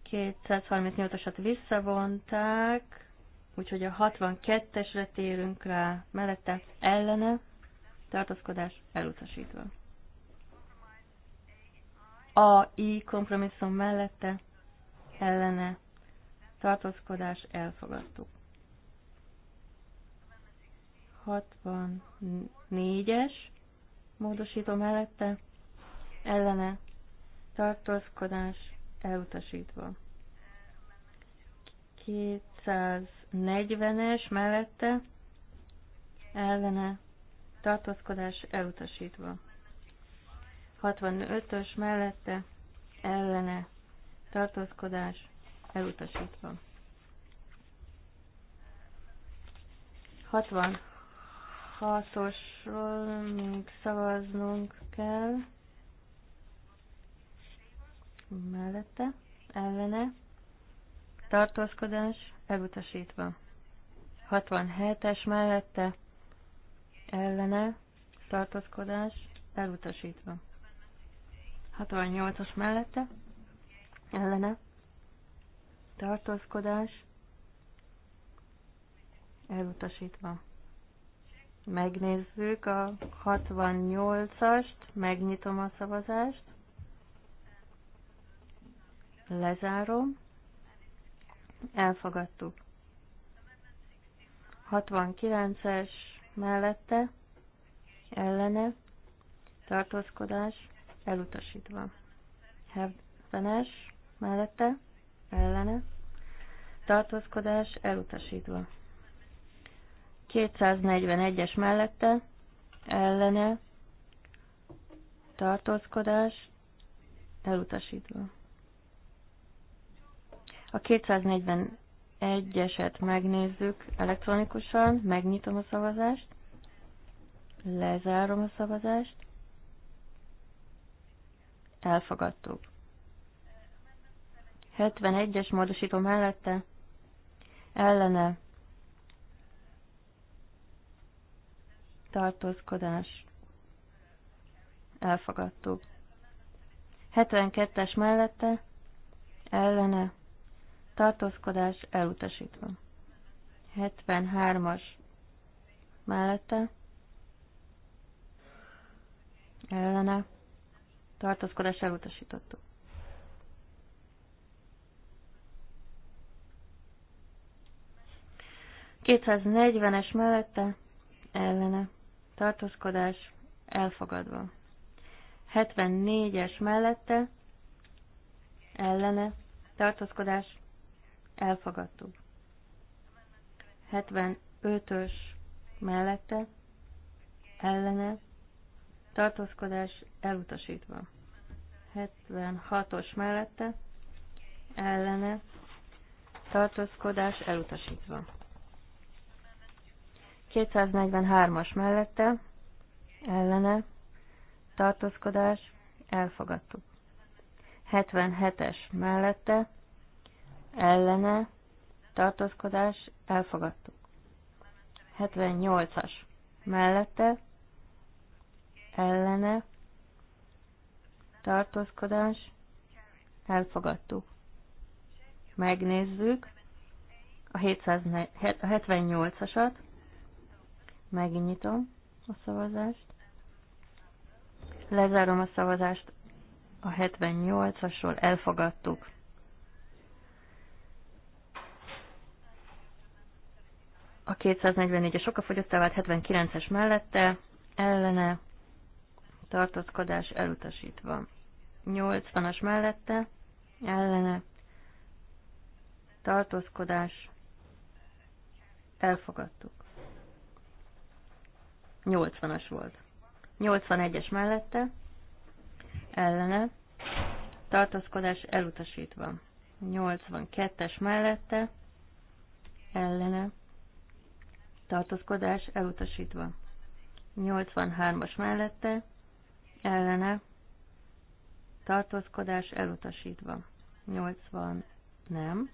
238-asat visszavonták, úgyhogy a 62-esre térünk rá, mellette ellene, tartózkodás elutasítva. A I kompromisszum mellette ellene tartózkodás elfogadtuk. 64-es módosító mellette ellene tartózkodás elutasítva. 240-es mellette ellene tartózkodás elutasítva. 65-ös mellette ellene tartózkodás elutasítva hatosról még szavaznunk kell. Mellette, ellene, tartózkodás elutasítva. 67-es mellette, ellene, tartózkodás elutasítva. 68-as mellette, ellene, tartózkodás elutasítva. Megnézzük a 68-ast, megnyitom a szavazást, lezárom, elfogadtuk. 69-es mellette, ellene, tartózkodás, elutasítva. 70-es mellette, ellene, tartózkodás, elutasítva. 241-es mellette ellene tartózkodás elutasítva. A 241-eset megnézzük elektronikusan, megnyitom a szavazást, lezárom a szavazást, elfogadtuk. 71-es módosító mellette ellene tartózkodás, elfogadtuk. 72-es mellette, ellene, tartózkodás elutasítva. 73-as mellette, ellene, tartózkodás elutasítottuk. Kétszáznegyvenes mellette, ellene, tartózkodás elfogadva. 74-es mellette ellene tartózkodás elfogadtuk. 75-ös mellette ellene tartózkodás elutasítva. 76-os mellette ellene tartózkodás elutasítva. 243-as mellette ellene tartózkodás elfogadtuk. 77-es mellette ellene tartózkodás elfogadtuk. 78-as mellette ellene tartózkodás elfogadtuk. Megnézzük a 78-asat. Megnyitom a szavazást. Lezárom a szavazást. A 78-asról elfogadtuk. A 244-es fogyottá vált 79-es mellette, ellene tartózkodás elutasítva. 80-as mellette, ellene tartózkodás elfogadtuk. 80-as volt. 81-es mellette, ellene, tartózkodás elutasítva. 82-es mellette, ellene, tartózkodás elutasítva. 83-as mellette, ellene, tartózkodás elutasítva. 80 nem.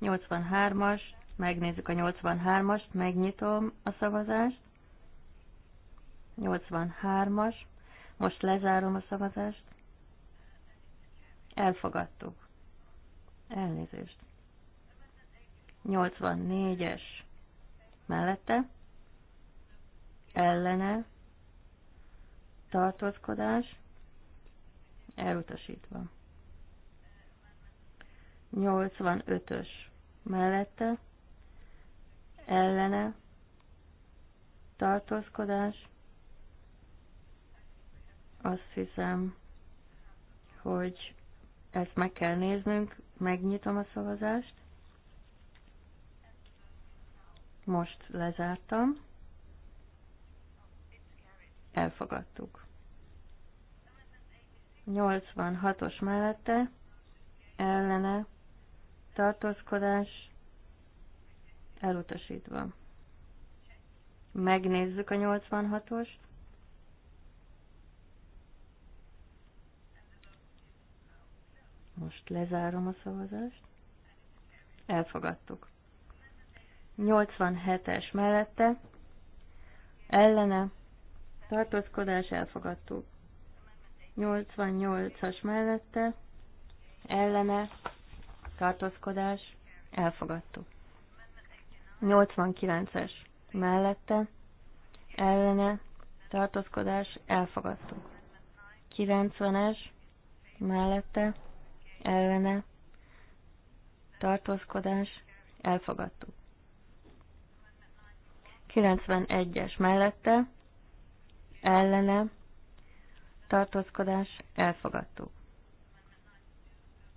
83-as, megnézzük a 83-ast, megnyitom a szavazást. 83-as. Most lezárom a szavazást. Elfogadtuk. Elnézést. 84-es. Mellette. Ellene. Tartózkodás. Elutasítva. 85-ös. Mellette. Ellene. Tartózkodás azt hiszem, hogy ezt meg kell néznünk, megnyitom a szavazást. Most lezártam. Elfogadtuk. 86-os mellette ellene tartózkodás elutasítva. Megnézzük a 86-ost. Most lezárom a szavazást. Elfogadtuk. 87-es mellette, ellene, tartózkodás, elfogadtuk. 88-as mellette, ellene, tartózkodás, elfogadtuk. 89-es mellette, ellene, tartózkodás, elfogadtuk. 90-es mellette, ellene tartózkodás elfogadtuk. 91-es mellette ellene tartózkodás elfogadtuk.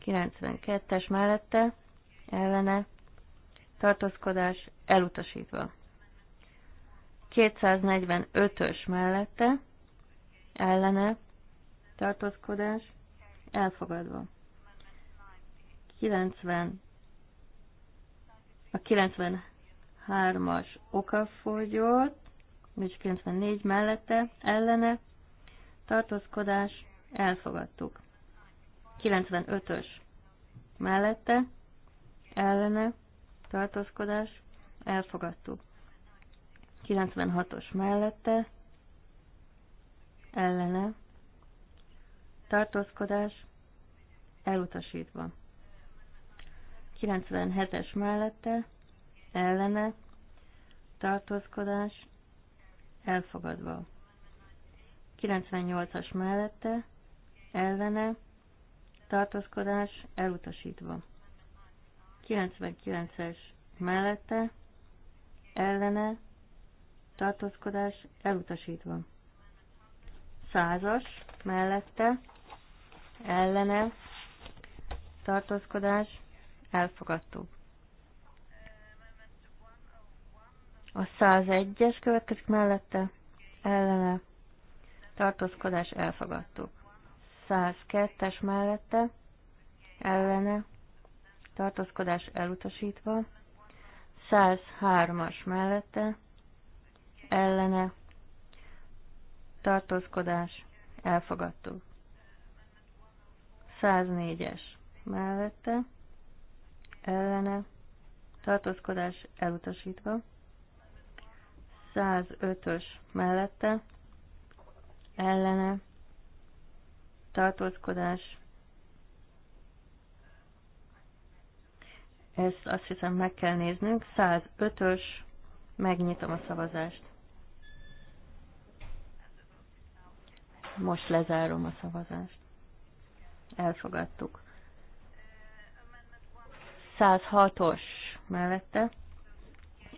92-es mellette ellene tartózkodás elutasítva. 245-ös mellette ellene tartózkodás elfogadva. 90, a 93-as okafogyott, és 94 mellette ellene tartózkodás elfogadtuk. 95-ös mellette ellene tartózkodás elfogadtuk. 96-os mellette ellene tartózkodás elutasítva. 97-es mellette ellene tartózkodás elfogadva. 98-as mellette ellene tartózkodás elutasítva. 99-es mellette ellene tartózkodás elutasítva. 100-as mellette ellene tartózkodás Elfogadtuk. A 101-es következik mellette, ellene, tartózkodás elfogadtuk. 102-es mellette, ellene, tartózkodás elutasítva. 103-as mellette, ellene, tartózkodás elfogadtuk. 104-es mellette, ellene tartózkodás elutasítva, 105-ös mellette ellene tartózkodás. Ezt azt hiszem meg kell néznünk. 105-ös, megnyitom a szavazást. Most lezárom a szavazást. Elfogadtuk. 106-os mellette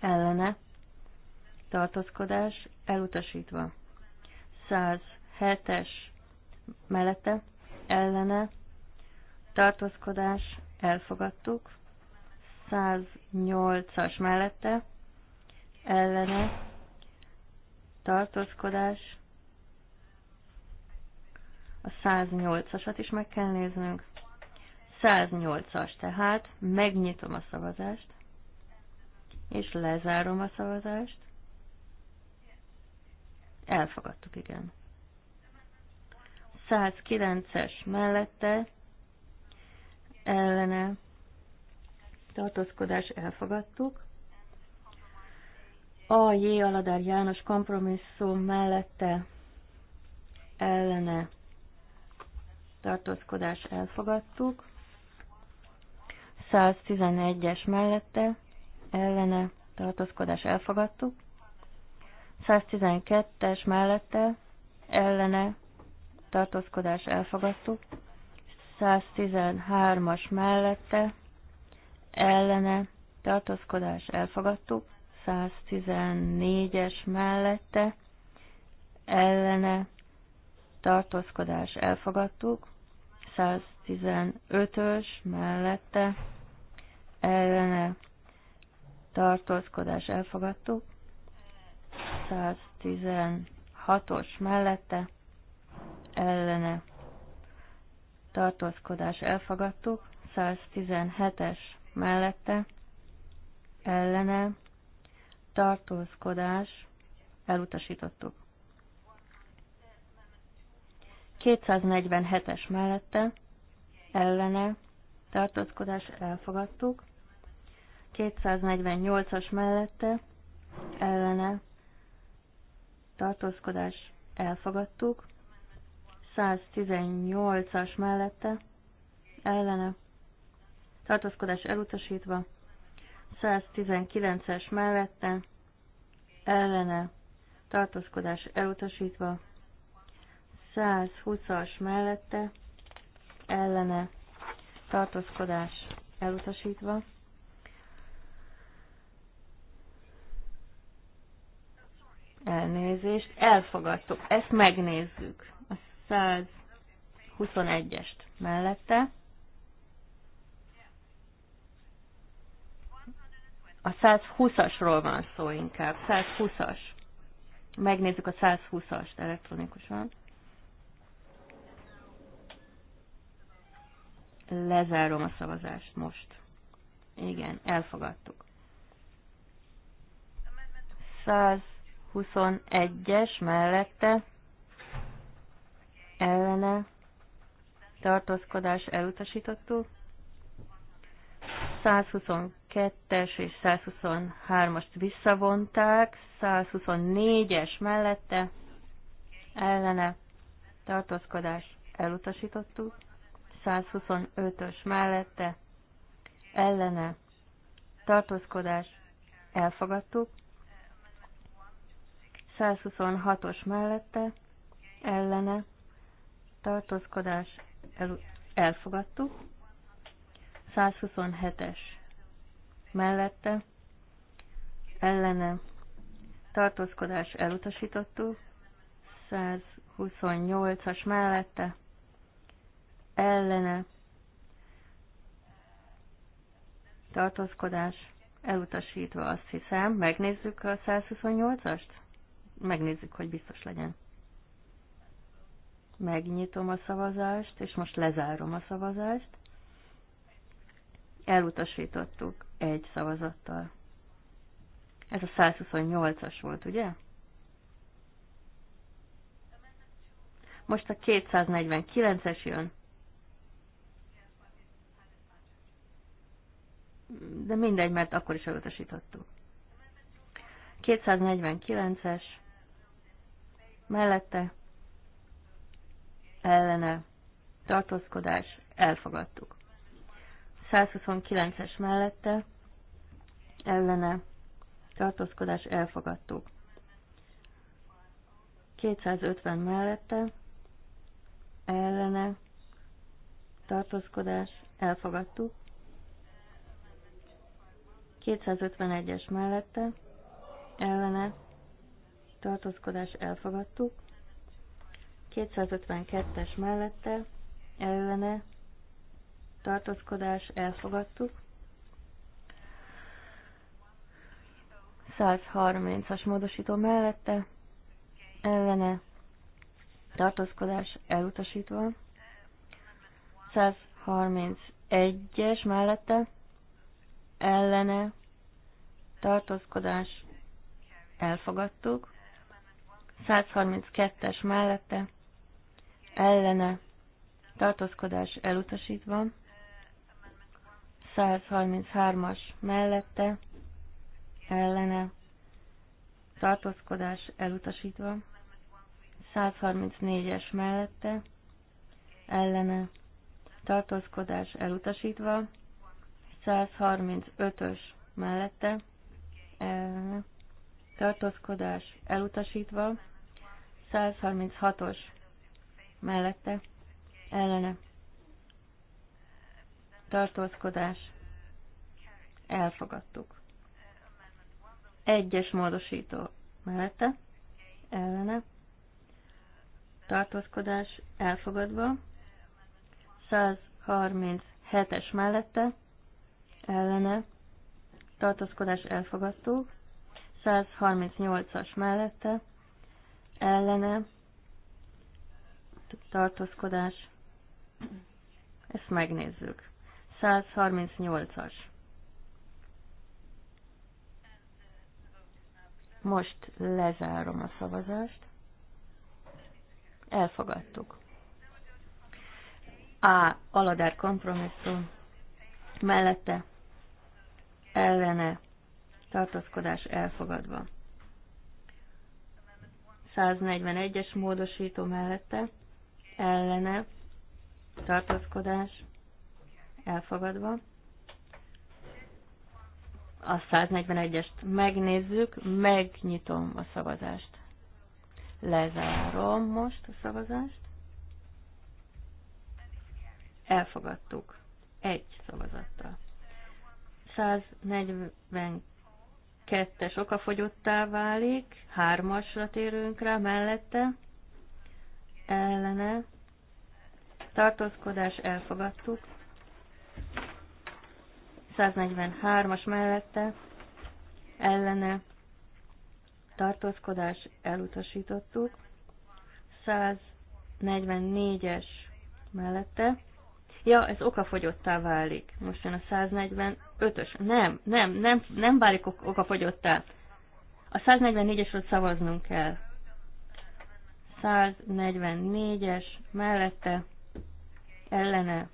ellene tartózkodás elutasítva. 107-es mellette ellene tartózkodás elfogadtuk. 108-as mellette ellene tartózkodás a 108-asat is meg kell néznünk. 108-as tehát, megnyitom a szavazást, és lezárom a szavazást. Elfogadtuk, igen. 109-es mellette ellene tartózkodás elfogadtuk. A J. Aladár János kompromisszum mellette ellene tartózkodás elfogadtuk. 111-es mellette ellene tartózkodás elfogadtuk. 112-es mellette ellene tartózkodás elfogadtuk. 113-as mellette ellene tartózkodás elfogadtuk. 114-es mellette ellene tartózkodás elfogadtuk. 115-ös mellette ellene tartózkodás elfogadtuk, 116-os mellette ellene tartózkodás elfogadtuk, 117-es mellette ellene tartózkodás elutasítottuk. 247-es mellette ellene tartózkodás elfogadtuk, 248-as mellette ellene tartózkodás elfogadtuk, 118-as mellette ellene tartózkodás elutasítva, 119-es mellette ellene tartózkodás elutasítva, 120-as mellette ellene tartózkodás elutasítva, elnézést, elfogadtuk. Ezt megnézzük. A 121-est mellette. A 120-asról van szó inkább. 120-as. Megnézzük a 120-ast elektronikusan. Lezárom a szavazást most. Igen, elfogadtuk. 100 21-es mellette ellene tartózkodás elutasítottuk. 122-es és 123-ast visszavonták, 124-es mellette ellene tartózkodás elutasítottuk, 125-ös mellette ellene tartózkodás elfogadtuk, 126-os mellette ellene tartózkodás el, elfogadtuk. 127-es mellette ellene tartózkodás elutasítottuk. 128-as mellette ellene tartózkodás elutasítva azt hiszem. Megnézzük a 128-ast? Megnézzük, hogy biztos legyen. Megnyitom a szavazást, és most lezárom a szavazást. Elutasítottuk egy szavazattal. Ez a 128-as volt, ugye? Most a 249-es jön. De mindegy, mert akkor is elutasítottuk. 249-es mellette ellene tartózkodás elfogadtuk. 129-es mellette ellene tartózkodás elfogadtuk. 250 mellette ellene tartózkodás elfogadtuk. 251-es mellette ellene tartózkodás elfogadtuk, 252-es mellette ellene tartózkodás elfogadtuk, 130-as módosító mellette ellene tartózkodás elutasítva, 131-es mellette ellene tartózkodás elfogadtuk, 132-es mellette ellene tartózkodás elutasítva, 133-as mellette ellene tartózkodás elutasítva, 134-es mellette ellene tartózkodás elutasítva, 135-ös mellette ellene tartózkodás elutasítva, 136-os mellette ellene tartózkodás elfogadtuk. Egyes módosító mellette ellene tartózkodás elfogadva, 137-es mellette ellene tartózkodás elfogadtuk, 138-as mellette ellene tartózkodás. Ezt megnézzük. 138-as. Most lezárom a szavazást. Elfogadtuk. A. Aladár kompromisszum. Mellette. Ellene tartózkodás elfogadva. 141-es módosító mellette ellene tartózkodás elfogadva. A 141-est megnézzük, megnyitom a szavazást. Lezárom most a szavazást. Elfogadtuk. Egy szavazattal. 142 kettes okafogyottá válik, hármasra térünk rá, mellette, ellene, tartózkodás elfogadtuk, 143-as mellette, ellene, tartózkodás elutasítottuk, 144-es mellette, ja, ez okafogyottá válik. Most jön a 145-ös. Nem, nem, nem, nem válik okafogyottá. A 144 volt szavaznunk kell. 144-es mellette ellene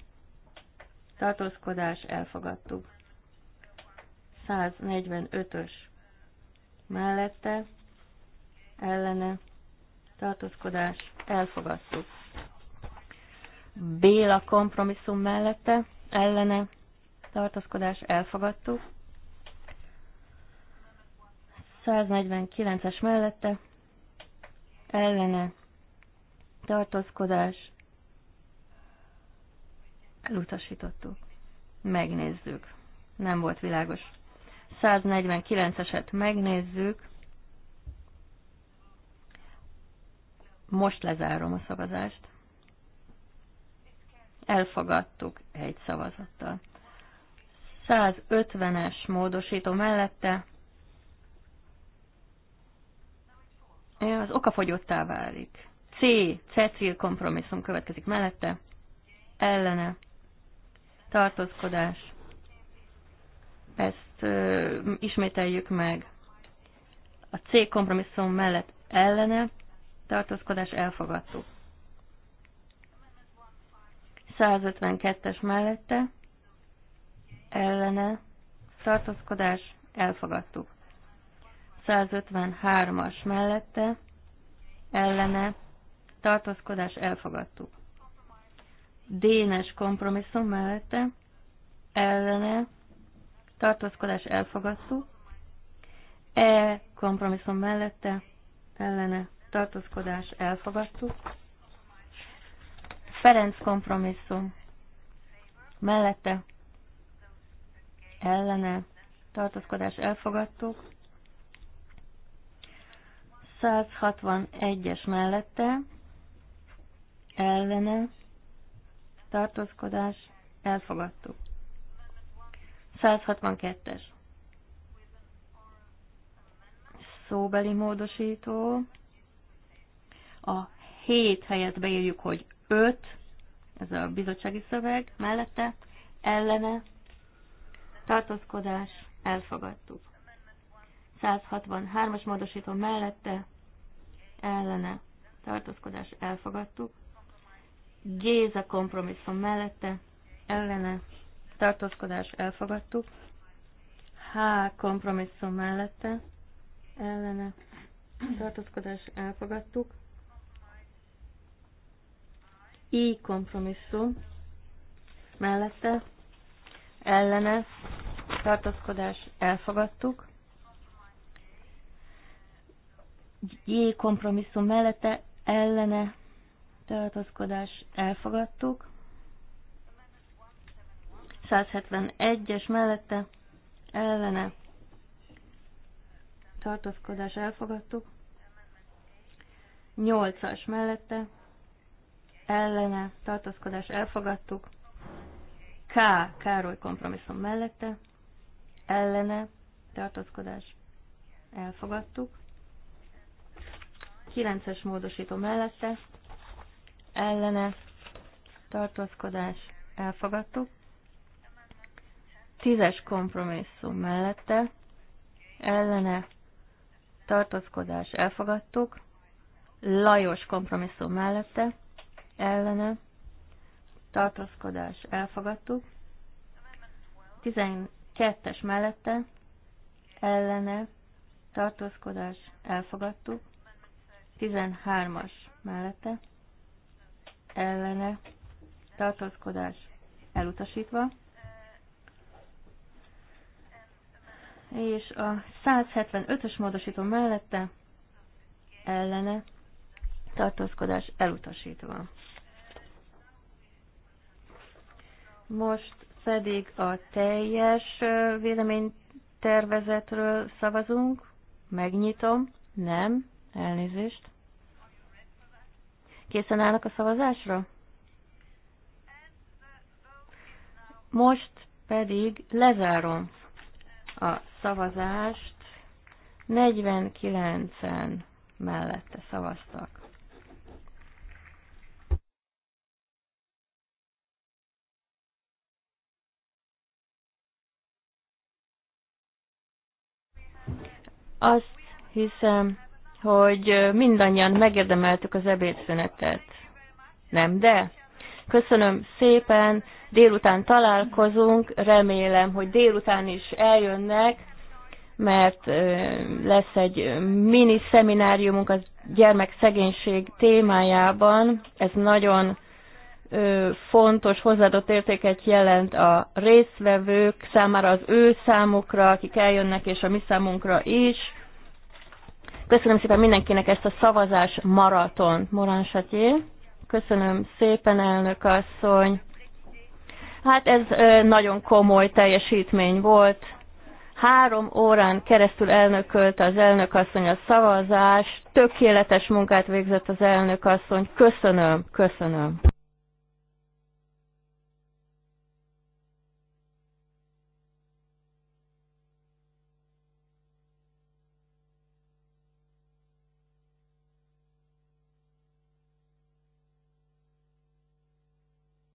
tartózkodás elfogadtuk. 145-ös mellette ellene tartózkodás elfogadtuk. Béla kompromisszum mellette ellene tartózkodás elfogadtuk. 149-es mellette ellene tartózkodás elutasítottuk. Megnézzük. Nem volt világos. 149-eset megnézzük. Most lezárom a szavazást elfogadtuk egy szavazattal. 150-es módosító mellette az okafogyottá válik. C, Cecil kompromisszum következik mellette, ellene, tartózkodás. Ezt ö, ismételjük meg. A C kompromisszum mellett ellene, tartózkodás elfogadtuk. 152-es mellette ellene tartózkodás elfogadtuk. 153-as mellette ellene tartózkodás elfogadtuk. Dénes kompromisszum mellette ellene tartózkodás elfogadtuk. E kompromisszum mellette ellene tartózkodás elfogadtuk. Ferenc kompromisszum. Mellette ellene tartózkodás elfogadtuk. 161-es mellette ellene tartózkodás elfogadtuk. 162-es szóbeli módosító. A 7 helyet beírjuk, hogy 5, ez a bizottsági szöveg mellette, ellene, tartózkodás, elfogadtuk. 163-as módosító mellette, ellene, tartózkodás, elfogadtuk. Géza kompromisszum mellette, ellene, tartózkodás, elfogadtuk. H kompromisszum mellette, ellene, tartózkodás, elfogadtuk. I kompromisszum mellette ellene tartózkodás elfogadtuk. J kompromisszum mellette ellene tartózkodás elfogadtuk. 171-es mellette ellene tartózkodás elfogadtuk. 8-as mellette ellene tartózkodás elfogadtuk. K. Károly kompromisszum mellette ellene tartózkodás elfogadtuk. 9-es módosító mellette ellene tartózkodás elfogadtuk. 10-es kompromisszum mellette ellene tartózkodás elfogadtuk. Lajos kompromisszum mellette ellene tartózkodás elfogadtuk, 12-es mellette ellene tartózkodás elfogadtuk, 13-as mellette ellene tartózkodás elutasítva, és a 175-ös módosító mellette ellene tartózkodás elutasítva. Most pedig a teljes véleménytervezetről szavazunk. Megnyitom. Nem. Elnézést. Készen állnak a szavazásra? Most pedig lezárom a szavazást. 49-en mellette szavaztak. Azt hiszem, hogy mindannyian megérdemeltük az ebédszünetet. Nem, de? Köszönöm szépen, délután találkozunk, remélem, hogy délután is eljönnek, mert lesz egy mini szemináriumunk a gyermekszegénység témájában. Ez nagyon fontos hozzáadott értéket jelent a részvevők számára, az ő számukra, akik eljönnek, és a mi számunkra is. Köszönöm szépen mindenkinek ezt a szavazás maraton, Morán Satyé. Köszönöm szépen, elnök asszony. Hát ez nagyon komoly teljesítmény volt. Három órán keresztül elnökölt az elnökasszony a szavazást, tökéletes munkát végzett az elnökasszony. Köszönöm, köszönöm.